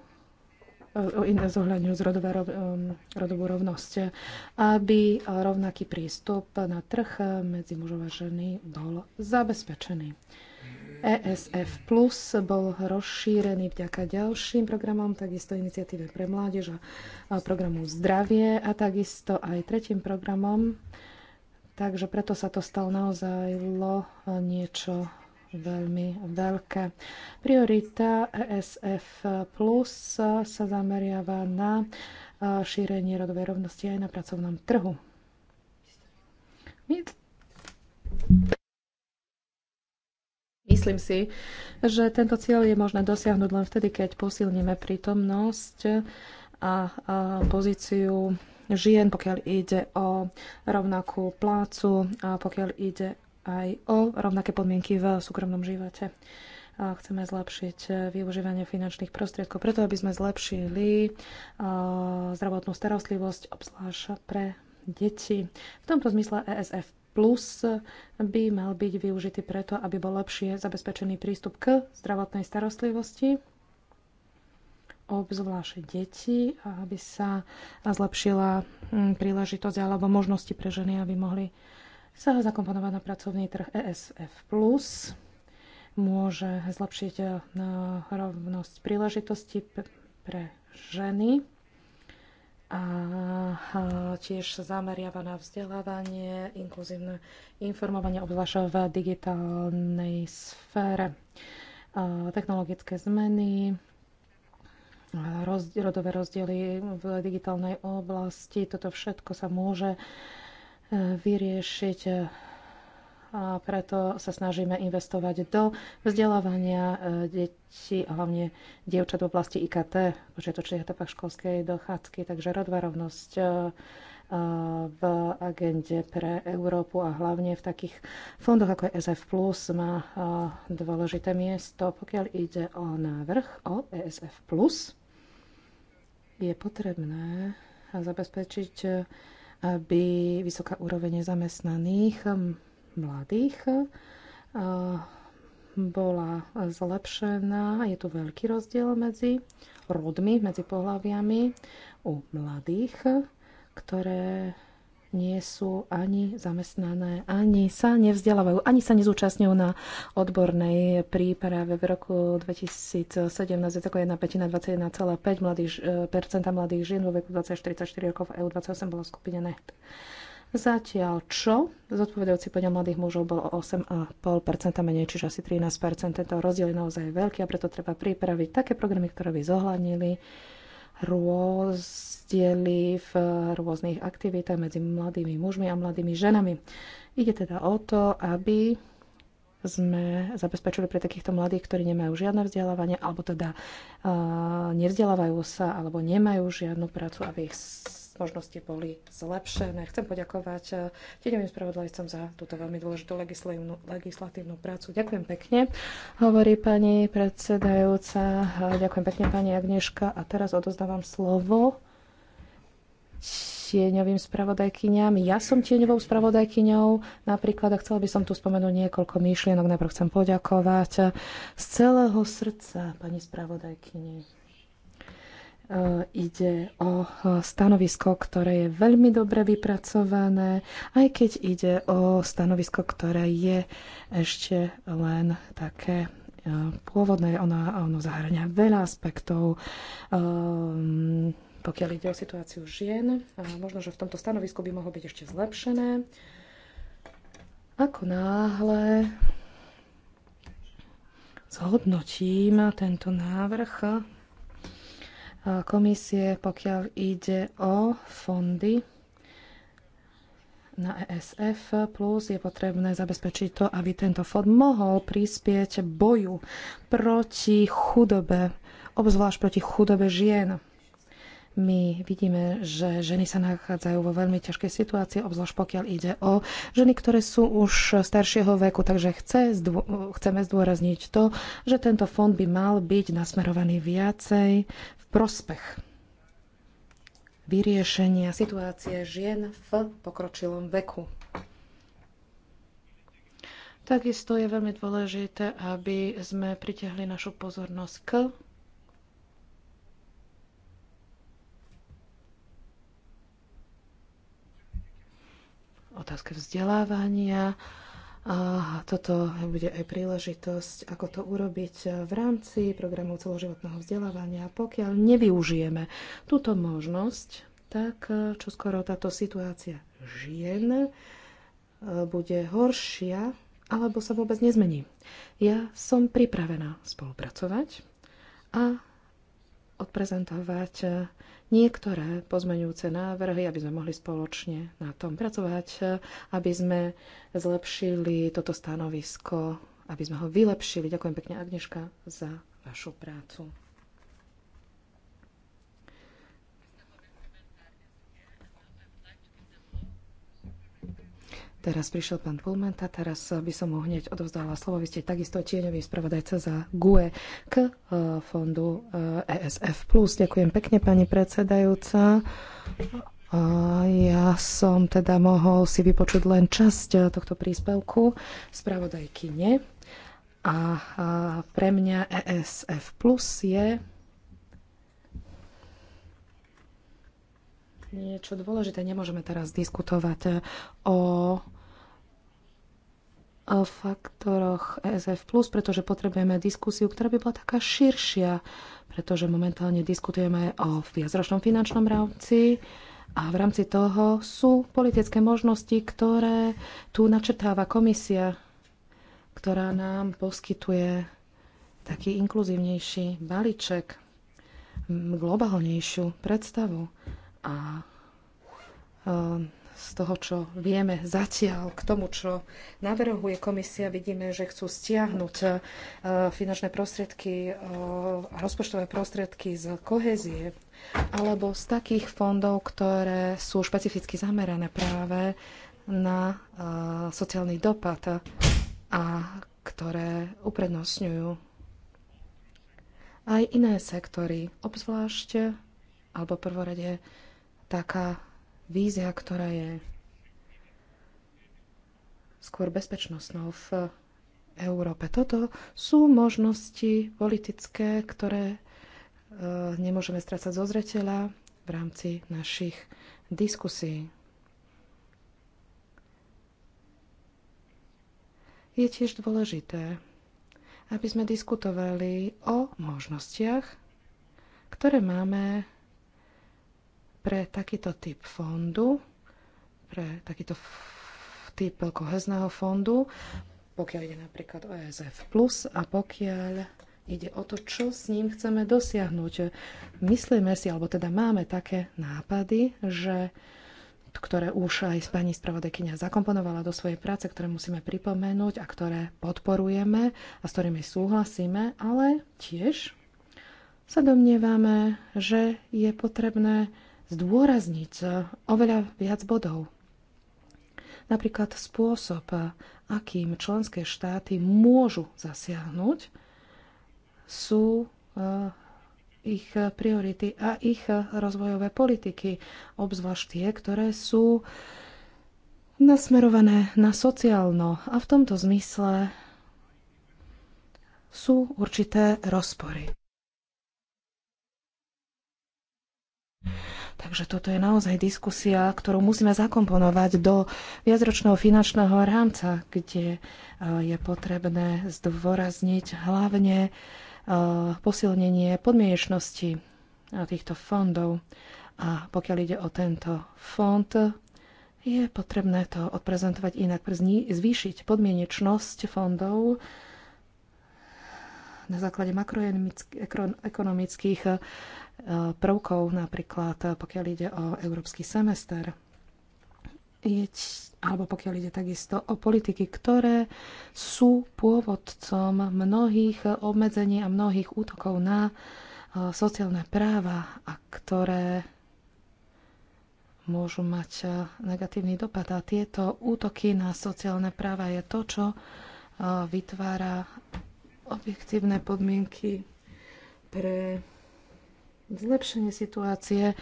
zohľadňujú rodové, um, rodovú rovnosť, aby rovnaký prístup na trh medzi mužov a ženy bol zabezpečený. ESF Plus bol rozšírený vďaka ďalším programom, takisto iniciatíve pre mládež a programu Zdravie a takisto aj tretím programom. Takže preto sa to stalo naozaj niečo veľmi veľké. Priorita ESF Plus sa zameriava na e, šírenie rodovej rovnosti aj na pracovnom trhu. Myslím si, že tento cieľ je možné dosiahnuť len vtedy, keď posilníme prítomnosť a pozíciu žien, pokiaľ ide o rovnakú plácu a pokiaľ ide aj o rovnaké podmienky v súkromnom živote. Chceme zlepšiť e, využívanie finančných prostriedkov, preto aby sme zlepšili e, zdravotnú starostlivosť, obzvlášť pre deti. V tomto zmysle ESF Plus by mal byť využitý preto, aby bol lepšie zabezpečený prístup k zdravotnej starostlivosti obzvlášť deti, aby sa zlepšila príležitosť alebo možnosti pre ženy, aby mohli sa zakomponovať na pracovný trh ESF+, môže zlepšiť eh, rovnosť príležitosti pre ženy a eh, tiež sa zameriava na vzdelávanie, inkluzívne informovanie, obzvlášť v digitálnej sfére, eh, technologické zmeny, rodové rozdiely v digitálnej oblasti. Toto všetko sa môže vyriešiť eh, a preto sa snažíme investovať do vzdelávania eh, detí, a hlavne dievčat v oblasti IKT, počiatočných etapách školskej dochádzky. Takže rodová rovnosť eh, v agende pre Európu a hlavne v takých fondoch ako je Plus, má dôležité miesto. Pokiaľ ide o návrh o ESF+, je potrebné zabezpečiť aby vysoká úroveň nezamestnaných mladých e, bola zlepšená. Je tu veľký rozdiel medzi rodmi, medzi pohľaviami u mladých, ktoré nie sú ani zamestnané, ani sa nevzdelávajú, ani sa nezúčastňujú na odbornej príprave. V roku 2017 je ako 1 petina 21,5 mladých, eh, percenta mladých žien vo veku 20-44 rokov v EU28 bolo skupine NET. Zatiaľ čo? Zodpovedajúci podiel mladých mužov bol o 8,5% menej, čiže asi 13%. Tento rozdiel je naozaj veľký a preto treba pripraviť také programy, ktoré by zohľadnili rozdiely v rôznych aktivitách medzi mladými mužmi a mladými ženami. Ide teda o to, aby sme zabezpečili pre takýchto mladých, ktorí nemajú žiadne vzdelávanie, alebo teda uh, nevzdelávajú sa, alebo nemajú žiadnu prácu, aby ich možnosti boli zlepšené. Chcem poďakovať eh, tieňovým spravodajcom za túto veľmi dôležitú legislatívnu, legislatívnu prácu. Ďakujem pekne, hovorí pani predsedajúca. Ďakujem pekne, pani Agneška. A teraz odozdávam slovo tieňovým spravodajkyňam. Ja som tieňovou spravodajkyňou napríklad a chcela by som tu spomenúť niekoľko myšlienok. Najprv chcem poďakovať z celého srdca pani spravodajkyni E, ide o e, stanovisko, ktoré je veľmi dobre vypracované, aj keď ide o stanovisko, ktoré je ešte len také e, pôvodné. Ono, ono zahrania veľa aspektov. Um, pokiaľ ide o situáciu žien, a možno, že v tomto stanovisku by mohlo byť ešte zlepšené. Ako náhle zhodnotím tento návrh, E, komisie, pokiaľ ide o fondy na ESF+, plus je potrebné zabezpečiť to, aby tento fond mohol prispieť boju proti chudobe, obzvlášť proti chudobe žien my vidíme, že ženy sa nachádzajú vo veľmi ťažkej situácii, obzvlášť pokiaľ ide o ženy, ktoré sú už staršieho veku. Takže chce, zdô, chceme zdôrazniť to, že tento fond by mal byť nasmerovaný viacej v prospech vyriešenia situácie žien v pokročilom veku. Takisto je veľmi dôležité, aby sme pritiahli našu pozornosť k otázke vzdelávania. A toto bude aj príležitosť, ako to urobiť v rámci programu celoživotného vzdelávania. Pokiaľ nevyužijeme túto možnosť, tak e, čo skoro táto situácia žien e, bude horšia alebo sa vôbec nezmení. Ja som pripravená spolupracovať a odprezentovať e, niektoré pozmeňujúce návrhy, aby sme mohli spoločne na tom pracovať, aby sme zlepšili toto stanovisko, aby sme ho vylepšili. Ďakujem pekne, Agneška, za vašu prácu. Teraz prišiel pán Pulmenta, teraz eh, by som mu hneď odovzdala slovo. Vy ste takisto tieňový spravodajca za GUE k eh, fondu ESF+. Eh, e Ďakujem pekne, pani predsedajúca. Ja som teda mohol si vypočuť len časť tohto príspevku Spravodajky nie. A pre mňa ESF Plus je niečo dôležité. Nemôžeme teraz diskutovať eh, o faktoroch e SF+, pretože potrebujeme diskusiu, ktorá by bola taká širšia, pretože momentálne diskutujeme o viacročnom finančnom rámci a v rámci toho sú politické možnosti, ktoré tu načrtáva komisia, ktorá nám poskytuje taký inkluzívnejší balíček, globálnejšiu predstavu a ehm, z toho, čo vieme zatiaľ k tomu, čo navrhuje komisia, vidíme, že chcú stiahnuť e, finančné prostriedky e, a rozpočtové prostriedky z kohezie alebo z takých fondov, ktoré sú špecificky zamerané práve na e, sociálny dopad a ktoré uprednostňujú aj iné sektory, obzvlášť alebo prvorade taká vízia, ktorá je skôr bezpečnostnou v Európe. Toto sú možnosti politické, ktoré e, nemôžeme strácať zo zreteľa v rámci našich diskusí. Je tiež dôležité, aby sme diskutovali o možnostiach, ktoré máme pre takýto typ fondu, pre takýto typ veľkohezného fondu, pokiaľ ide napríklad o ESF+, a pokiaľ ide o to, čo s ním chceme dosiahnuť. Myslíme si, alebo teda máme také nápady, že ktoré už aj pani spravodajkynia zakomponovala do svojej práce, ktoré musíme pripomenúť a ktoré podporujeme a s ktorými súhlasíme, ale tiež sa domnievame, že je potrebné zdôrazniť eh, oveľa viac bodov. Napríklad spôsob, eh, akým členské štáty môžu zasiahnuť, sú eh, ich priority a ich rozvojové politiky, obzvlášť tie, ktoré sú nasmerované na sociálno. A v tomto zmysle sú určité rozpory. Takže toto je naozaj diskusia, ktorú musíme zakomponovať do viacročného finančného rámca, kde e, je potrebné zdôrazniť hlavne e, posilnenie podmienečnosti e, týchto fondov. A pokiaľ ide o tento fond, je potrebné to odprezentovať inak, zvýšiť podmienečnosť fondov na základe makroekonomických prvkov, napríklad pokiaľ ide o európsky semester, alebo pokiaľ ide takisto o politiky, ktoré sú pôvodcom mnohých obmedzení a mnohých útokov na e, sociálne práva a ktoré môžu mať e, negatívny dopad. A tieto útoky na sociálne práva je to, čo e, vytvára objektívne podmienky pre zlepšenie situácie,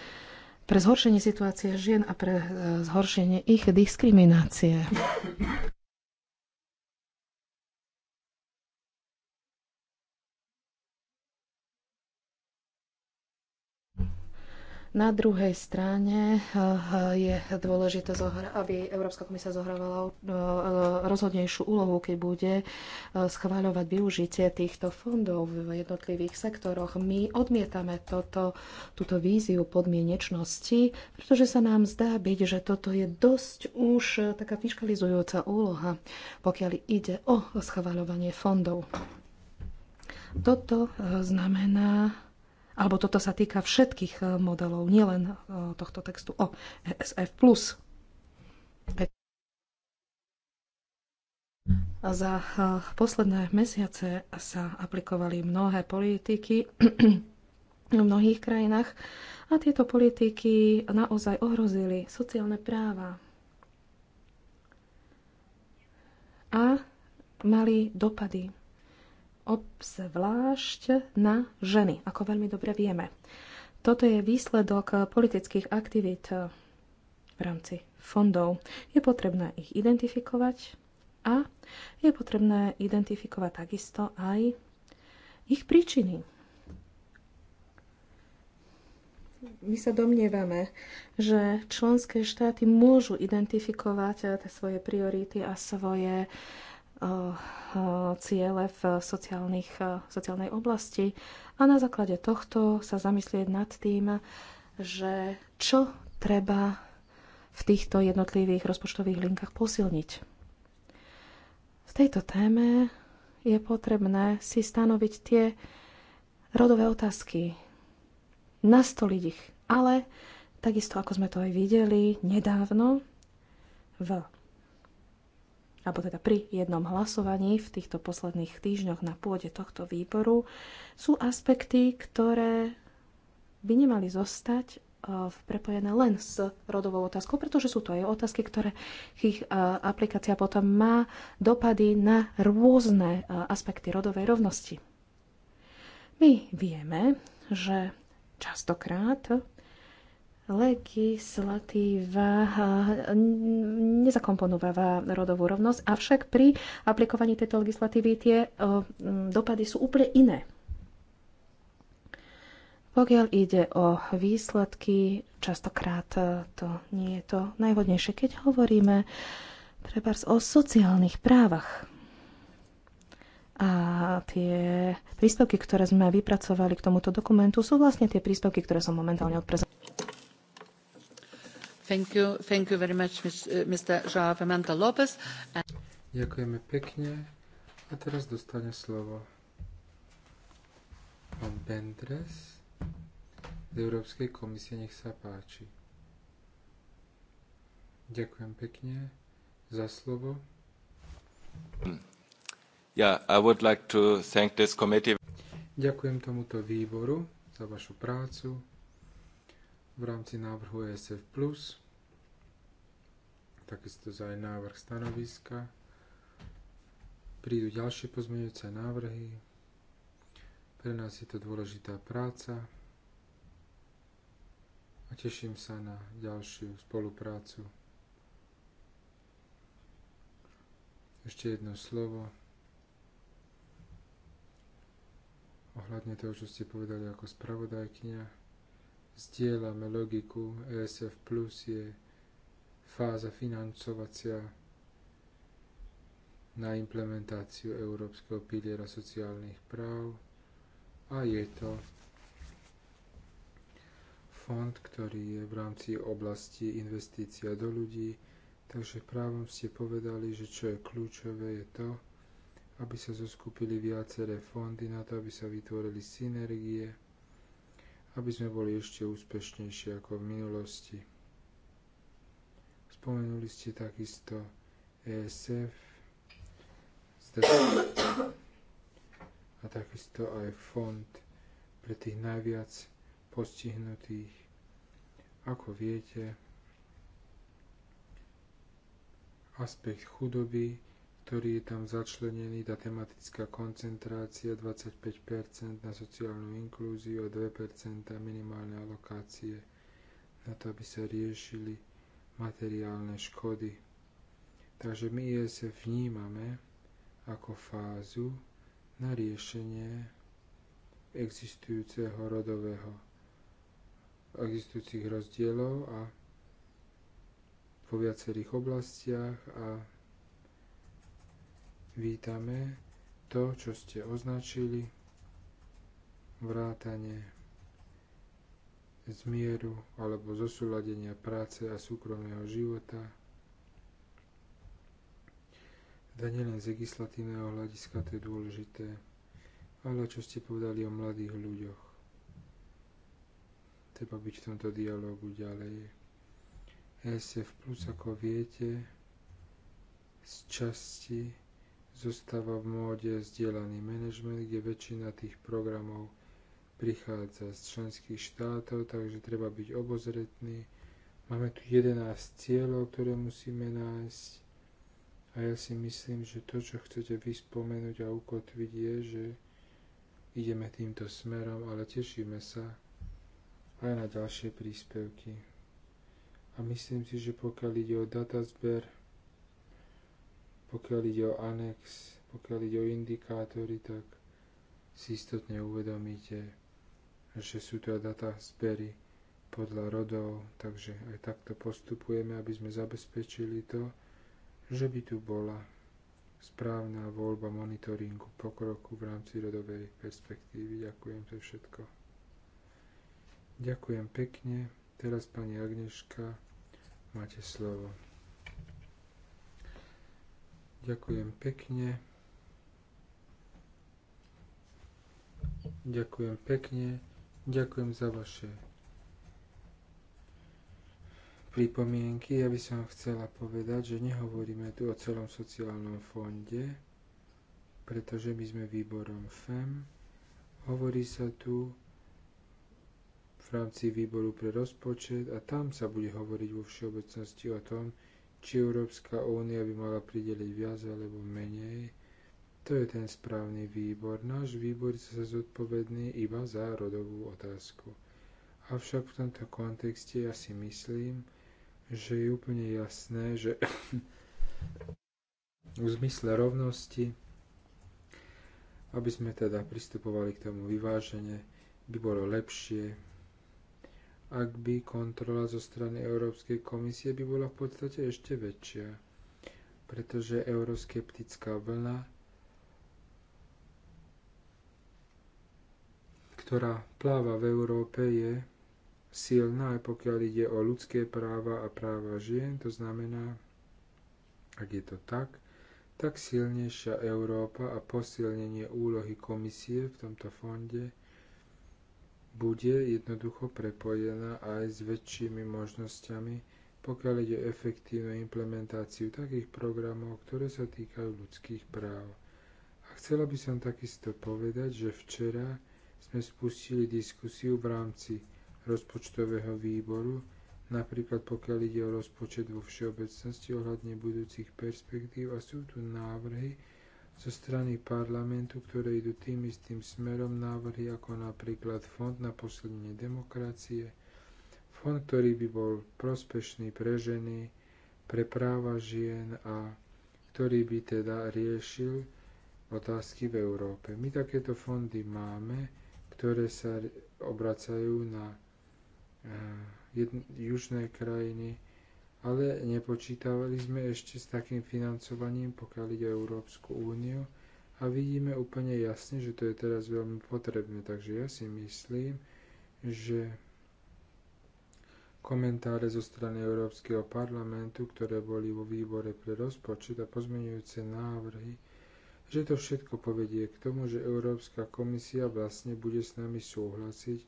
pre zhoršenie situácie žien a pre eh, zhoršenie ich diskriminácie. Na druhej strane eh, je dôležité, aby Európska komisia zohrávala eh, rozhodnejšiu úlohu, keď bude eh, schváľovať využitie týchto fondov v jednotlivých sektoroch. My odmietame toto, túto víziu podmienečnosti, pretože sa nám zdá byť, že toto je dosť už taká fiskalizujúca úloha, pokiaľ ide o schváľovanie fondov. Toto znamená alebo toto sa týka všetkých e, modelov, nielen e, tohto textu o ESF+. Za e, posledné mesiace sa aplikovali mnohé politiky <clears throat> v mnohých krajinách a tieto politiky naozaj ohrozili sociálne práva a mali dopady obzvlášť na ženy, ako veľmi dobre vieme. Toto je výsledok politických aktivít v rámci fondov. Je potrebné ich identifikovať a je potrebné identifikovať takisto aj ich príčiny. My sa domnievame, že členské štáty môžu identifikovať tie svoje priority a svoje uh, Eh, ciele v sociálnych, eh, sociálnej oblasti a na základe tohto sa zamyslieť nad tým, že čo treba v týchto jednotlivých rozpočtových linkách posilniť. V tejto téme je potrebné si stanoviť tie rodové otázky, nastoliť ich, ale takisto ako sme to aj videli nedávno v alebo teda pri jednom hlasovaní v týchto posledných týždňoch na pôde tohto výboru, sú aspekty, ktoré by nemali zostať e, prepojené len s rodovou otázkou, pretože sú to aj otázky, ktoré ich e, aplikácia potom má dopady na rôzne e, aspekty rodovej rovnosti. My vieme, že častokrát legislatíva nezakomponováva rodovú rovnosť, avšak pri aplikovaní tejto legislatívy tie dopady sú úplne iné. Pokiaľ ide o výsledky, častokrát e, to nie je to najvhodnejšie, keď hovoríme trebárs o sociálnych právach. A tie príspevky, ktoré sme vypracovali k tomuto dokumentu, sú vlastne tie príspevky, ktoré som momentálne odprezentovala. Eh, Ďakujeme pekne. A teraz dostane slovo pán Bendres z Európskej komisie. Nech sa páči. Ďakujem pekne za slovo. Yeah, I would like to thank this committee. Ďakujem tomuto výboru za vašu prácu, v rámci návrhu ESF+. Takisto za aj návrh stanoviska. Prídu ďalšie pozmeňujúce návrhy. Pre nás je to dôležitá práca a teším sa na ďalšiu spoluprácu. Ešte jedno slovo ohľadne toho, čo ste povedali ako spravodajkňa zdieľame logiku ESF Plus je fáza financovacia na implementáciu Európskeho piliera sociálnych práv a je to fond, ktorý je v rámci oblasti investícia do ľudí. Takže právom ste povedali, že čo je kľúčové je to, aby sa zoskupili viaceré fondy na to, aby sa vytvorili synergie aby sme boli ešte úspešnejší ako v minulosti. Spomenuli ste takisto ESF a takisto aj fond pre tých najviac postihnutých. Ako viete, aspekt chudoby ktorý je tam začlenený, tá tematická koncentrácia 25% na sociálnu inklúziu a 2% minimálne alokácie na to, aby sa riešili materiálne škody. Takže my ISF vnímame ako fázu na riešenie existujúceho rodového existujúcich rozdielov a po viacerých oblastiach a Vítame to, čo ste označili, vrátanie zmieru alebo zosúladenia práce a súkromného života, teda nielen z legislatívneho hľadiska to je dôležité, ale čo ste povedali o mladých ľuďoch. Treba byť v tomto dialogu ďalej. E SF Plus, ako viete, z časti zostáva v móde zdieľaný manažment, kde väčšina tých programov prichádza z členských štátov, takže treba byť obozretný. Máme tu 11 cieľov, ktoré musíme nájsť a ja si myslím, že to, čo chcete vyspomenúť a ukotviť je, že ideme týmto smerom, ale tešíme sa aj na ďalšie príspevky. A myslím si, že pokiaľ ide o datazber, pokiaľ ide o anex, pokiaľ ide o indikátory, tak si istotne uvedomíte, že sú to data zbery podľa rodov, takže aj takto postupujeme, aby sme zabezpečili to, že by tu bola správna voľba monitoringu pokroku v rámci rodovej perspektívy. Ďakujem za všetko. Ďakujem pekne. Teraz pani Agneška, máte slovo. Ďakujem pekne. Ďakujem pekne. Ďakujem za vaše pripomienky. Ja by som chcela povedať, že nehovoríme tu o celom sociálnom fonde, pretože my sme výborom FEM. Hovorí sa tu v rámci výboru pre rozpočet a tam sa bude hovoriť vo všeobecnosti o tom, či Európska únia by mala prideliť viac alebo menej. To je ten správny výbor. Náš výbor je sa zodpovedný iba za rodovú otázku. Avšak v tomto kontexte ja si myslím, že je úplne jasné, že <coughs> v zmysle rovnosti, aby sme teda pristupovali k tomu vyvážene, by bolo lepšie, ak by kontrola zo strany Európskej komisie by bola v podstate ešte väčšia, pretože euroskeptická vlna, ktorá pláva v Európe, je silná, aj pokiaľ ide o ľudské práva a práva žien, to znamená, ak je to tak, tak silnejšia Európa a posilnenie úlohy komisie v tomto fonde – bude jednoducho prepojená aj s väčšími možnosťami, pokiaľ ide o efektívnu implementáciu takých programov, ktoré sa týkajú ľudských práv. A chcela by som takisto povedať, že včera sme spustili diskusiu v rámci rozpočtového výboru, napríklad pokiaľ ide o rozpočet vo všeobecnosti ohľadne budúcich perspektív a sú tu návrhy, zo strany parlamentu, ktoré idú tým istým smerom návrhy ako napríklad Fond na posilnenie demokracie, fond, ktorý by bol prospešný pre ženy, pre práva žien a ktorý by teda riešil otázky v Európe. My takéto fondy máme, ktoré sa obracajú na eh, južné krajiny, ale nepočítali sme ešte s takým financovaním, pokiaľ ide o Európsku úniu a vidíme úplne jasne, že to je teraz veľmi potrebné. Takže ja si myslím, že komentáre zo strany Európskeho parlamentu, ktoré boli vo výbore pre rozpočet a pozmenujúce návrhy, že to všetko povedie k tomu, že Európska komisia vlastne bude s nami súhlasiť,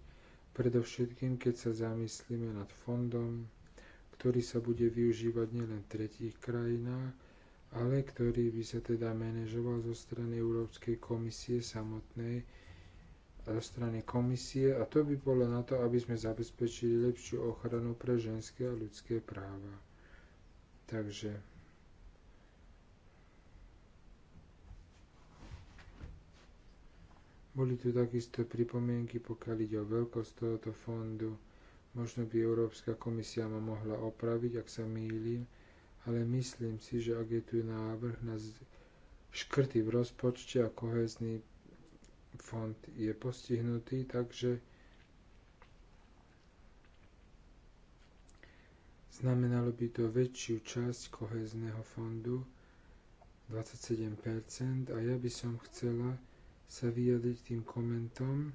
predovšetkým keď sa zamyslíme nad fondom, ktorý sa bude využívať nielen v tretích krajinách, ale ktorý by sa teda manažoval zo strany Európskej komisie samotnej, zo strany komisie a to by bolo na to, aby sme zabezpečili lepšiu ochranu pre ženské a ľudské práva. Takže boli tu takisto pripomienky, pokiaľ ide o veľkosť tohoto fondu Možno by Európska komisia ma mohla opraviť, ak sa mýlim, ale myslím si, že ak je tu návrh na škrty v rozpočte a kohezný fond je postihnutý, takže znamenalo by to väčšiu časť kohezného fondu, 27%, a ja by som chcela sa vyjadriť tým komentom,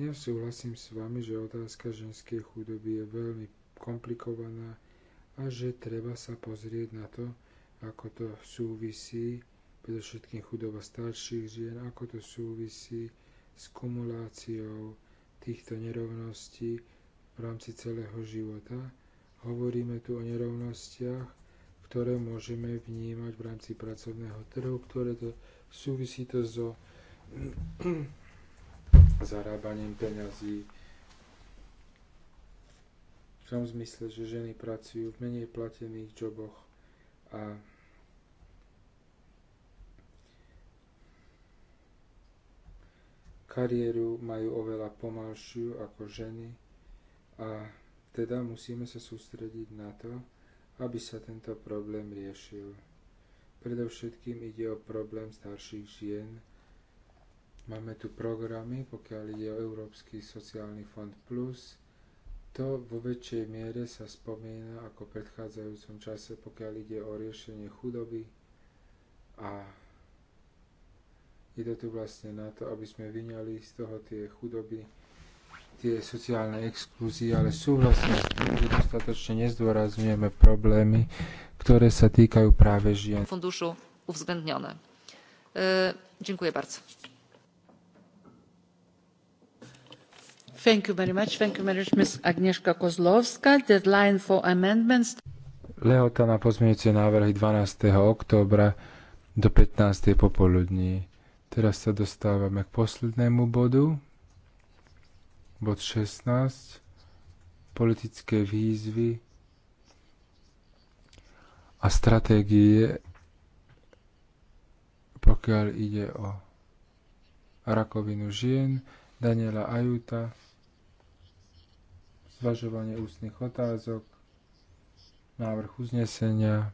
ja súhlasím s vami, že otázka ženskej chudoby je veľmi komplikovaná a že treba sa pozrieť na to, ako to súvisí, predovšetkým chudoba starších žien, ako to súvisí s kumuláciou týchto nerovností v rámci celého života. Hovoríme tu o nerovnostiach, ktoré môžeme vnímať v rámci pracovného trhu, ktoré to súvisí to so zarábaním peňazí. V tom zmysle, že ženy pracujú v menej platených joboch a kariéru majú oveľa pomalšiu ako ženy a teda musíme sa sústrediť na to, aby sa tento problém riešil. Predovšetkým ide o problém starších žien, Máme tu programy, pokiaľ ide o Európsky sociálny fond plus. To vo väčšej miere sa spomína ako v predchádzajúcom čase, pokiaľ ide o riešenie chudoby a je to tu vlastne na to, aby sme vyňali z toho tie chudoby, tie sociálne exkluzie, ale súhlasím s tým, že dostatočne nezdôrazňujeme problémy, ktoré sa týkajú práve žien. Funduszu uwzględnione. E, dziękuję bardzo. Lehota na pozmeňujúce návrhy 12. októbra do 15. popoludní. Teraz sa dostávame k poslednému bodu. Bod 16. Politické výzvy a stratégie, pokiaľ ide o rakovinu žien, Daniela Ajuta, zvažovanie ústnych otázok, návrh uznesenia.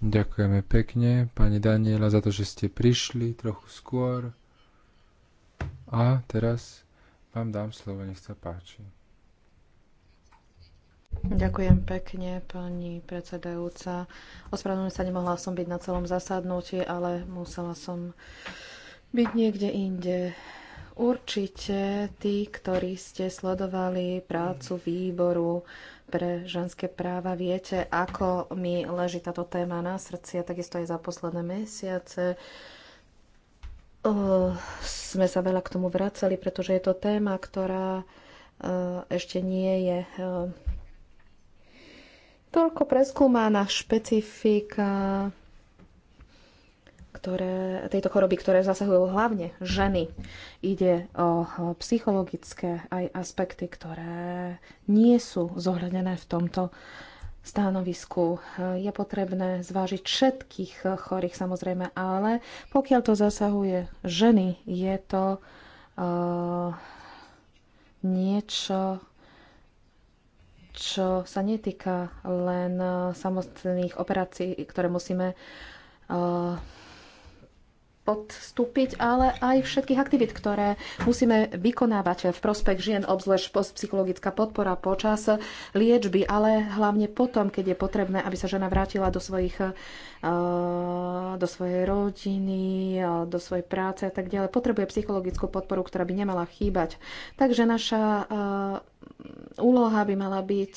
Ďakujeme pekne, pani Daniela, za to, že ste prišli trochu skôr. A teraz vám dám slovo, nech sa páči. Ďakujem pekne, pani predsedajúca. Ospravedlňujem sa, nemohla som byť na celom zasadnutí, ale musela som byť niekde inde. Určite tí, ktorí ste sledovali prácu výboru pre ženské práva, viete, ako mi leží táto téma na srdci a takisto aj za posledné mesiace. Uh, sme sa veľa k tomu vracali, pretože je to téma, ktorá uh, ešte nie je uh, toľko preskúmaná špecifika ktoré, tejto choroby, ktoré zasahujú hlavne ženy. Ide o psychologické aj aspekty, ktoré nie sú zohľadené v tomto stanovisku. Je potrebné zvážiť všetkých chorých samozrejme, ale pokiaľ to zasahuje ženy, je to uh, niečo, čo sa netýka len e, samotných operácií, ktoré musíme uh, odstúpiť, ale aj všetkých aktivít, ktoré musíme vykonávať v prospech žien, obzvlášť psychologická podpora počas liečby, ale hlavne potom, keď je potrebné, aby sa žena vrátila do, svojich, eh, do svojej rodiny, eh, do svojej práce a tak ďalej. Potrebuje psychologickú podporu, ktorá by nemala chýbať. Takže naša eh, úloha by mala byť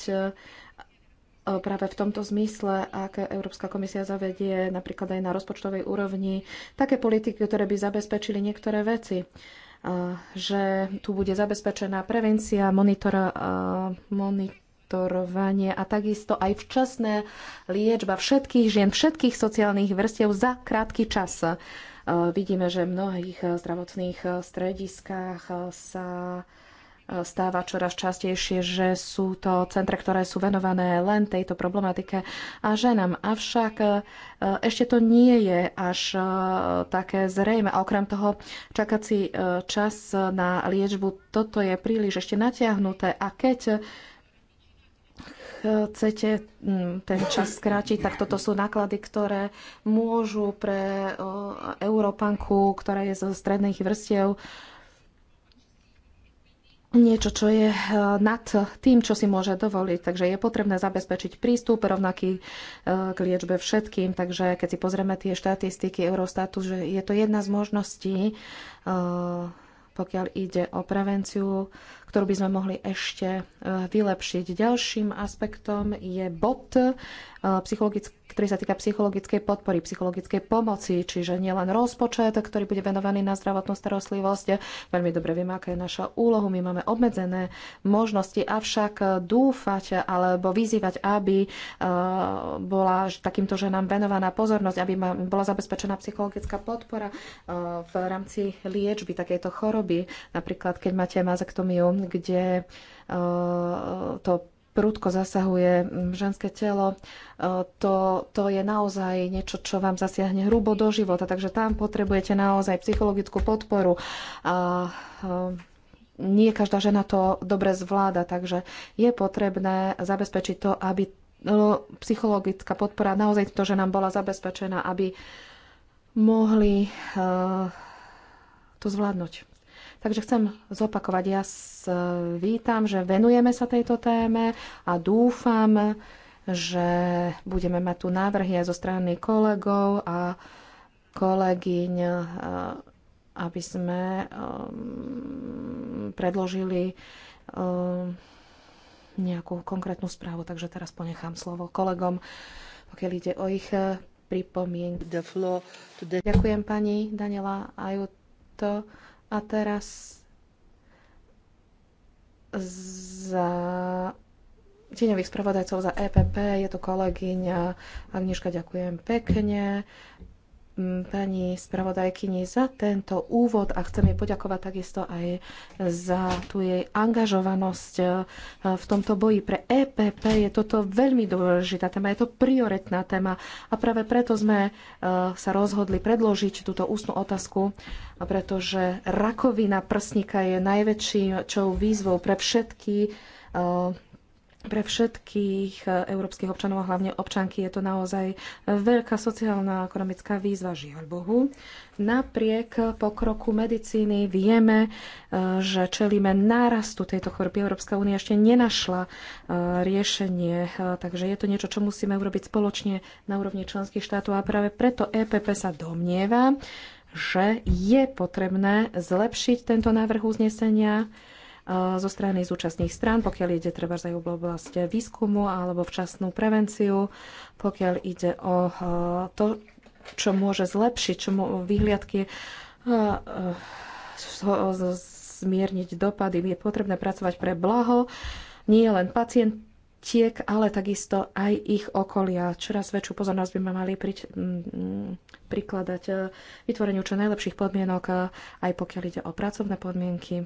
E, práve v tomto zmysle, ak Európska komisia zavedie napríklad aj na rozpočtovej úrovni také politiky, ktoré by zabezpečili niektoré veci e, že tu bude zabezpečená prevencia, monitor, e, monitorovanie a takisto aj včasné liečba všetkých žien, všetkých sociálnych vrstiev za krátky čas. Vidíme, že v mnohých zdravotných strediskách sa stáva čoraz častejšie, že sú to centra, ktoré sú venované len tejto problematike a ženám. Avšak e, ešte to nie je až e, také zrejme. A okrem toho čakací e, čas na liečbu, toto je príliš ešte natiahnuté. A keď chcete mm, ten čas skrátiť, tak toto sú náklady, ktoré môžu pre Európanku, ktorá je zo stredných vrstiev, niečo, čo je eh, nad tým, čo si môže dovoliť. Takže je potrebné zabezpečiť prístup rovnaký eh, k liečbe všetkým. Takže keď si pozrieme tie štatistiky Eurostatu, že je to jedna z možností, eh, pokiaľ ide o prevenciu ktorú by sme mohli ešte e, vylepšiť. Ďalším aspektom je bod, e, ktorý sa týka psychologickej podpory, psychologickej pomoci, čiže nielen rozpočet, ktorý bude venovaný na zdravotnú starostlivosť. Veľmi dobre vieme, aká je naša úloha. My máme obmedzené možnosti, avšak dúfať alebo vyzývať, aby e, bola takýmto ženám venovaná pozornosť, aby bola zabezpečená psychologická podpora v rámci liečby takejto choroby. Napríklad, keď máte mazektomiu kde e, to prúdko zasahuje ženské telo, e, to, to je naozaj niečo, čo vám zasiahne hrubo do života. Takže tam potrebujete naozaj psychologickú podporu. A, e, nie každá žena to dobre zvláda, takže je potrebné zabezpečiť to, aby no, psychologická podpora naozaj to, že nám bola zabezpečená, aby mohli to zvládnuť. Takže chcem zopakovať, ja e, vítam, že venujeme sa tejto téme a dúfam, že budeme mať tu návrhy aj zo strany kolegov a kolegyň, e, aby sme e, predložili nejakú konkrétnu správu. Takže teraz ponechám slovo kolegom, pokiaľ ide o ich pripomienky. Ďakujem pani Daniela Ajuto a teraz za tieňových spravodajcov za EPP, je to kolegyňa Agniška, ďakujem pekne pani spravodajkyni za tento úvod a chcem jej poďakovať takisto aj za tú jej angažovanosť e, v tomto boji pre EPP. Je toto veľmi dôležitá téma, je to prioritná téma a práve preto sme e, sa rozhodli predložiť túto ústnu otázku, pretože rakovina prsníka je najväčšou výzvou pre všetky e, pre všetkých e, európskych občanov a hlavne občanky je to naozaj veľká sociálna a ekonomická výzva, žiaľ Bohu. Napriek pokroku medicíny vieme, e, že čelíme nárastu tejto choroby. Európska únia ešte nenašla e, riešenie, takže je to niečo, čo musíme urobiť spoločne na úrovni členských štátov a práve preto EPP sa domnieva, že je potrebné zlepšiť tento návrh uznesenia, Eh, zo strany zúčastných strán, pokiaľ ide treba aj oblasť výskumu alebo včasnú prevenciu, pokiaľ ide o eh, to, čo môže zlepšiť, čo mô, vyhliadky eh, zmierniť dopady. Je potrebné pracovať pre blaho nie len tiek, ale takisto aj ich okolia. Čoraz väčšiu pozornosť by ma mali pri, m, mm, mm, prikladať vytvoreniu čo najlepších podmienok, aj pokiaľ ide o pracovné podmienky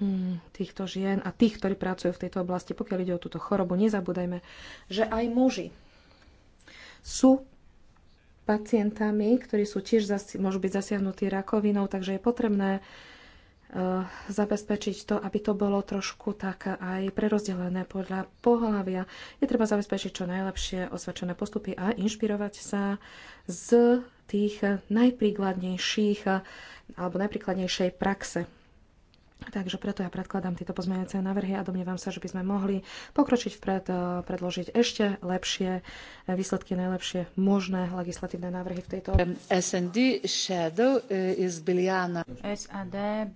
Mm, týchto žien a tých, ktorí pracujú v tejto oblasti, pokiaľ ide o túto chorobu, nezabúdajme, že aj muži sú pacientami, ktorí sú tiež môžu byť zasiahnutí rakovinou, takže je potrebné eh, zabezpečiť to, aby to bolo trošku tak aj prerozdelené podľa pohľavia. Je treba zabezpečiť čo najlepšie osvedčené postupy a inšpirovať sa z tých najpríkladnejších alebo najpríkladnejšej praxe Takže preto ja predkladám tieto pozmeňujúce návrhy a domnievam sa, že by sme mohli pokročiť vpred, e, predložiť ešte lepšie e, výsledky, najlepšie možné legislatívne návrhy v tejto SND um, Shadow e, is Biliana. SAD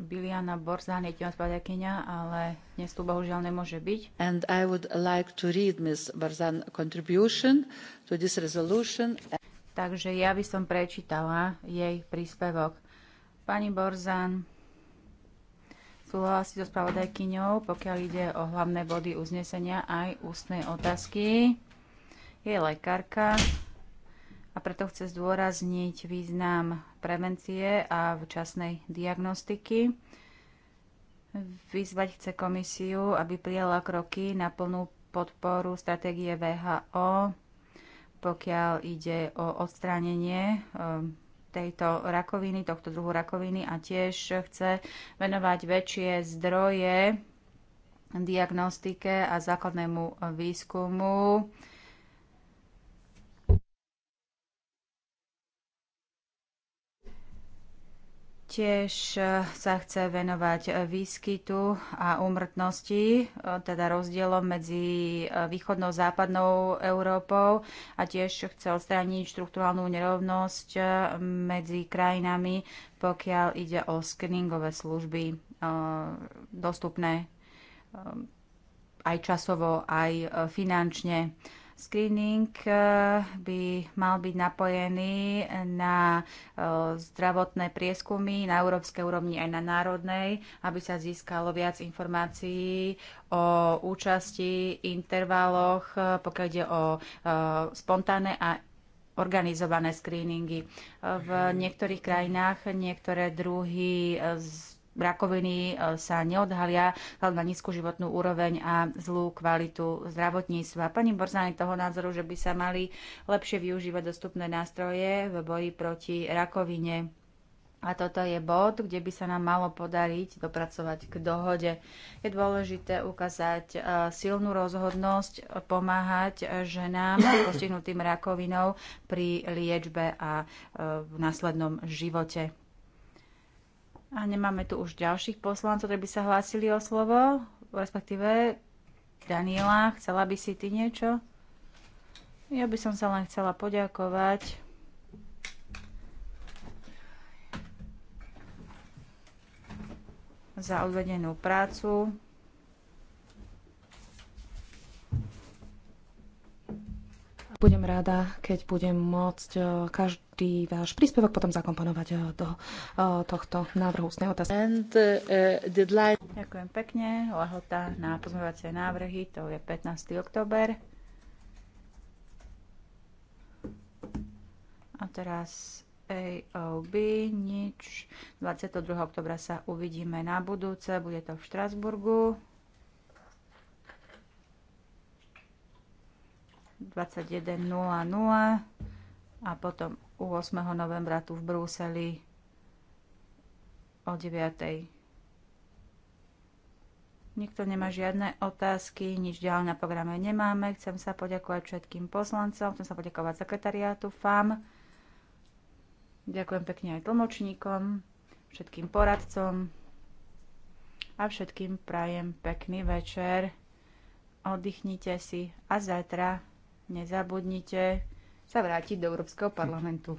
Biliana Borzán je tým spravodajkyňa, ale dnes tu bohužiaľ nemôže byť. And I would like to read Ms. Borzán contribution to this resolution. Takže ja by som prečítala jej príspevok. Pani Borzán, súhlasí so spravodajkyňou, pokiaľ ide o hlavné body uznesenia aj ústnej otázky. Je lekárka a preto chce zdôrazniť význam prevencie a včasnej diagnostiky. Vyzvať chce komisiu, aby prijala kroky na plnú podporu stratégie VHO, pokiaľ ide o odstránenie ehm, tejto rakoviny, tohto druhu rakoviny a tiež chce venovať väčšie zdroje diagnostike a základnému výskumu Tiež eh, sa chce venovať eh, výskytu a úmrtnosti, eh, teda rozdielom medzi východnou a západnou Európou a tiež chce odstrániť štruktúrálnu nerovnosť medzi krajinami, pokiaľ ide o screeningové služby dostupné aj časovo, aj finančne Screening eh, by mal byť napojený na eh, zdravotné prieskumy na európskej úrovni aj na národnej, aby sa získalo viac informácií o účasti, intervaloch, eh, pokiaľ ide o spontánne a organizované screeningy. V niektorých krajinách niektoré druhy z rakoviny e, sa neodhalia na nízku životnú úroveň a zlú kvalitu zdravotníctva. Pani Borzán toho názoru, že by sa mali lepšie využívať dostupné nástroje v boji proti rakovine. A toto je bod, kde by sa nám malo podariť dopracovať k dohode. Je dôležité ukázať e, silnú rozhodnosť pomáhať ženám <coughs> postihnutým rakovinou pri liečbe a e, v následnom živote. A nemáme tu už ďalších poslancov, ktorí by sa hlásili o slovo, respektíve Daniela, chcela by si ty niečo? Ja by som sa len chcela poďakovať. za odvedenú prácu. Budem rada, keď budem môcť e, každý váš príspevok potom zakomponovať e, do e, tohto návrhu ústnej otázky. Ďakujem pekne. Lehota na pozmevacie návrhy, to je 15. október. A teraz AOB, nič. 22. oktobra sa uvidíme na budúce, bude to v Štrasburgu. 21.00 a potom u 8. novembra tu v Bruseli o 9. Nikto nemá žiadne otázky, nič ďalej na programe nemáme. Chcem sa poďakovať všetkým poslancom, chcem sa poďakovať sekretariátu FAM. Ďakujem pekne aj tlmočníkom, všetkým poradcom a všetkým prajem pekný večer. Oddychnite si a zajtra nezabudnite sa vrátiť do Európskeho parlamentu.